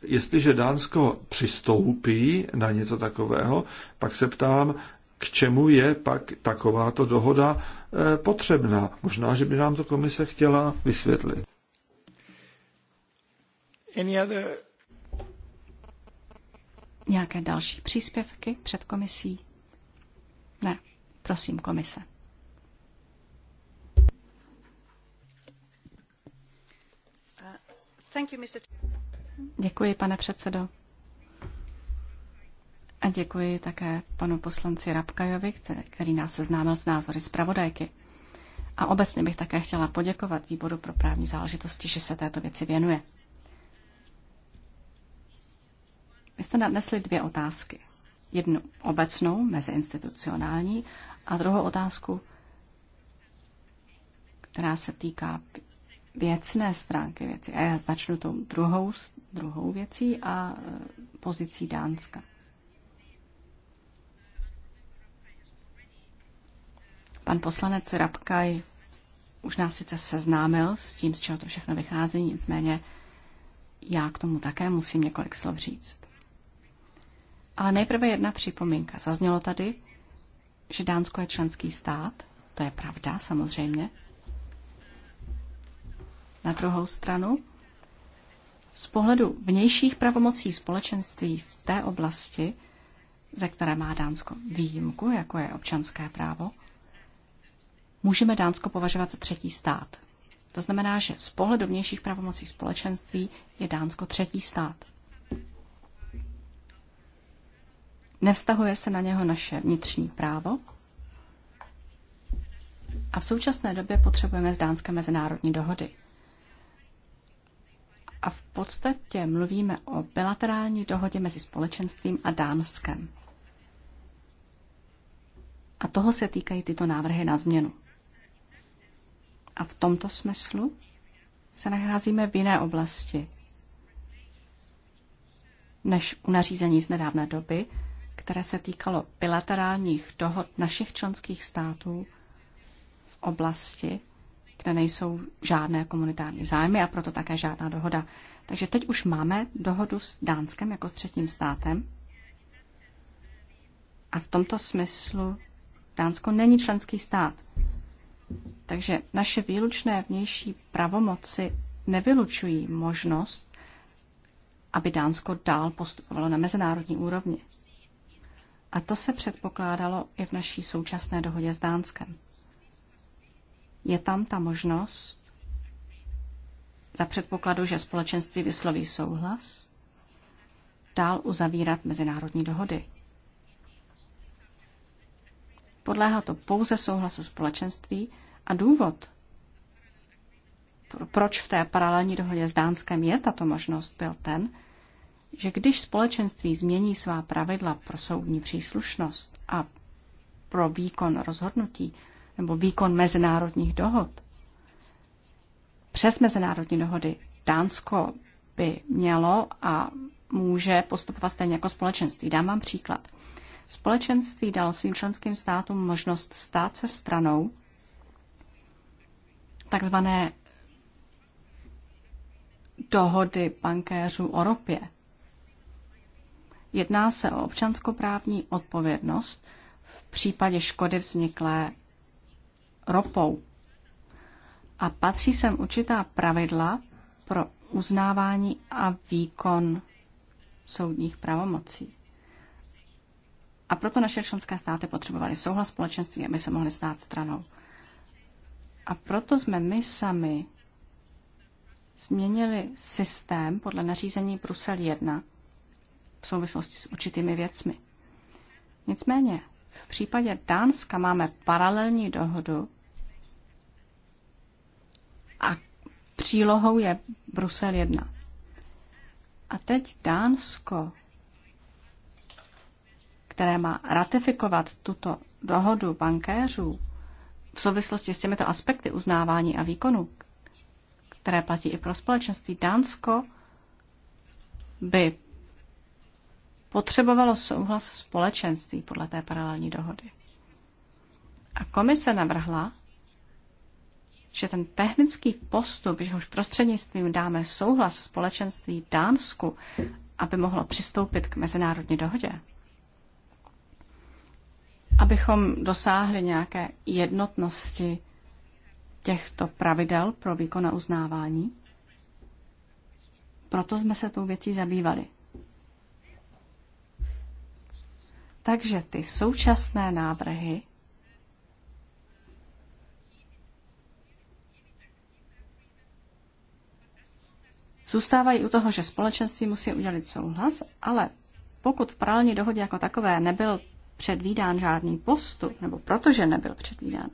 A: jestliže Dánsko přistoupí na něco takového, pak se ptám, k čemu je pak takováto dohoda eh, potřebná. Možná, že by nám to komise chtěla
C: vysvětlit. Any other Nějaké další příspěvky před komisí? Ne, prosím, komise. Děkuji, pane předsedo. A děkuji také panu poslanci Rabkajovi, který nás seznámil s názory zpravodajky. A obecně bych také chtěla poděkovat výboru pro právní záležitosti, že se této věci věnuje. Vy jste nadnesli dvě otázky. Jednu obecnou, meziinstitucionální, a druhou otázku, která se týká věcné stránky věci. A já začnu tou druhou, druhou věcí a e, pozicí Dánska. Pan poslanec Rabkaj už nás sice seznámil s tím, z čeho to všechno vychází, nicméně já k tomu také musím několik slov říct. Ale nejprve jedna připomínka. Zaznělo tady, že Dánsko je členský stát. To je pravda, samozřejmě. Na druhou stranu, z pohledu vnějších pravomocí společenství v té oblasti, ze které má Dánsko výjimku, jako je občanské právo, můžeme Dánsko považovat za třetí stát. To znamená, že z pohledu vnějších pravomocí společenství je Dánsko třetí stát. Nevztahuje se na něho naše vnitřní právo. A v současné době potřebujeme z Dánské mezinárodní dohody. A v podstatě mluvíme o bilaterální dohodě mezi společenstvím a Dánskem. A toho se týkají tyto návrhy na změnu. A v tomto smyslu se nacházíme v jiné oblasti než u nařízení z nedávné doby, které se týkalo bilaterálních dohod našich členských států v oblasti, kde nejsou žádné komunitární zájmy a proto také žádná dohoda. Takže teď už máme dohodu s Dánskem jako s třetím státem. A v tomto smyslu Dánsko není členský stát. Takže naše výlučné vnější pravomoci nevylučují možnost, aby Dánsko dál postupovalo na mezinárodní úrovni. A to se předpokládalo i v naší současné dohodě s Dánskem. Je tam ta možnost, za předpokladu, že společenství vysloví souhlas, dál uzavírat mezinárodní dohody. Podléhá to pouze souhlasu společenství a důvod, proč v té paralelní dohodě s Dánskem je tato možnost, byl ten, že když společenství změní svá pravidla pro soudní příslušnost a pro výkon rozhodnutí nebo výkon mezinárodních dohod, přes mezinárodní dohody Dánsko by mělo a může postupovat stejně jako společenství. Dám vám příklad. Společenství dalo svým členským státům možnost stát se stranou takzvané dohody bankéřů o ropě. Jedná se o občanskoprávní odpovědnost v případě škody vzniklé ropou. A patří sem určitá pravidla pro uznávání a výkon soudních pravomocí. A proto naše členské státy potřebovaly souhlas společenství, aby se mohly stát stranou. A proto jsme my sami změnili systém podle nařízení Brusel 1, v souvislosti s určitými věcmi. Nicméně v případě Dánska máme paralelní dohodu a přílohou je Brusel 1. A teď Dánsko, které má ratifikovat tuto dohodu bankéřů v souvislosti s těmito aspekty uznávání a výkonu, které platí i pro společenství Dánsko, by potřebovalo souhlas společenství podle té paralelní dohody. A komise navrhla, že ten technický postup, že už prostřednictvím dáme souhlas společenství Dánsku, aby mohlo přistoupit k mezinárodní dohodě, abychom dosáhli nějaké jednotnosti těchto pravidel pro výkon a uznávání. Proto jsme se tou věcí zabývali. Takže ty současné návrhy zůstávají u toho, že společenství musí udělit souhlas, ale pokud v paralelní dohodě jako takové nebyl předvídán žádný postup, nebo protože nebyl předvídán,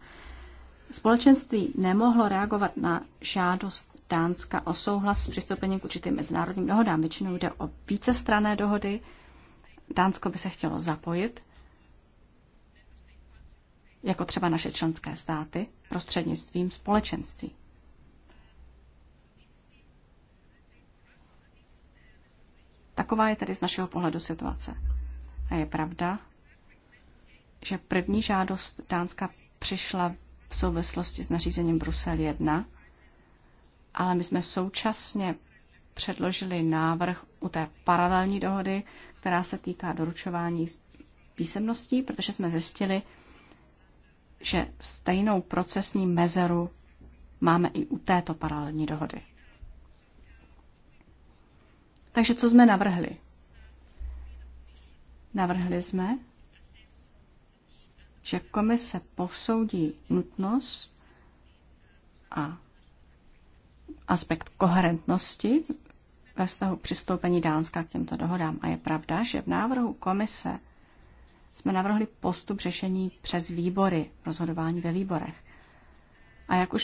C: společenství nemohlo reagovat na žádost Dánska o souhlas s přistoupením k určitým mezinárodním dohodám. Většinou jde o vícestrané dohody, Dánsko by se chtělo zapojit, jako třeba naše členské státy, prostřednictvím společenství. Taková je tedy z našeho pohledu situace. A je pravda, že první žádost Dánska přišla v souvislosti s nařízením Brusel 1, ale my jsme současně předložili návrh u té paralelní dohody, která se týká doručování písemností, protože jsme zjistili, že stejnou procesní mezeru máme i u této paralelní dohody. Takže co jsme navrhli? Navrhli jsme, že komise posoudí nutnost a aspekt koherentnosti ve vztahu k přistoupení Dánska k těmto dohodám. A je pravda, že v návrhu komise jsme navrhli postup řešení přes výbory, rozhodování ve výborech. A jak už